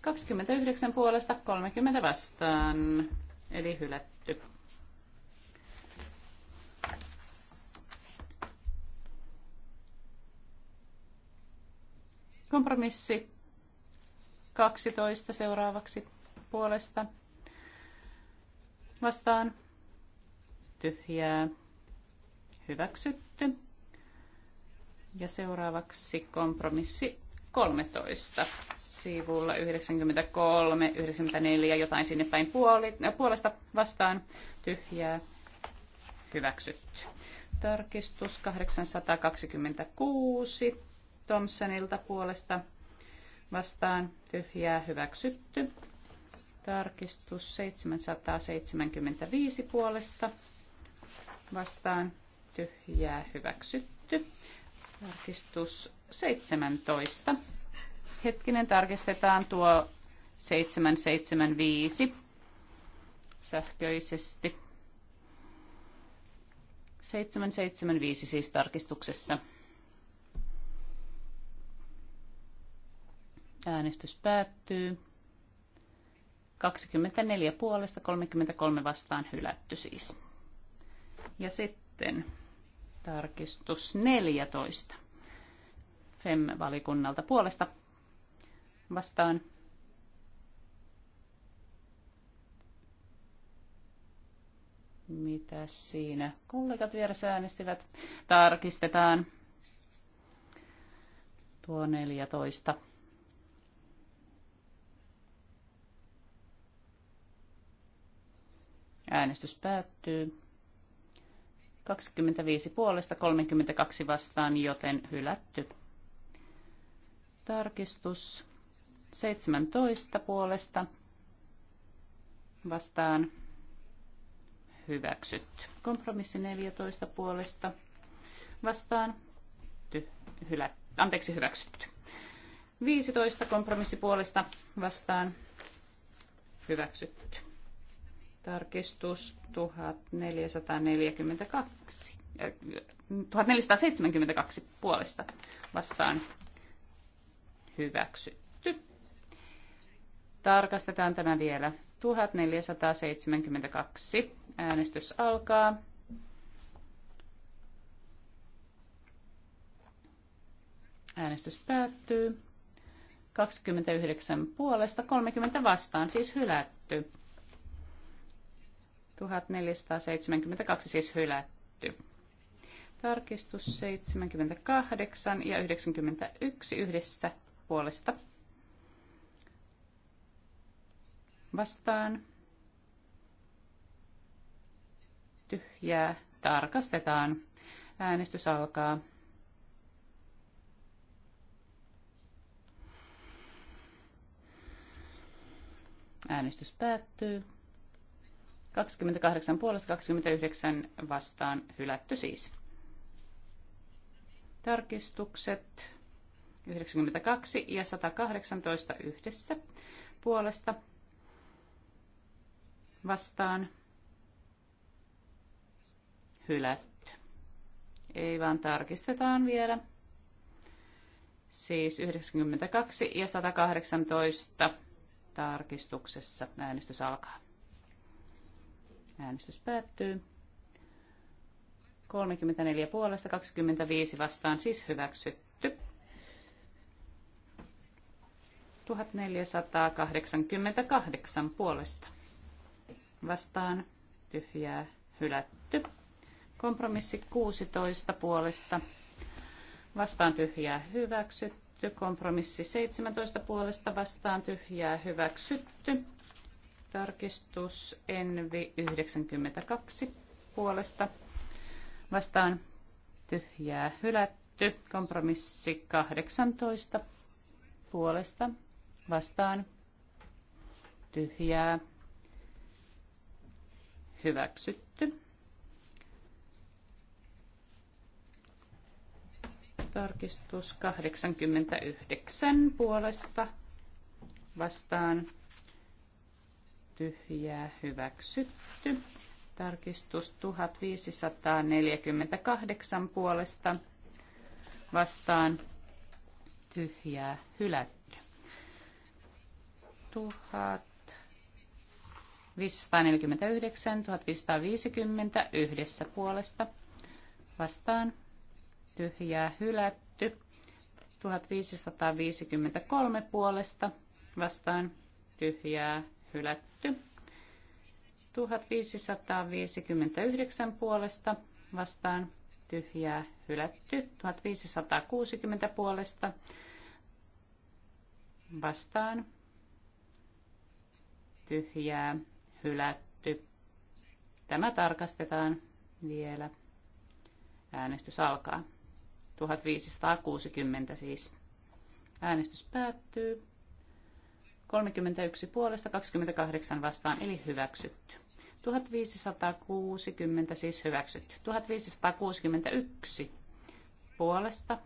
29 puolesta 30 vastaan, eli hylätty. Kompromissi 12 seuraavaksi puolesta vastaan tyhjää hyväksytty. Ja seuraavaksi kompromissi 13 sivulla 93, 94, jotain sinne päin puoli, puolesta vastaan tyhjää hyväksytty. Tarkistus 826 Thomsonilta puolesta vastaan tyhjää hyväksytty. Tarkistus 775 puolesta vastaan tyhjää hyväksytty. Tarkistus 17. Hetkinen, tarkistetaan tuo 775 sähköisesti. 775 siis tarkistuksessa. Äänestys päättyy. 24 puolesta, 33 vastaan hylätty siis. Ja sitten tarkistus 14. FEM-valikunnalta puolesta vastaan Mitä siinä kollegat vieressä äänestivät? Tarkistetaan. Tuo 14. Äänestys päättyy. 25 puolesta 32 vastaan, joten hylätty. Tarkistus 17 puolesta vastaan hyväksytty. Kompromissi 14 puolesta vastaan ty, hylä, anteeksi, hyväksytty. 15 kompromissi puolesta vastaan hyväksytty. Tarkistus 1442. 1472 äh, puolesta vastaan hyväksytty. Tarkastetaan tämä vielä. 1472. Äänestys alkaa. Äänestys päättyy. 29 puolesta, 30 vastaan, siis hylätty. 1472 siis hylätty. Tarkistus 78 ja 91 yhdessä puolesta. Vastaan. Tyhjää. Tarkastetaan. Äänestys alkaa. Äänestys päättyy. 28 puolesta 29 vastaan hylätty siis. Tarkistukset 92 ja 118 yhdessä puolesta vastaan hylätty. Ei vaan tarkistetaan vielä. Siis 92 ja 118 tarkistuksessa äänestys alkaa. Äänestys päättyy. 34 puolesta, 25 vastaan, siis hyväksytty. 1488 puolesta vastaan, tyhjää, hylätty. Kompromissi 16 puolesta vastaan, tyhjää, hyväksytty. Kompromissi 17 puolesta vastaan, tyhjää, hyväksytty. Tarkistus Envi 92 puolesta vastaan tyhjää hylätty. Kompromissi 18 puolesta vastaan tyhjää hyväksytty. Tarkistus 89 puolesta vastaan tyhjää hyväksytty. Tarkistus 1548 puolesta vastaan tyhjää hylätty. 1549, 1550 yhdessä puolesta vastaan tyhjää hylätty. 1553 puolesta vastaan tyhjää hylätty. 1559 puolesta vastaan tyhjää hylätty. 1560 puolesta vastaan tyhjää hylätty. Tämä tarkastetaan vielä. Äänestys alkaa. 1560 siis. Äänestys päättyy. 31 puolesta 28 vastaan, eli hyväksytty. 1560 siis hyväksytty. 1561 puolesta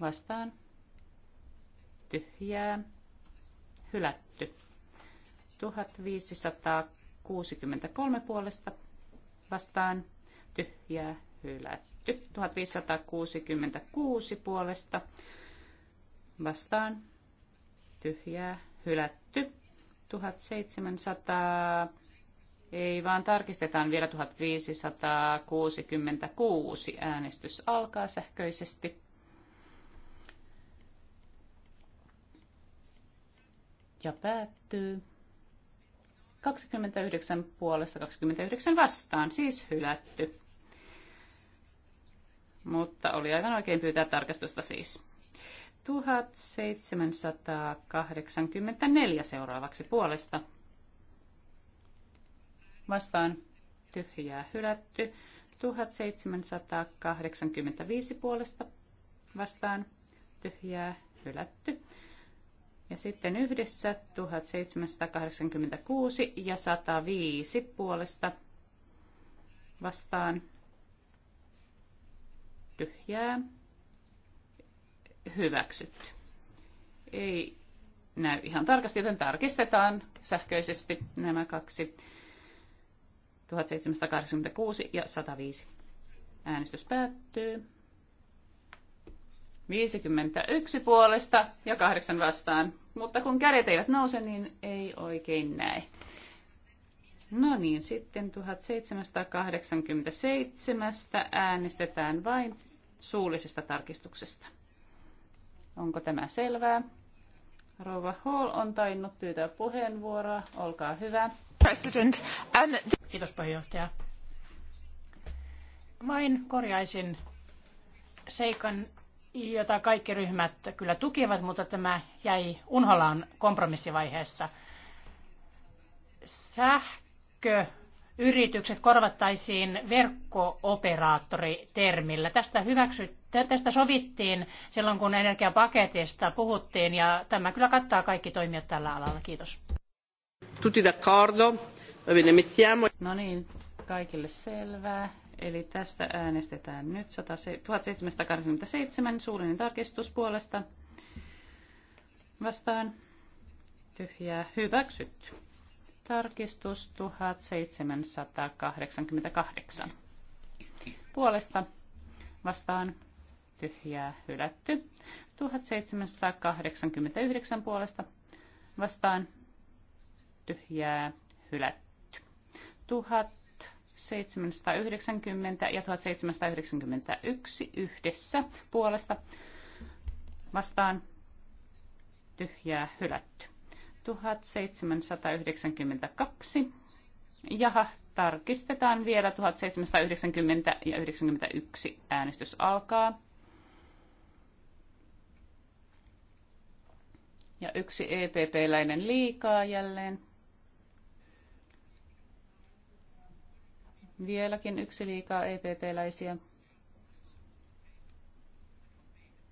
vastaan tyhjää hylätty. 1563 puolesta vastaan tyhjää hylätty. 1566 puolesta vastaan tyhjää, hylätty. 1700, ei vaan tarkistetaan vielä 1566. Äänestys alkaa sähköisesti. Ja päättyy. 29 puolesta 29 vastaan, siis hylätty. Mutta oli aivan oikein pyytää tarkastusta siis. 1784 seuraavaksi puolesta. Vastaan tyhjää hylätty. 1785 puolesta vastaan tyhjää hylätty. Ja sitten yhdessä 1786 ja 105 puolesta vastaan tyhjää hyväksytty. Ei näy ihan tarkasti, joten tarkistetaan sähköisesti nämä kaksi. 1786 ja 105. Äänestys päättyy. 51 puolesta ja 8 vastaan. Mutta kun kädet eivät nouse, niin ei oikein näe. No niin, sitten 1787 äänestetään vain suullisesta tarkistuksesta. Onko tämä selvää? Rouva Hall on tainnut pyytää puheenvuoroa. Olkaa hyvä. President, and... Kiitos puheenjohtaja. Vain korjaisin seikan, jota kaikki ryhmät kyllä tukivat, mutta tämä jäi unholaan kompromissivaiheessa. Sähkö yritykset korvattaisiin verko-operaattori termillä Tästä, hyväksy, tästä sovittiin silloin, kun energiapaketista puhuttiin, ja tämä kyllä kattaa kaikki toimijat tällä alalla. Kiitos. Tutti d'accordo. No niin, kaikille selvää. Eli tästä äänestetään nyt 1787 suullinen tarkistus puolesta. Vastaan tyhjää hyväksytty. Tarkistus 1788. Puolesta vastaan tyhjää hylätty. 1789 puolesta vastaan tyhjää hylätty. 1790 ja 1791 yhdessä puolesta vastaan tyhjää hylätty. 1792. Jaha, tarkistetaan vielä 1790 ja 91 äänestys alkaa. Ja yksi EPP-läinen liikaa jälleen. Vieläkin yksi liikaa EPP-läisiä.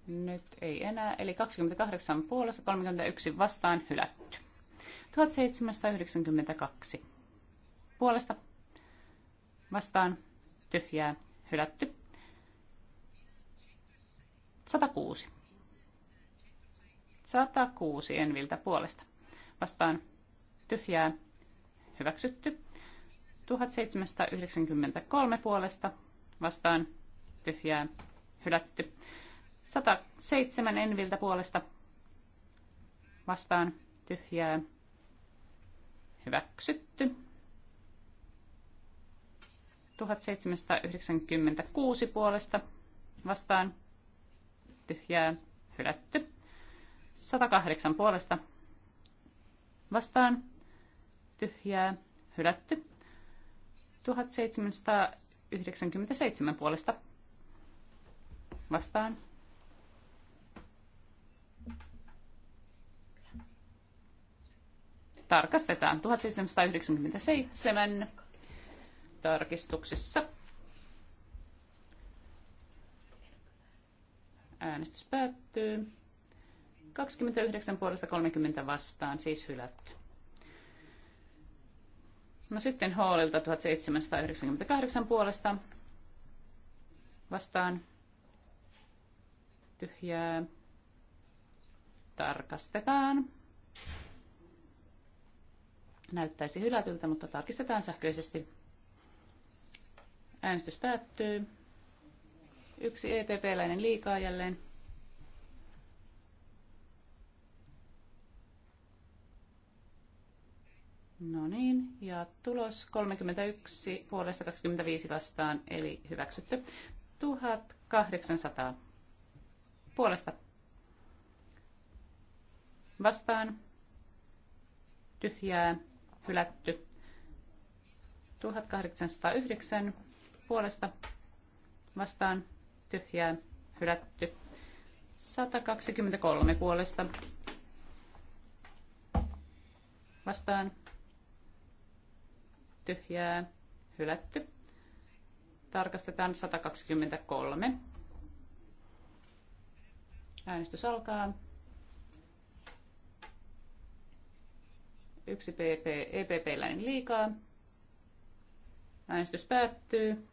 Nyt ei enää, eli 28 puolesta, 31 vastaan hylätty. 1792 puolesta vastaan tyhjää hylätty. 106. 106 Enviltä puolesta. Vastaan tyhjää hyväksytty. 1793 puolesta vastaan tyhjää hylätty. 107 Enviltä puolesta vastaan tyhjää hyväksytty. 1796 puolesta vastaan tyhjää hylätty. 108 puolesta vastaan tyhjää hylätty. 1797 puolesta vastaan tarkastetaan 1797 tarkistuksessa. Äänestys päättyy. 29 puolesta 30 vastaan, siis hylätty. No sitten Hallilta 1798 puolesta vastaan tyhjää. Tarkastetaan. Näyttäisi hylätyltä, mutta tarkistetaan sähköisesti. Äänestys päättyy. Yksi EPP-läinen liikaa jälleen. No niin, ja tulos 31 puolesta 25 vastaan, eli hyväksytty. 1800 puolesta vastaan tyhjää hylätty. 1809 puolesta vastaan tyhjää hylätty. 123 puolesta vastaan tyhjää hylätty. Tarkastetaan 123. Äänestys alkaa. Yksi PP, EPP-läinen liikaa. Äänestys päättyy.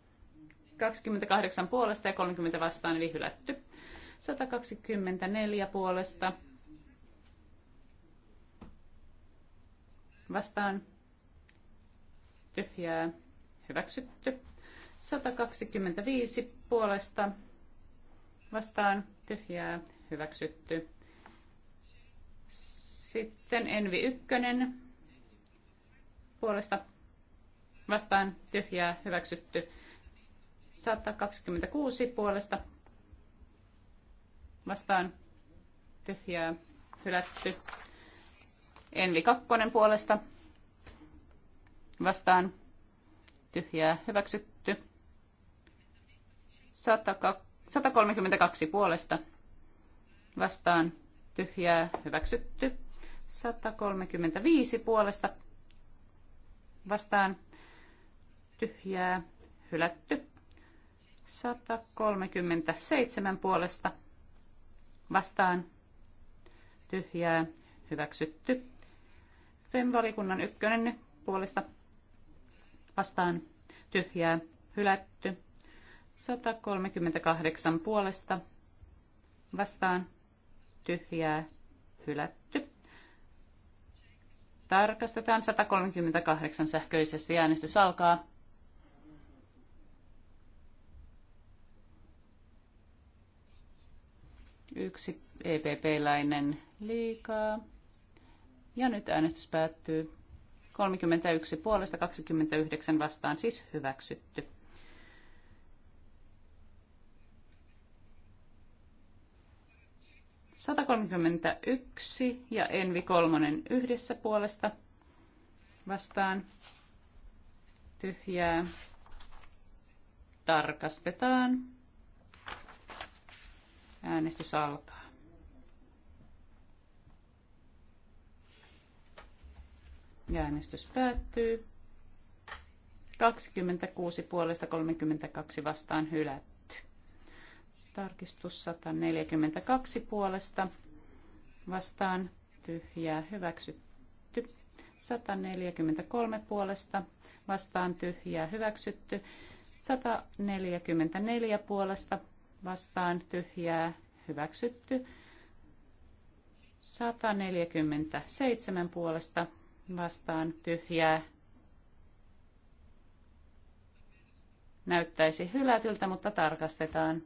28 puolesta ja 30 vastaan, eli hylätty. 124 puolesta. Vastaan. Tyhjää. Hyväksytty. 125 puolesta. Vastaan. Tyhjää. Hyväksytty. Sitten Envi 1 puolesta vastaan tyhjää hyväksytty. 126 puolesta vastaan tyhjää hylätty. Enli Kakkonen puolesta vastaan tyhjää hyväksytty. 132 puolesta vastaan tyhjää hyväksytty. 135 puolesta vastaan tyhjää hylätty. 137 puolesta vastaan tyhjää hyväksytty. FEM-valikunnan ykkönen puolesta vastaan tyhjää hylätty. 138 puolesta vastaan tyhjää hylätty. Tarkastetaan 138 sähköisesti. Äänestys alkaa. Yksi EPP-läinen liikaa. Ja nyt äänestys päättyy. 31 puolesta 29 vastaan siis hyväksytty. 131 ja Envi kolmonen yhdessä puolesta vastaan tyhjää. Tarkastetaan. Äänestys alkaa. äänestys päättyy. 26 puolesta 32 vastaan hylätty. Tarkistus 142 puolesta vastaan tyhjää hyväksytty. 143 puolesta vastaan tyhjää hyväksytty. 144 puolesta vastaan tyhjää hyväksytty. 147 puolesta vastaan tyhjää näyttäisi hylätyltä, mutta tarkastetaan.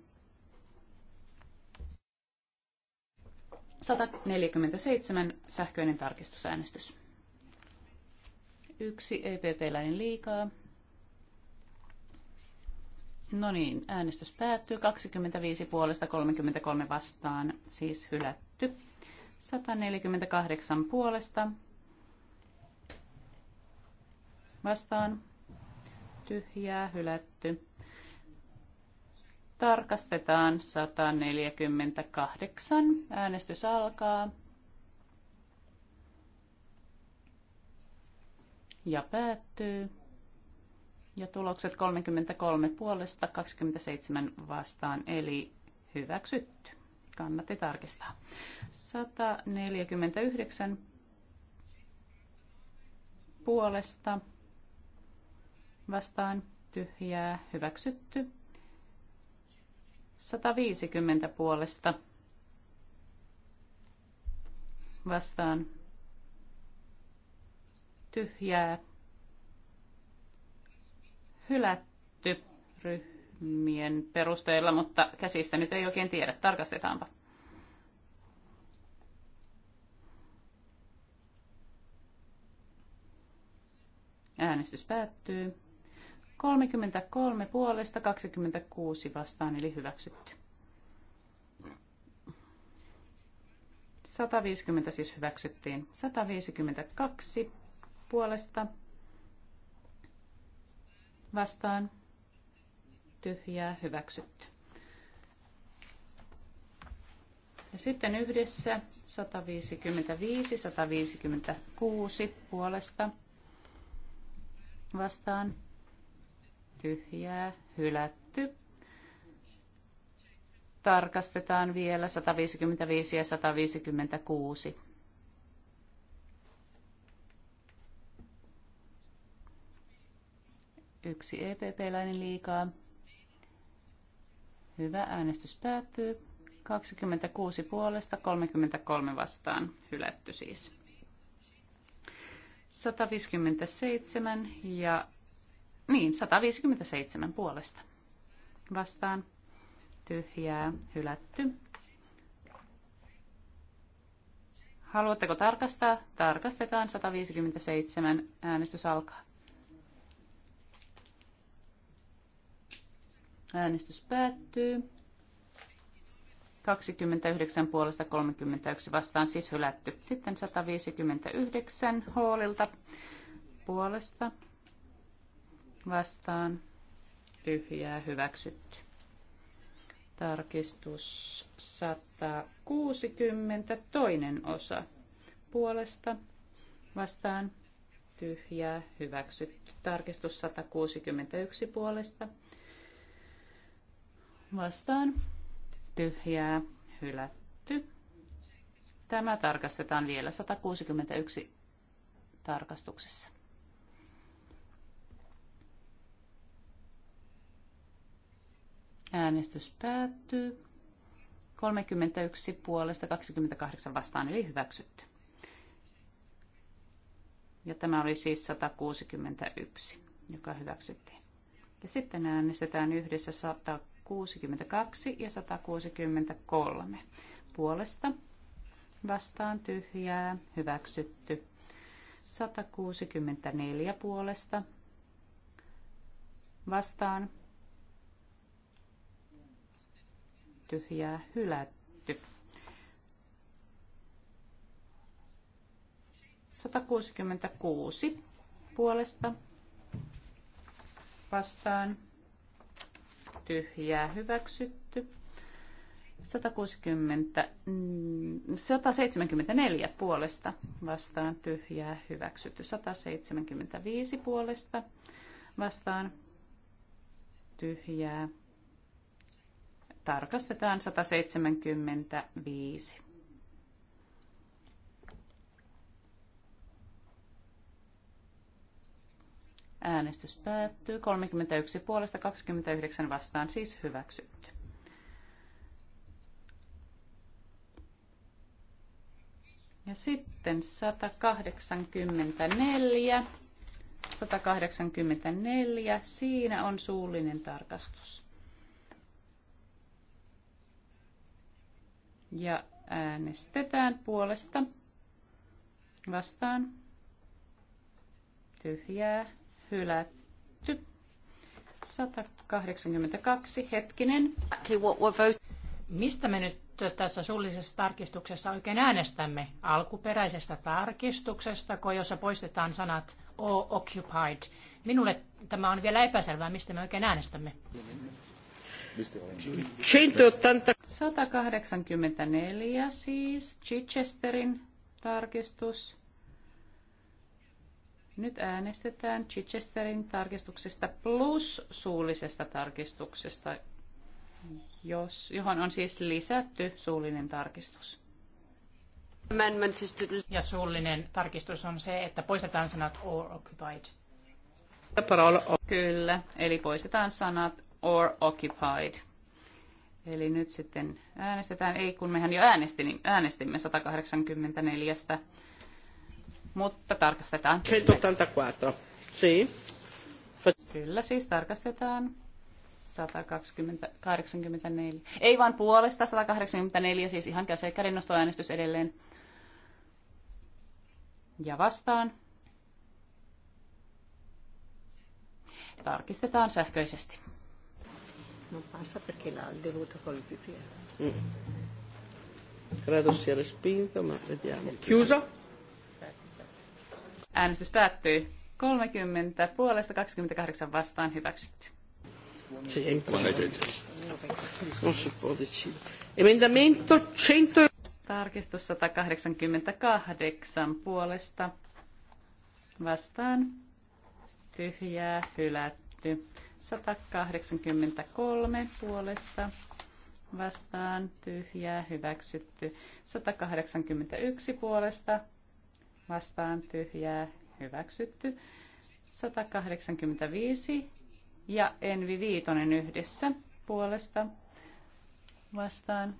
147 sähköinen tarkistusäänestys. Yksi EPP-läinen liikaa. No niin, äänestys päättyy. 25 puolesta 33 vastaan, siis hylätty. 148 puolesta vastaan, tyhjää, hylätty. Tarkastetaan 148. Äänestys alkaa. Ja päättyy. Ja tulokset 33 puolesta 27 vastaan, eli hyväksytty. Kannatti tarkistaa. 149 puolesta vastaan tyhjää hyväksytty. 150 puolesta vastaan tyhjää hylätty ryhmien perusteella, mutta käsistä nyt ei oikein tiedä. Tarkastetaanpa. Äänestys päättyy. 33 puolesta 26 vastaan eli hyväksytty. 150 siis hyväksyttiin. 152 puolesta vastaan tyhjää hyväksytty. Ja sitten yhdessä 155, 156 puolesta vastaan tyhjää, hylätty. Tarkastetaan vielä 155 ja 156. Yksi EPP-läinen liikaa. Hyvä, äänestys päättyy. 26 puolesta, 33 vastaan, hylätty siis. 157 ja niin, 157 puolesta. Vastaan. Tyhjää, hylätty. Haluatteko tarkastaa? Tarkastetaan 157. Äänestys alkaa. Äänestys päättyy. 29 puolesta 31 vastaan siis hylätty. Sitten 159 hoolilta puolesta vastaan tyhjää hyväksytty. Tarkistus 160, toinen osa puolesta vastaan tyhjää hyväksytty. Tarkistus 161 puolesta vastaan tyhjää hylätty. Tämä tarkastetaan vielä 161 tarkastuksessa. Äänestys päättyy. 31 puolesta 28 vastaan, eli hyväksytty. Ja tämä oli siis 161, joka hyväksyttiin. Ja sitten äänestetään yhdessä 162 ja 163 puolesta vastaan tyhjää, hyväksytty. 164 puolesta vastaan hylätty tyhjää hylätty. 166 puolesta vastaan tyhjää hyväksytty. 160, 174 puolesta vastaan tyhjää hyväksytty. 175 puolesta vastaan tyhjää tarkastetaan 175. Äänestys päättyy 31 puolesta 29 vastaan, siis hyväksytty. Ja sitten 184. 184. Siinä on suullinen tarkastus. ja äänestetään puolesta vastaan tyhjää hylätty 182 hetkinen. Mistä me nyt tässä suullisessa tarkistuksessa oikein äänestämme? Alkuperäisestä tarkistuksesta, kun jossa poistetaan sanat o occupied. Minulle tämä on vielä epäselvää, mistä me oikein äänestämme. 184 siis, Chichesterin tarkistus. Nyt äänestetään Chichesterin tarkistuksesta plus suullisesta tarkistuksesta, jos, johon on siis lisätty suullinen tarkistus. Ja suullinen tarkistus on se, että poistetaan sanat or occupied. Kyllä, eli poistetaan sanat or occupied. Eli nyt sitten äänestetään, ei kun mehän jo äänestin, äänestimme 184. Mutta tarkastetaan. 184, si. Kyllä, siis tarkastetaan. 184. Ei vaan puolesta 184, siis ihan kädennostoäänestys edelleen. Ja vastaan. Tarkistetaan sähköisesti non passa perché l'ha devuto con il PPR. Mm. Credo sia respinto, ma vediamo. Chiuso. Äänestys päättyy. 30 puolesta 28 vastaan hyväksytty. Non si può decidere. Emendamento 100. Tarkistus 188 puolesta vastaan tyhjää hylätty. 183 puolesta vastaan tyhjää hyväksytty. 181 puolesta vastaan tyhjää hyväksytty. 185 ja Envi Viitonen yhdessä puolesta vastaan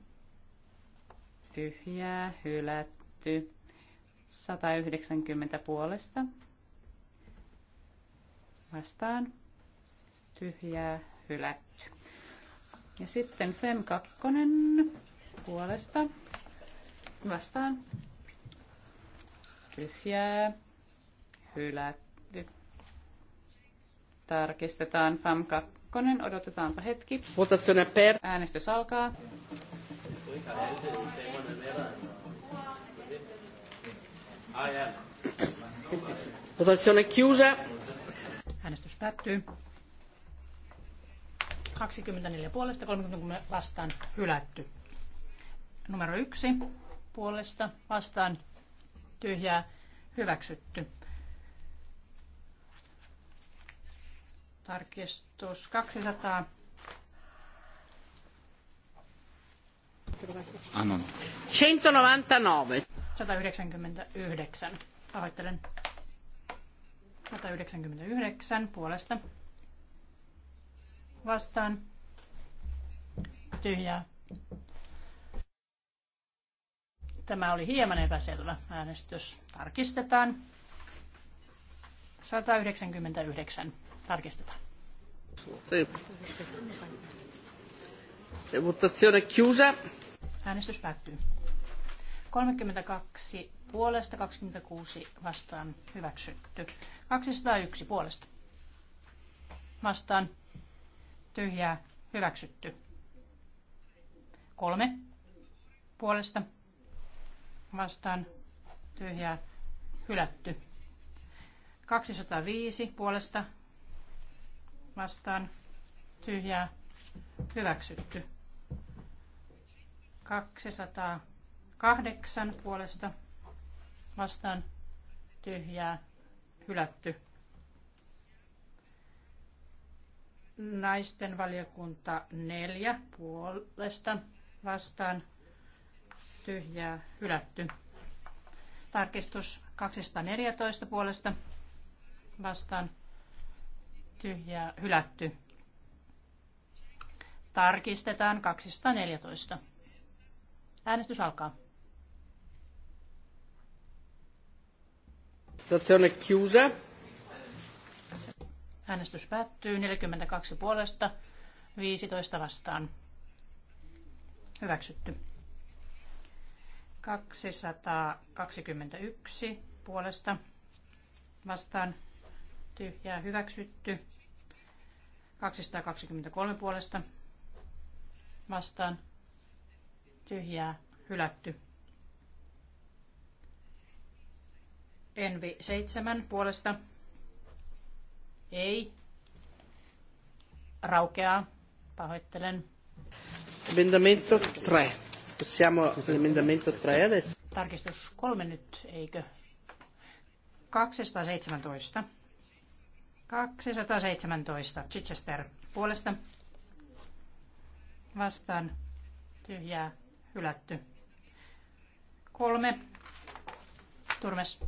tyhjää hylätty. 190 puolesta vastaan tyhjää hylätty. Ja sitten FEM 2 puolesta vastaan tyhjää hylätty. Tarkistetaan FEM 2. Odotetaanpa hetki. per. Äänestys alkaa. Votazione chiusa. Äänestys päättyy. 24 puolesta, 30 vastaan hylätty. Numero 1 puolesta vastaan tyhjää hyväksytty. Tarkistus 200. Anon. 199. 199. Pahoittelen. 199 puolesta vastaan tyhjää. Tämä oli hieman epäselvä äänestys. Tarkistetaan. 199. Tarkistetaan. Votazione chiusa. Äänestys päättyy. 32 puolesta, 26 vastaan hyväksytty. 201 puolesta. Vastaan tyhjää hyväksytty. Kolme puolesta vastaan tyhjää hylätty. 205 puolesta vastaan tyhjää hyväksytty. 208 puolesta vastaan tyhjää hylätty. Naisten valiokunta neljä puolesta vastaan tyhjää hylätty. Tarkistus 214 puolesta vastaan tyhjää hylätty. Tarkistetaan 214. Äänestys alkaa. Stazione chiusa. Äänestys päättyy 42 puolesta, 15 vastaan. Hyväksytty. 221 puolesta vastaan tyhjää hyväksytty. 223 puolesta vastaan tyhjää hylätty. Envi 7 puolesta ei. Raukeaa. Pahoittelen. Emendamento 3. Possiamo emendamento 3 adesso? Tarkistus kolme nyt, eikö? 217. 217. Chichester puolesta. Vastaan. Tyhjää. Hylätty. Kolme. Turmes.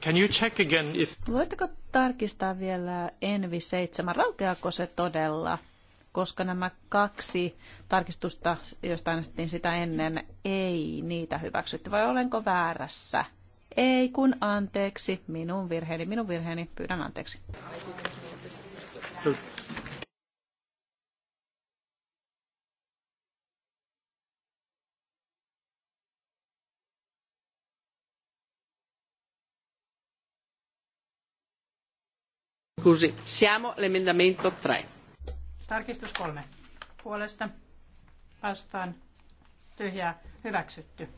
Can you check again if... Voitteko tarkistaa vielä Envi 7, raukeako se todella? Koska nämä kaksi tarkistusta, joista äänestettiin sitä ennen, ei niitä hyväksytty. Vai olenko väärässä? Ei kun anteeksi, minun virheeni, minun virheeni, pyydän anteeksi. Good. Scusi, siamo l'emendamento 3. Tarkistus 3. Puolesta vastaan tyhjää hyväksytty.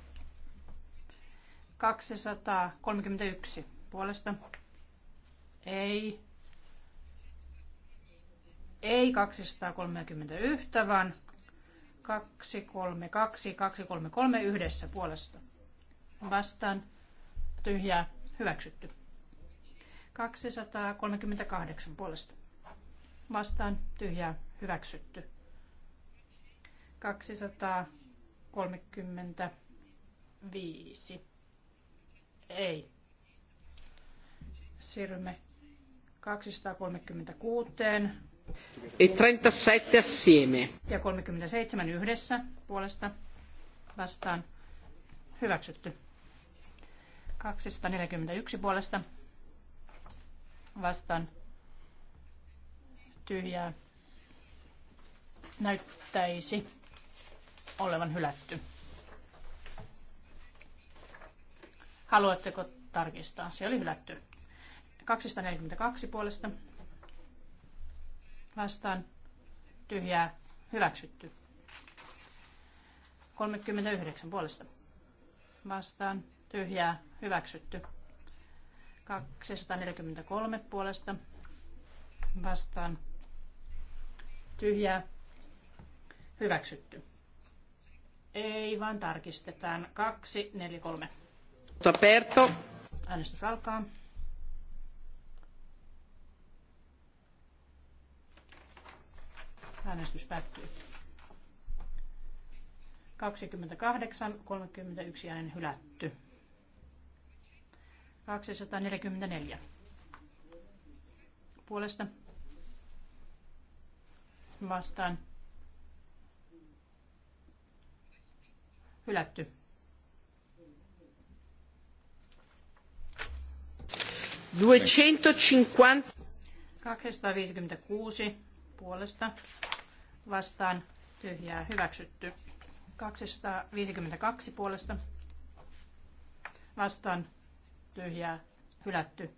231 puolesta. Ei. Ei 231, vaan 232, 233 yhdessä puolesta. Vastaan tyhjää hyväksytty. 238 puolesta. Vastaan tyhjää hyväksytty. 235. Ei. Siirrymme 236. E 37 Ja 37 yhdessä puolesta vastaan hyväksytty. 241 puolesta vastaan tyhjää näyttäisi olevan hylätty. Haluatteko tarkistaa? Se oli hylätty. 242 puolesta vastaan tyhjää hyväksytty. 39 puolesta vastaan tyhjää hyväksytty. 243 puolesta vastaan tyhjää hyväksytty. Ei, vaan tarkistetaan. 2, 4, 3. Äänestys alkaa. Äänestys päättyy. 28, 31 äänen hylätty. 244 puolesta vastaan hylätty. Duecentocinquanta. 256 puolesta vastaan tyhjää hyväksytty. 252 puolesta vastaan tyhjää hylätty.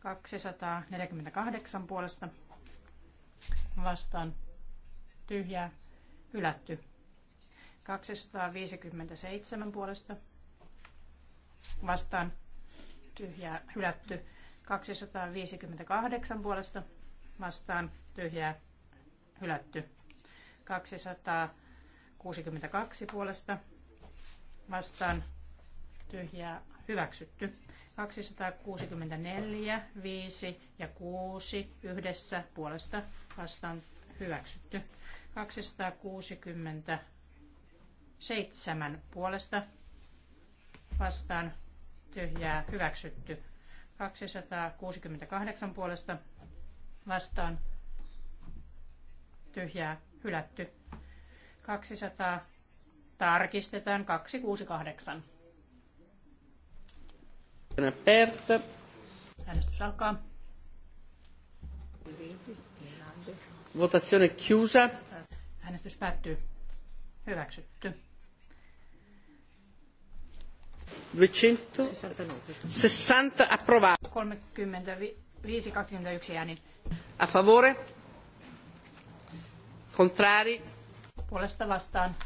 248 puolesta vastaan tyhjää hylätty. 257 puolesta vastaan tyhjää hylätty. 258 puolesta vastaan tyhjää hylätty. 262 puolesta vastaan tyhjää hyväksytty. 264, 5 ja 6 yhdessä puolesta vastaan hyväksytty. 267 puolesta vastaan tyhjää hyväksytty. 268 puolesta vastaan tyhjää hylätty. 200 tarkistetaan 268. Aperta. Äänestys alkaa. Votazione chiusa. Äänestys päättyy. Hyväksytty. 260 approvato. 35, 21 ääni. A favore? Contrari? Puolesta vastaan.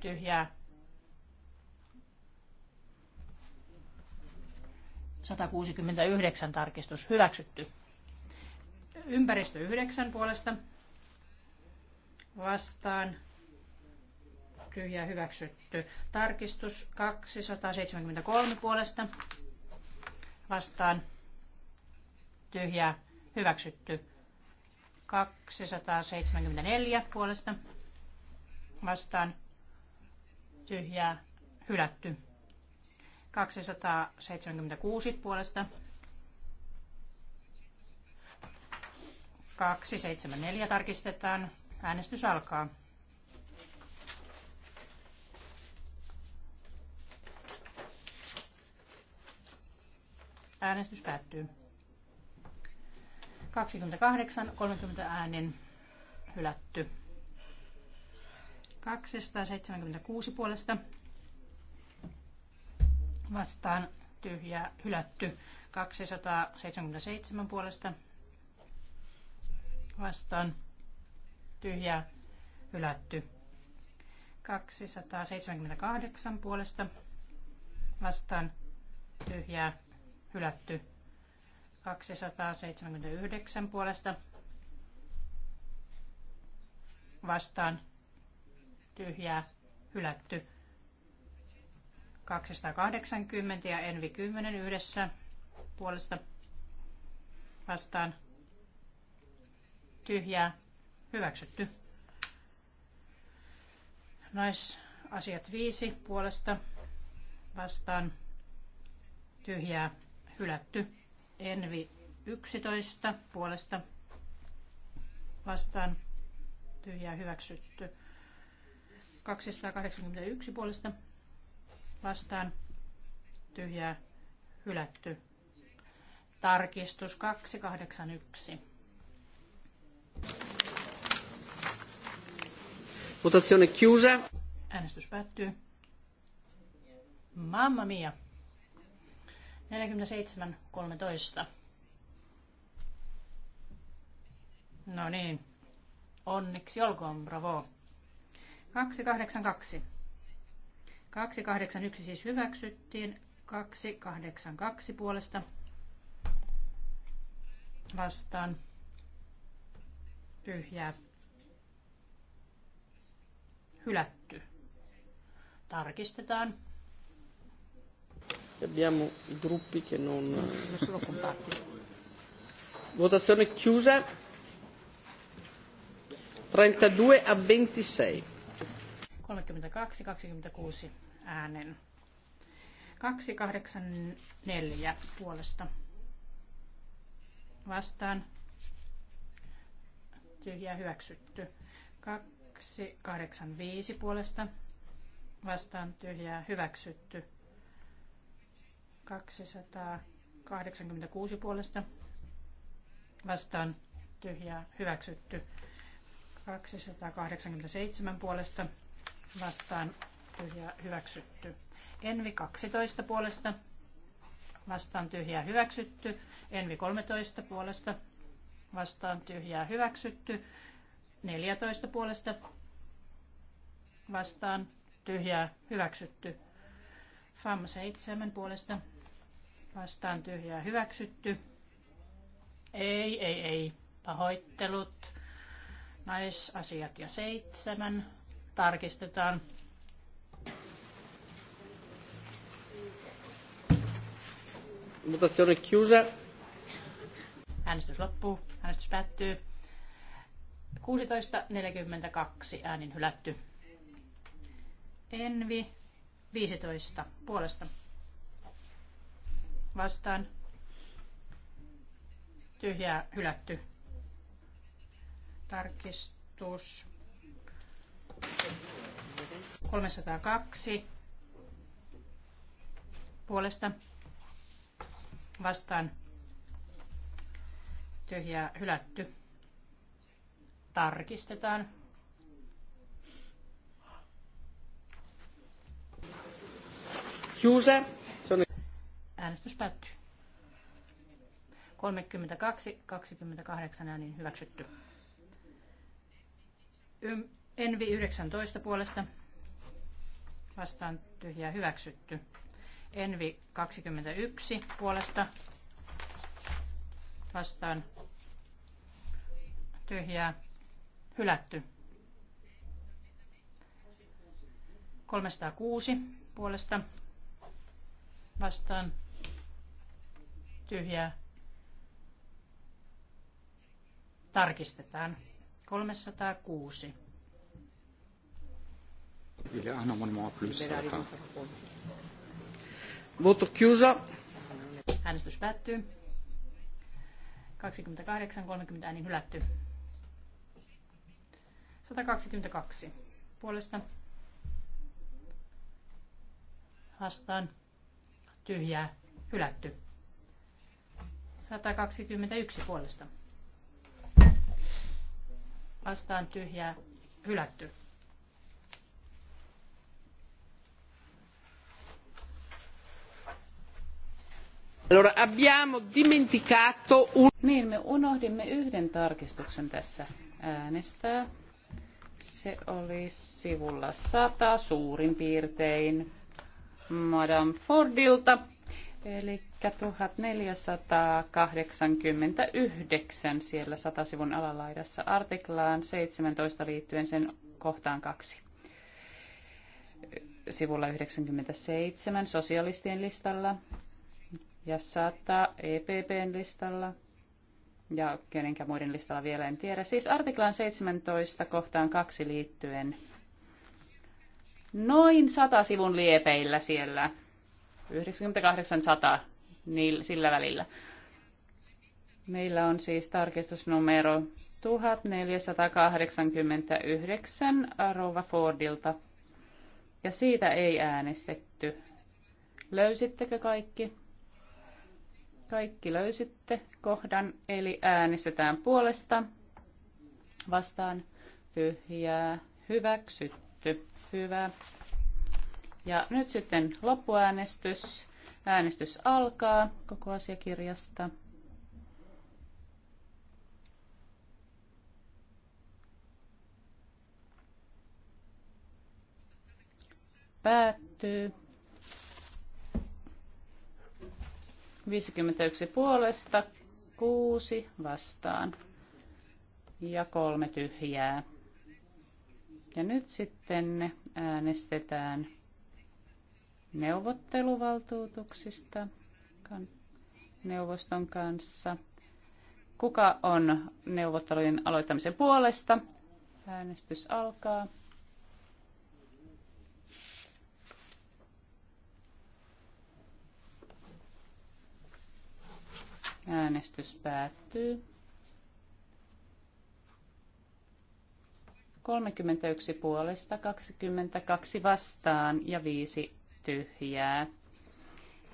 Tyhjää. 169 tarkistus hyväksytty. Ympäristö 9 puolesta vastaan tyhjä hyväksytty. Tarkistus 273 puolesta vastaan tyhjä hyväksytty. 274 puolesta vastaan tyhjää hylätty. 276 puolesta. 274 tarkistetaan. Äänestys alkaa. Äänestys päättyy. 28, 30 äänen hylätty. 276 puolesta vastaan tyhjä hylätty 277 puolesta vastaan tyhjä hylätty 278 puolesta vastaan tyhjä hylätty 279 puolesta vastaan tyhjä, hylätty 280 ja Envi 10 yhdessä puolesta vastaan. Tyhjää. Hyväksytty. Naisasiat 5 puolesta vastaan. Tyhjää. Hylätty. Envi 11 puolesta vastaan. Tyhjää hyväksytty. 281 puolesta vastaan tyhjää hylätty. Tarkistus 281. Votazione chiusa. Äänestys päättyy. Mamma mia. 47.13. No niin. Onneksi olkoon, bravo. 282. 281 siis hyväksyttiin. 282 puolesta vastaan tyhjää hylätty. Tarkistetaan. Abbiamo i gruppi che non... Sono compatti. Votazione chiusa. 32 a 26. 32, 26 äänen. 284 puolesta vastaan tyhjä hyväksytty. 285 puolesta vastaan tyhjää hyväksytty. 286 puolesta vastaan tyhjää hyväksytty. 287 puolesta vastaan tyhjää hyväksytty. Envi 12 puolesta vastaan tyhjää hyväksytty. Envi 13 puolesta vastaan tyhjää hyväksytty. 14 puolesta vastaan tyhjää hyväksytty. FAM 7 puolesta vastaan tyhjää hyväksytty. Ei, ei, ei. Pahoittelut. Naisasiat ja seitsemän. Tarkistetaan. Votazione chiusa. Äänestys loppuu. Äänestys päättyy. 16.42 äänin hylätty. Envi 15 puolesta. Vastaan. Tyhjää hylätty. Tarkistus. 302 puolesta vastaan tyhjää hylätty. Tarkistetaan. Juuse. Äänestys päättyy. 32, 28 ääniin hyväksytty. Envi 19 puolesta vastaan tyhjää hyväksytty. Envi 21 puolesta vastaan tyhjää hylätty. 306 puolesta vastaan tyhjää tarkistetaan. 306. Il y a un amendement plus à la fin. Voto chiusa. Äänestys päättyy. 28.30 äänin hylätty. 122 puolesta. Vastaan. Tyhjää. Hylätty. 121 puolesta. Vastaan tyhjää. Hylätty. Allora, abbiamo dimenticato un... Niin, me unohdimme yhden tarkistuksen tässä äänestää. Se oli sivulla 100 suurin piirtein Madame Fordilta. Eli 1489 siellä sivun alalaidassa artiklaan 17 liittyen sen kohtaan kaksi. Sivulla 97 sosialistien listalla ja saattaa EPPn listalla ja kenenkä muiden listalla vielä en tiedä. Siis artiklan 17 kohtaan kaksi liittyen noin 100 sivun liepeillä siellä. 98-100 sillä välillä. Meillä on siis tarkistusnumero 1489 Rova Fordilta. Ja siitä ei äänestetty. Löysittekö kaikki? Kaikki löysitte kohdan, eli äänestetään puolesta. Vastaan tyhjää. Hyväksytty. Hyvä. Ja nyt sitten loppuäänestys. Äänestys alkaa koko asiakirjasta. Päättyy. 51 puolesta, 6 vastaan ja kolme tyhjää. Ja nyt sitten äänestetään neuvotteluvaltuutuksista neuvoston kanssa. Kuka on neuvottelujen aloittamisen puolesta? Äänestys alkaa. Äänestys päättyy. 31 puolesta, 22 vastaan ja 5 tyhjää.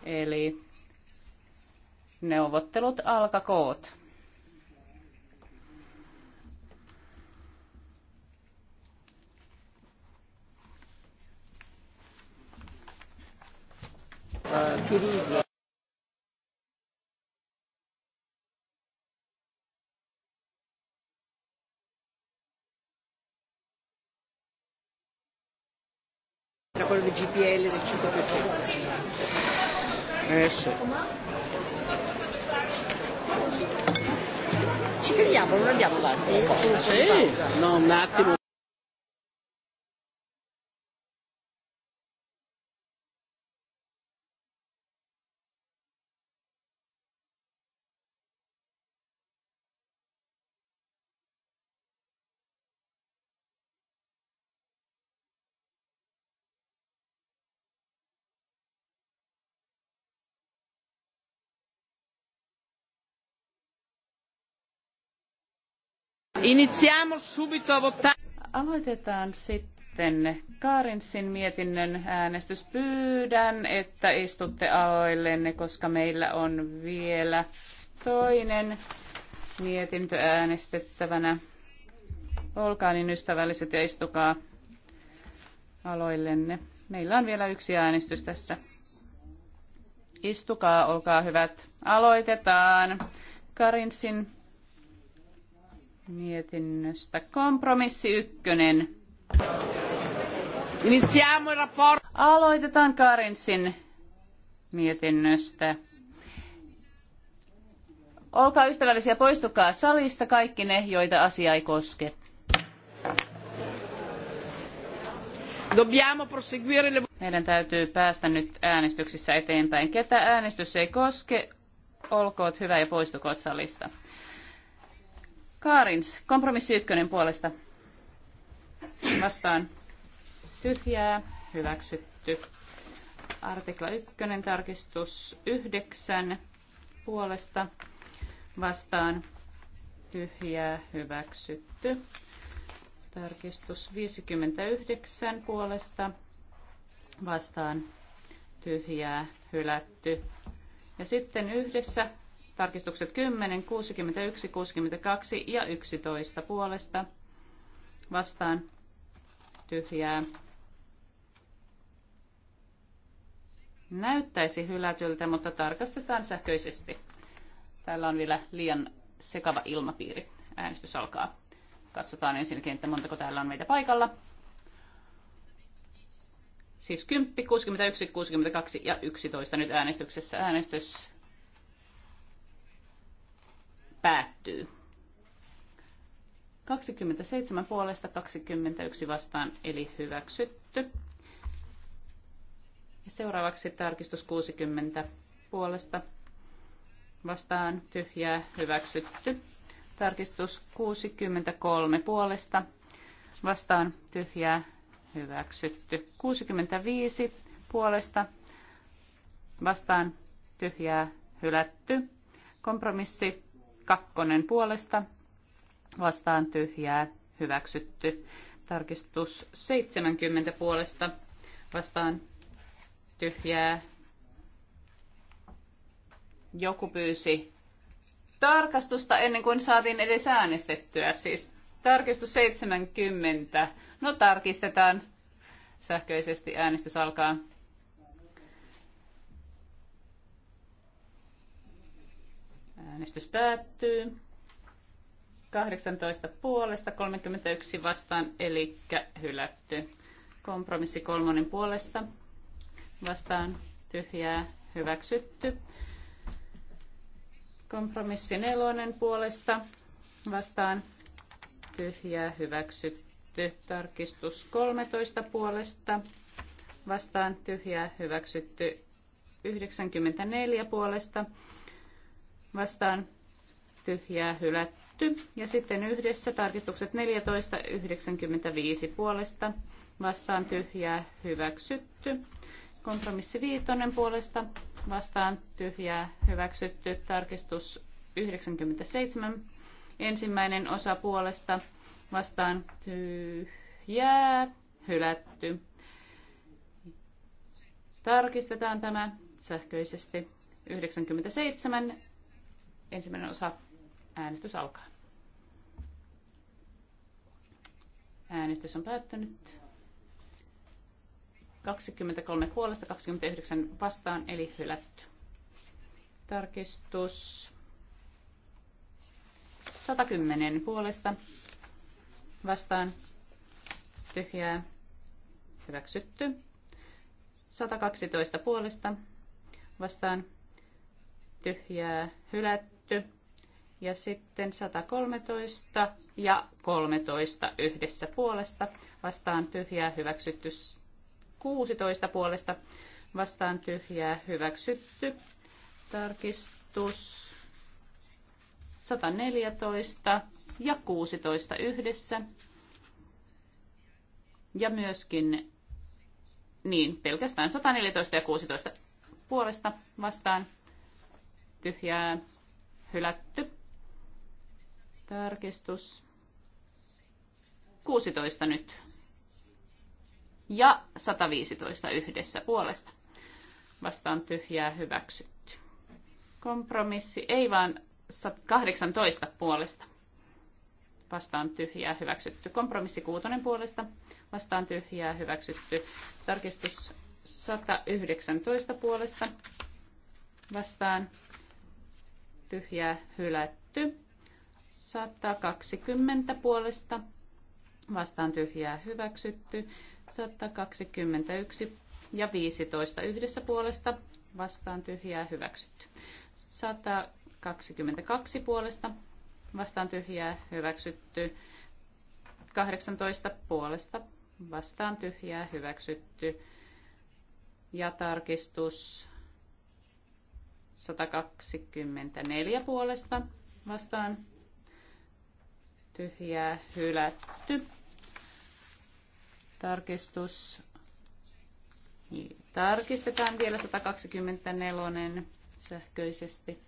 Eli neuvottelut alkakoot. Uh, good evening. GPL del 5%. Eh sì. Ci crediamo, non andiamo avanti? Sì, no, un attimo. Iniziamo subito a votare. Aloitetaan sitten Kaarinsin mietinnön äänestys. Pyydän, että istutte aloillenne, koska meillä on vielä toinen mietintö äänestettävänä. Olkaa niin ystävälliset ja istukaa aloillenne. Meillä on vielä yksi äänestys tässä. Istukaa, olkaa hyvät. Aloitetaan. Karinsin mietinnöstä. Kompromissi ykkönen. Aloitetaan Karinsin mietinnöstä. Olkaa ystävällisiä, poistukaa salista kaikki ne, joita asia ei koske. Meidän täytyy päästä nyt äänestyksissä eteenpäin. Ketä äänestys ei koske, olkoot hyvä ja poistukoot salista. Kaarins, kompromissi ykkönen puolesta. Vastaan. Tyhjää. Hyväksytty. Artikla ykkönen tarkistus yhdeksän puolesta. Vastaan. Tyhjää. Hyväksytty. Tarkistus 59 puolesta. Vastaan. Tyhjää. Hylätty. Ja sitten yhdessä Tarkistukset 10, 61, 62 ja 11 puolesta vastaan tyhjää. Näyttäisi hylätyltä, mutta tarkastetaan sähköisesti. Täällä on vielä liian sekava ilmapiiri. Äänestys alkaa. Katsotaan ensinnäkin, että montako täällä on meitä paikalla. Siis 10, 61, 62 ja 11 nyt äänestyksessä. Äänestys päättyy. 27 puolesta 21 vastaan eli hyväksytty. Ja seuraavaksi tarkistus 60 puolesta vastaan tyhjää hyväksytty. Tarkistus 63 puolesta vastaan tyhjää hyväksytty. 65 puolesta vastaan tyhjää hylätty. Kompromissi Kakkonen puolesta vastaan tyhjää hyväksytty. Tarkistus 70 puolesta vastaan tyhjää. Joku pyysi tarkastusta ennen kuin saatiin edes äänestettyä. Siis tarkistus 70. No tarkistetaan. Sähköisesti äänestys alkaa. Äänestys päättyy. 18 puolesta, 31 vastaan, eli hylätty. Kompromissi kolmonen puolesta, vastaan tyhjää, hyväksytty. Kompromissi nelonen puolesta, vastaan tyhjää, hyväksytty. Tarkistus 13 puolesta, vastaan tyhjää, hyväksytty. 94 puolesta, vastaan tyhjää hylätty. Ja sitten yhdessä tarkistukset 14.95 puolesta vastaan tyhjää hyväksytty. Kompromissi viitonen puolesta vastaan tyhjää hyväksytty. Tarkistus 97 ensimmäinen osa puolesta vastaan tyhjää hylätty. Tarkistetaan tämä sähköisesti. 97 Ensimmäinen osa. Äänestys alkaa. Äänestys on päättynyt. 23 puolesta, 29 vastaan, eli hylätty. Tarkistus. 110 puolesta vastaan tyhjää hyväksytty. 112 puolesta vastaan tyhjää hylätty hylätty. Ja sitten 113 ja 13 yhdessä puolesta vastaan tyhjää hyväksytty 16 puolesta vastaan tyhjää hyväksytty. Tarkistus 114 ja 16 yhdessä. Ja myöskin niin, pelkästään 114 ja 16 puolesta vastaan tyhjää Hylätty. Tarkistus. 16 nyt. Ja 115 yhdessä puolesta. Vastaan tyhjää hyväksytty. Kompromissi ei vaan 18 puolesta vastaan tyhjää hyväksytty. Kompromissi kuutonen puolesta vastaan tyhjää hyväksytty. Tarkistus 119 puolesta vastaan tyhjää hylätty. 120 puolesta vastaan tyhjää hyväksytty. 121 ja 15 yhdessä puolesta vastaan tyhjää hyväksytty. 122 puolesta vastaan tyhjää hyväksytty. 18 puolesta vastaan tyhjää hyväksytty. Ja tarkistus 124 puolesta vastaan tyhjää hylätty. Tarkistus. Niin, tarkistetaan vielä 124 sähköisesti.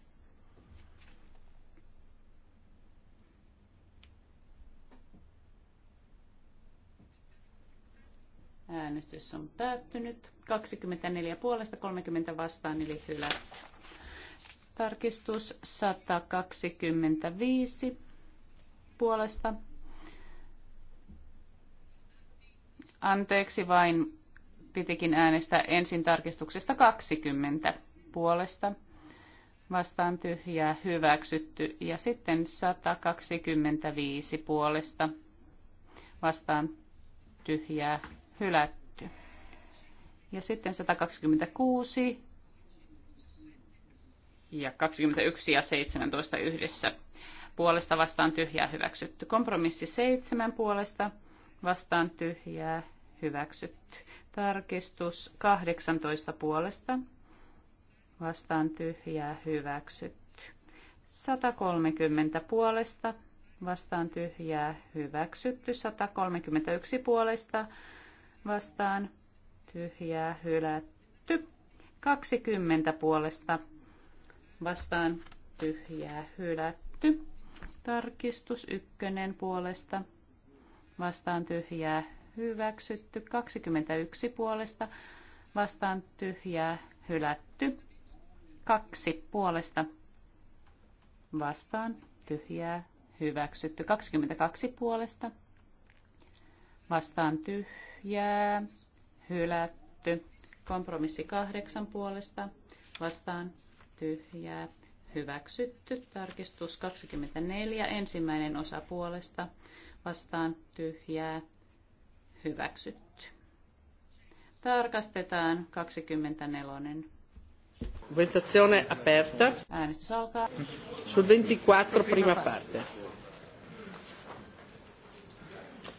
Äänestys on päättynyt. 24 puolesta, 30 vastaan, eli hylätty. Tarkistus 125 puolesta. Anteeksi vain, pitikin äänestää ensin tarkistuksesta 20 puolesta. Vastaan tyhjää hyväksytty ja sitten 125 puolesta. Vastaan tyhjää hylätty. Ja sitten 126 ja 21 ja 17 yhdessä. Puolesta vastaan tyhjää hyväksytty. Kompromissi 7 puolesta vastaan tyhjää hyväksytty. Tarkistus 18 puolesta vastaan tyhjää hyväksytty. 130 puolesta vastaan tyhjää hyväksytty. 131 puolesta vastaan tyhjää hylätty. 20 puolesta vastaan tyhjää hylätty. Tarkistus ykkönen puolesta vastaan tyhjää hyväksytty. 21 puolesta vastaan tyhjää hylätty. Kaksi puolesta vastaan tyhjää hyväksytty. 22 puolesta vastaan tyhjää hylätty. Kompromissi kahdeksan puolesta vastaan tyhjää, hyväksytty. Tarkistus 24, ensimmäinen osa puolesta, vastaan tyhjää, hyväksytty. Tarkastetaan 24. Votazione aperta. Äänestys alkaa. Sul 24 prima parte.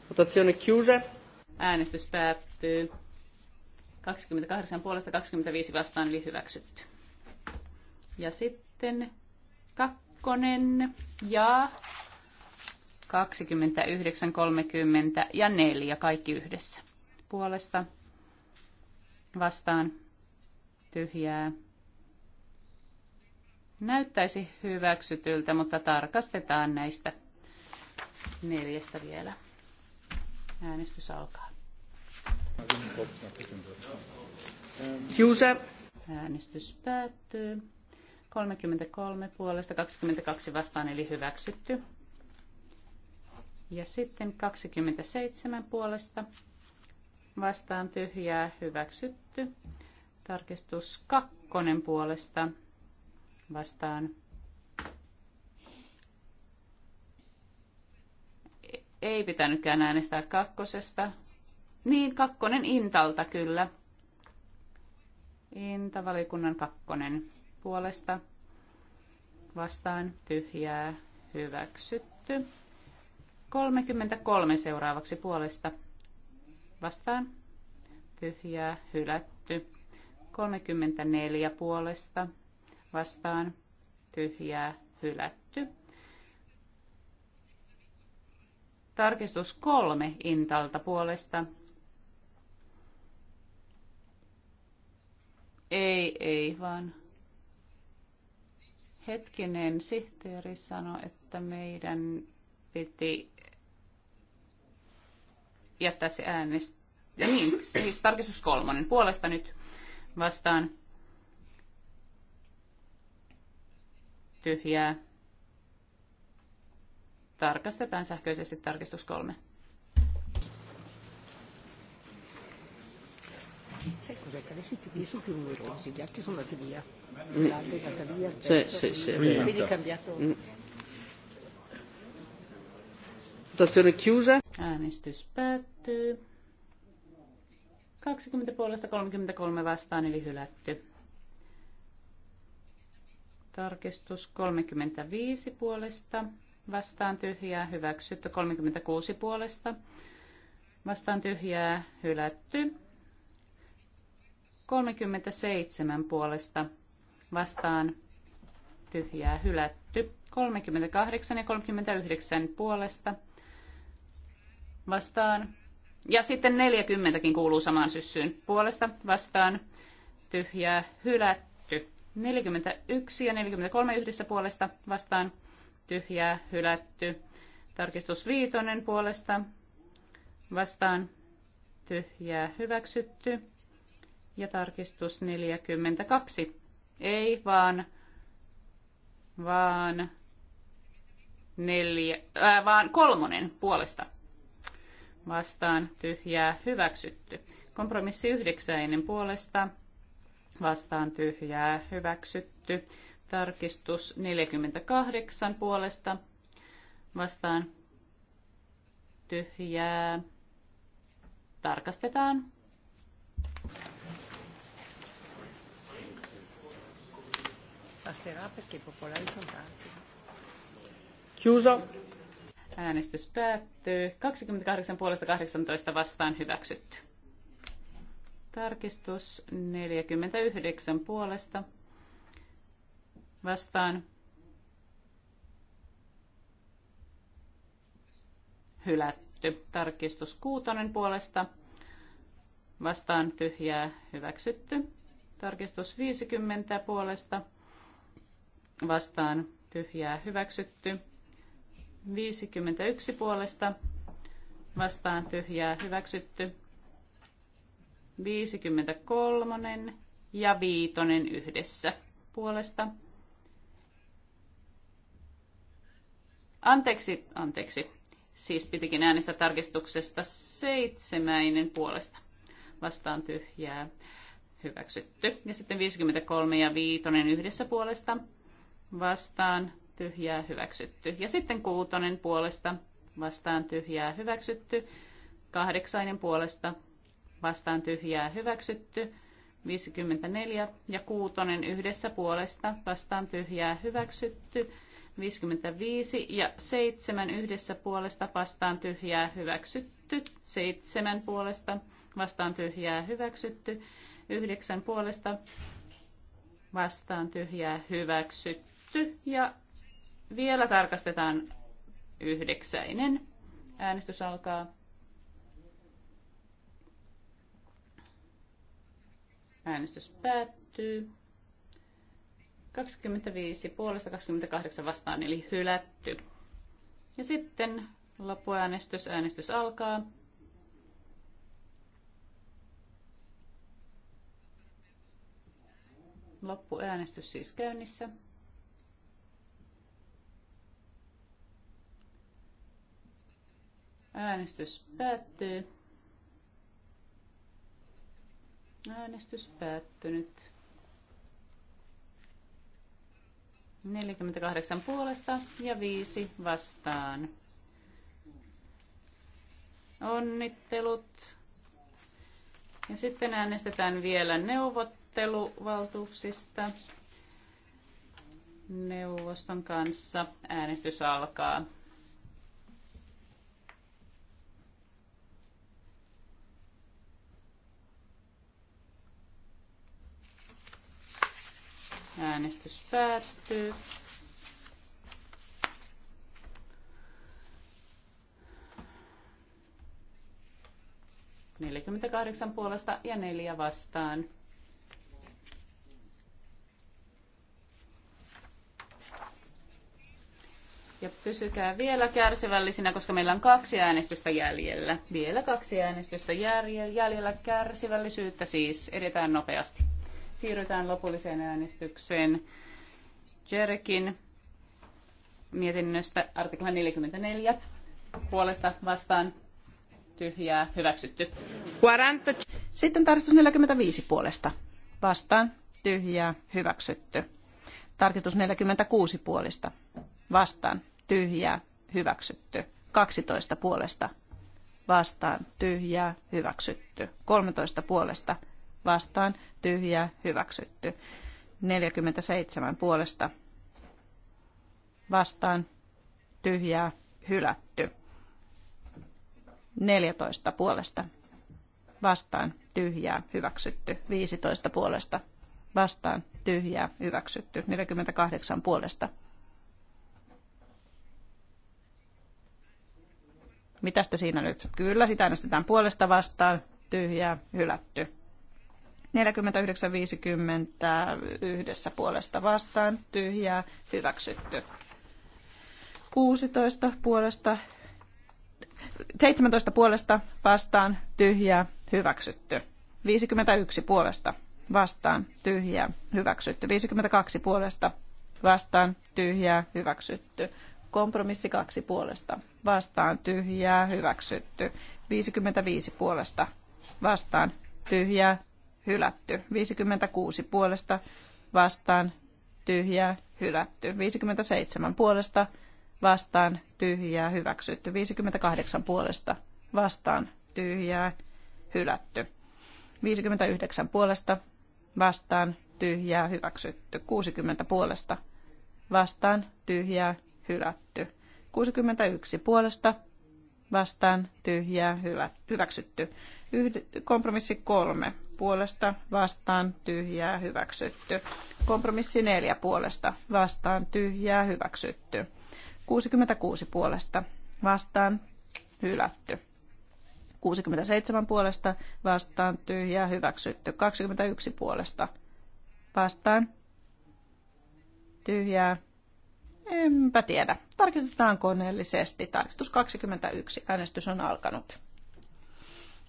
Votazione chiusa. Äänestys päättyy. 28 puolesta 25 vastaan eli hyväksytty. Ja sitten kakkonen ja 29, 30 ja 4 kaikki yhdessä. Puolesta vastaan tyhjää. Näyttäisi hyväksytyltä, mutta tarkastetaan näistä neljästä vielä. Äänestys alkaa. Kiusa. Äänestys päättyy. 33 puolesta 22 vastaan eli hyväksytty. Ja sitten 27 puolesta vastaan tyhjää hyväksytty. Tarkistus kakkonen puolesta vastaan ei pitänytkään äänestää kakkosesta. Niin, kakkonen Intalta kyllä. Inta-valikunnan kakkonen puolesta vastaan tyhjää hyväksytty. 33 seuraavaksi puolesta vastaan tyhjää hylätty. 34 puolesta vastaan tyhjää hylätty. Tarkistus kolme Intalta puolesta. Ei, ei, vaan Hetkinen, sihteeri sanoi, että meidän piti jättää se äänestys. Ja niin, siis tarkistus kolmonen puolesta nyt vastaan tyhjää. Tarkastetaan sähköisesti tarkistus kolme. Se, cos'è se adesso se sono più numerosi, gli altri Mm. Sì, sì, sì, quindi cambiato. Mm. Votazione chiusa. Äänestys päättyy. 20 puolesta 33 vastaan eli hylätty. Tarkistus 35 puolesta vastaan tyhjää hyväksytty. 36 puolesta vastaan tyhjää hylätty. 37 puolesta vastaan tyhjää hylätty. 38 ja 39 puolesta vastaan. Ja sitten 40kin kuuluu samaan syssyyn. Puolesta vastaan tyhjää hylätty. 41 ja 43 yhdessä puolesta vastaan tyhjää hylätty. Tarkistus viitonen puolesta vastaan tyhjää hyväksytty. Ja tarkistus 42 ei, vaan, vaan, neljä, ää, äh, vaan kolmonen puolesta. Vastaan tyhjää hyväksytty. Kompromissi yhdeksäinen puolesta. Vastaan tyhjää hyväksytty. Tarkistus 48 puolesta. Vastaan tyhjää. Tarkastetaan. Passerà perché i popolari sono tanti. Chiuso. Äänestys päättyy. 28 puolesta 18 vastaan hyväksytty. Tarkistus 49 puolesta vastaan hylätty. Tarkistus 6 puolesta vastaan tyhjää hyväksytty. Tarkistus 50 puolesta vastaan tyhjää hyväksytty. 51 puolesta vastaan tyhjää hyväksytty. 53 ja 5 yhdessä puolesta. Anteeksi, anteeksi. Siis pitikin äänestä tarkistuksesta seitsemäinen puolesta. Vastaan tyhjää. Hyväksytty. Ja sitten 53 ja 5 yhdessä puolesta vastaan tyhjää hyväksytty. Ja sitten kuutonen puolesta vastaan tyhjää hyväksytty. Kahdeksainen puolesta vastaan tyhjää hyväksytty. 54 ja kuutonen yhdessä puolesta vastaan tyhjää hyväksytty. 55 ja 7 yhdessä puolesta vastaan tyhjää hyväksytty. 7 puolesta vastaan tyhjää hyväksytty. 9 puolesta vastaan tyhjää hyväksytty hyväksytty ja vielä tarkastetaan yhdeksäinen. Äänestys alkaa. Äänestys päättyy. 25 puolesta 28 vastaan, eli hylätty. Ja sitten loppuäänestys, äänestys alkaa. Loppuäänestys siis käynnissä. Äänestys päättyy. Äänestys päättynyt. 48 puolesta ja 5 vastaan. Onnittelut. Ja sitten äänestetään vielä neuvotteluvaltuuksista neuvoston kanssa. Äänestys alkaa. Äänestys päättyy. Neljäkymmentäkahdeksan puolesta ja neljä vastaan. Ja pysykää vielä kärsivällisinä, koska meillä on kaksi äänestystä jäljellä. Vielä kaksi äänestystä jäljellä. Kärsivällisyyttä siis. Edetään nopeasti siirrytään lopulliseen äänestykseen Jerkin mietinnöstä artikla 44 puolesta vastaan tyhjää hyväksytty. Sitten tarkistus 45 puolesta vastaan tyhjää hyväksytty. Tarkistus 46 puolesta vastaan tyhjää hyväksytty. 12 puolesta vastaan tyhjää hyväksytty. 13 puolesta vastaan tyhjää hyväksytty. 47 puolesta vastaan tyhjää hylätty. 14 puolesta vastaan tyhjää hyväksytty. 15 puolesta vastaan tyhjää hyväksytty. 48 puolesta Mitästä siinä nyt? Kyllä, sitä äänestetään puolesta vastaan, tyhjää, hylätty. 49.50 yhdessä puolesta vastaan, tyhjää, hyväksytty. 16 puolesta, 17 puolesta vastaan, tyhjää, hyväksytty. 51 puolesta vastaan, tyhjää, hyväksytty. 52 puolesta vastaan, tyhjää, hyväksytty. Kompromissi 2 puolesta vastaan, tyhjää, hyväksytty. 55 puolesta vastaan, tyhjää, hylätty. 56 puolesta vastaan tyhjää hylätty. 57 puolesta vastaan tyhjää hyväksytty. 58 puolesta vastaan tyhjää hylätty. 59 puolesta vastaan tyhjää hyväksytty. 60 puolesta vastaan tyhjää hylätty. 61 puolesta vastaan tyhjää hyvä, hyväksytty. Yhd, kompromissi kolme puolesta vastaan tyhjää hyväksytty. Kompromissi neljä puolesta vastaan tyhjää hyväksytty. 66 puolesta vastaan hylätty. 67 puolesta vastaan tyhjää hyväksytty. 21 puolesta vastaan tyhjää Enpä tiedä. Tarkistetaan koneellisesti. Tarkistus 21. Äänestys on alkanut.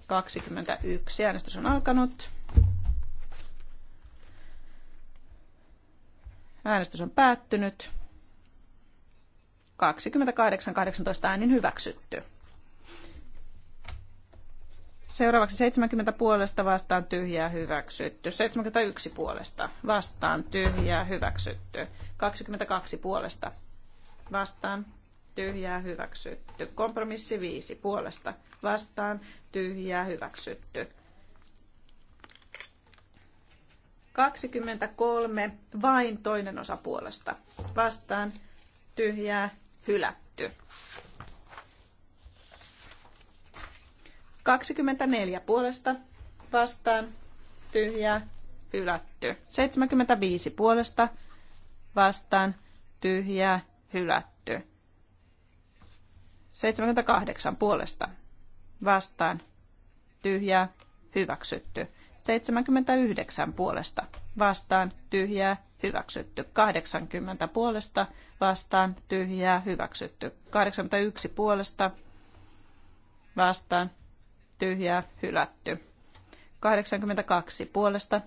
21. Äänestys on alkanut. Äänestys on päättynyt. 28.18 äänin hyväksytty. Seuraavaksi 70 puolesta vastaan tyhjää hyväksytty. 71 puolesta vastaan tyhjää hyväksytty. 22 puolesta vastaan tyhjää hyväksytty. Kompromissi 5 puolesta vastaan tyhjää hyväksytty. 23 vain toinen osa puolesta vastaan tyhjää hylätty. 24 puolesta vastaan tyhjää hylätty. 75 puolesta vastaan tyhjää hylätty. 78 puolesta vastaan tyhjää hyväksytty. 79 puolesta vastaan tyhjää hyväksytty. 80 puolesta vastaan tyhjää hyväksytty. 81 puolesta vastaan tyhjää, hylätty. 82 puolesta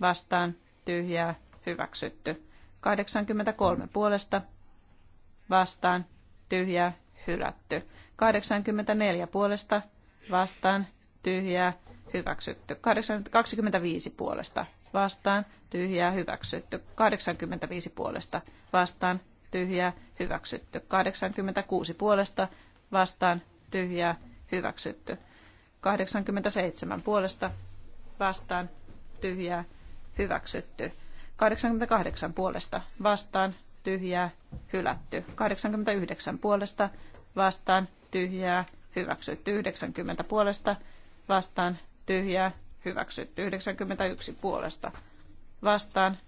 vastaan, tyhjää, hyväksytty. 83 puolesta vastaan, tyhjää, hylätty. 84 puolesta vastaan, tyhjää, hyväksytty. 25 puolesta vastaan, tyhjää, hyväksytty. 85 puolesta vastaan, tyhjää, hyväksytty. 86 puolesta vastaan, tyhjää, hyväksytty. 87 puolesta vastaan tyhjää hyväksytty. 88 puolesta vastaan tyhjää hylätty. 89 puolesta vastaan tyhjää hyväksytty. 90 puolesta vastaan tyhjää hyväksytty. 91 puolesta vastaan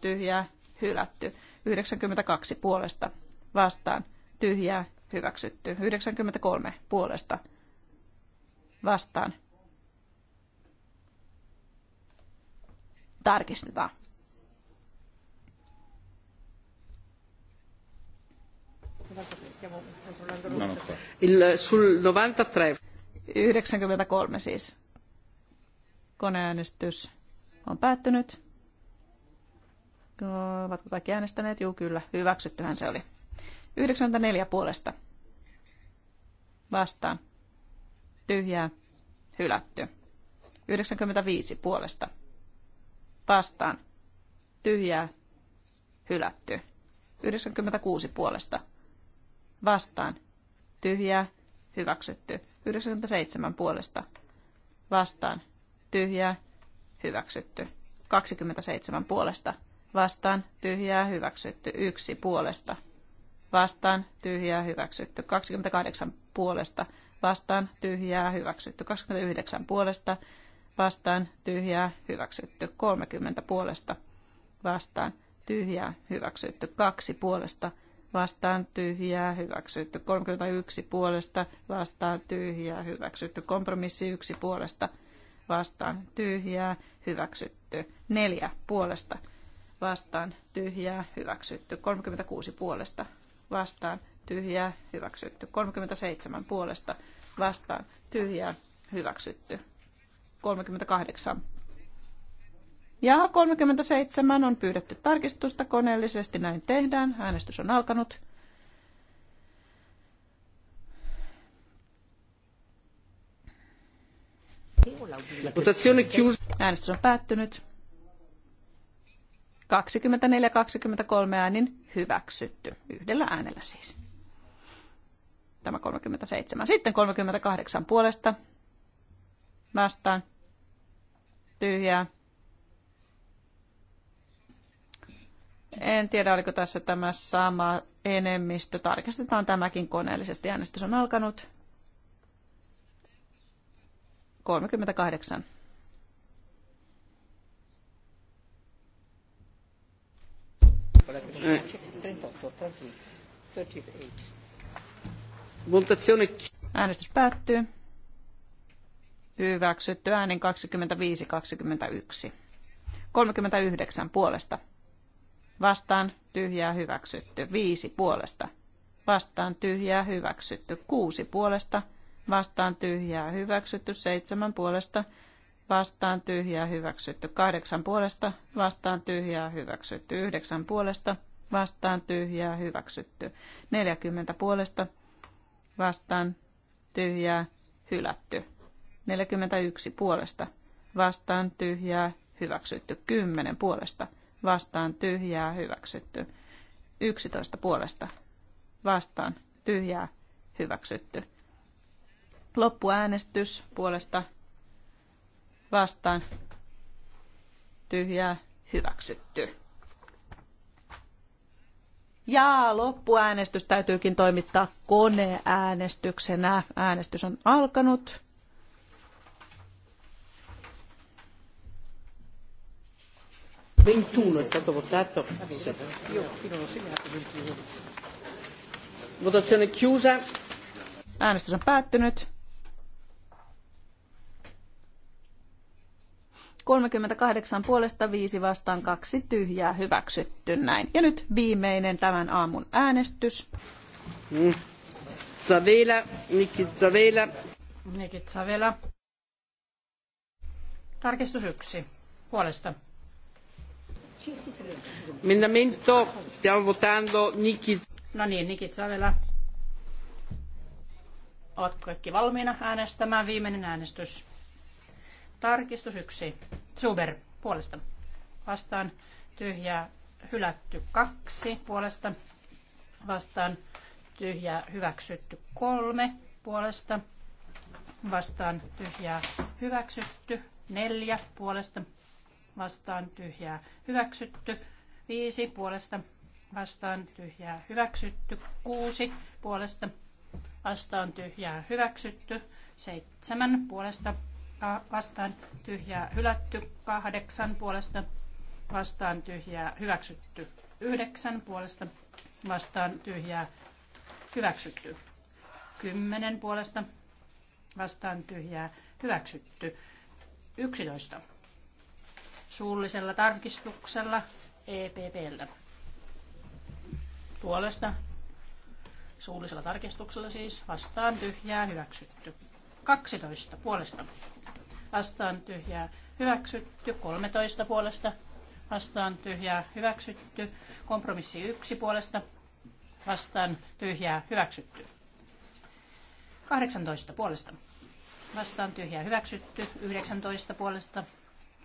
tyhjää hylätty. 92 puolesta vastaan tyhjää hyväksytty. 93 puolesta vastaan. Tarkistetaan. Il, sul 93. 93 siis. Koneäänestys on päättynyt. Ovatko kaikki äänestäneet? Juu, kyllä. Hyväksyttyhän se oli. 94 puolesta. Vastaan tyhjää, hylätty. 95 puolesta. Vastaan. Tyhjää. Hylätty. 96 puolesta. Vastaan. Tyhjää. Hyväksytty. 97 puolesta. Vastaan. Tyhjää. Hyväksytty. 27 puolesta. Vastaan. Tyhjää. Hyväksytty. 1 puolesta. Vastaan. Tyhjää. Hyväksytty. 28 puolesta vastaan tyhjää hyväksytty. 29 puolesta vastaan tyhjää hyväksytty. 30 puolesta vastaan tyhjää hyväksytty. 2 puolesta vastaan tyhjää hyväksytty. 31 puolesta vastaan tyhjää hyväksytty. Kompromissi 1 puolesta vastaan tyhjää hyväksytty. 4 puolesta vastaan tyhjää hyväksytty. 36 puolesta vastaan tyhjää, hyväksytty. 37 puolesta vastaan, tyhjää, hyväksytty. 38. Ja 37 on pyydetty tarkistusta koneellisesti, näin tehdään. Äänestys on alkanut. Äänestys on päättynyt. 24-23 äänin hyväksytty. Yhdellä äänellä siis tämä 37. Sitten 38 puolesta vastaan tyhjää. En tiedä, oliko tässä tämä sama enemmistö. Tarkistetaan tämäkin koneellisesti. Äänestys on alkanut. 38. Mm. Äänestys päättyy. Hyväksytty äänen 25-21. 39 puolesta. Vastaan tyhjää hyväksytty. 5 puolesta. Vastaan tyhjää hyväksytty. 6 puolesta. Vastaan tyhjää hyväksytty. 7 puolesta. Vastaan tyhjää hyväksytty. 8 puolesta. Vastaan tyhjää hyväksytty. 9 puolesta. Vastaan tyhjää hyväksytty. 40 puolesta vastaan tyhjää hylätty. 41 puolesta vastaan tyhjää hyväksytty. 10 puolesta vastaan tyhjää hyväksytty. 11 puolesta vastaan tyhjää hyväksytty. Loppuäänestys puolesta vastaan tyhjää hyväksytty. Ja loppuäänestys täytyykin toimittaa koneäänestyksenä. Äänestys on alkanut. Äänestys on päättynyt. 38 puolesta 5 vastaan 2 tyhjää hyväksytty näin. Ja nyt viimeinen tämän aamun äänestys. Mm. Savela, Nikit Savela. Nikit Savela. Tarkistus yksi. Puolesta. minto, stiamo votando Nikit. No niin, Nikit Savela. Oletko kaikki valmiina äänestämään? Viimeinen äänestys. Tarkistus 1. Zuber puolesta. Vastaan tyhjää hylätty 2 puolesta. Vastaan tyhjää hyväksytty 3 puolesta. Vastaan tyhjää hyväksytty 4 puolesta. Vastaan tyhjää hyväksytty 5 puolesta. Vastaan tyhjää hyväksytty 6 puolesta. Vastaan tyhjää hyväksytty 7 puolesta vastaan tyhjää hylätty, kahdeksan puolesta vastaan tyhjää hyväksytty, yhdeksän puolesta vastaan tyhjää hyväksytty, kymmenen puolesta vastaan tyhjää hyväksytty, yksitoista suullisella tarkistuksella EPPllä puolesta suullisella tarkistuksella siis vastaan tyhjää hyväksytty. 12 puolesta vastaan tyhjää hyväksytty. 13 puolesta vastaan tyhjää hyväksytty. Kompromissi 1 puolesta vastaan tyhjää hyväksytty. 18 puolesta vastaan tyhjää hyväksytty. 19 puolesta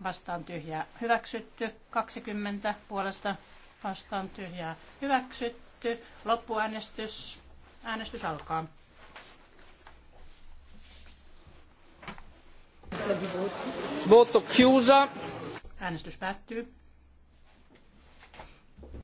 vastaan tyhjää hyväksytty. 20 puolesta vastaan tyhjää hyväksytty. Loppuäänestys. Äänestys alkaa. Voto chiusa. Äänestys päättyy.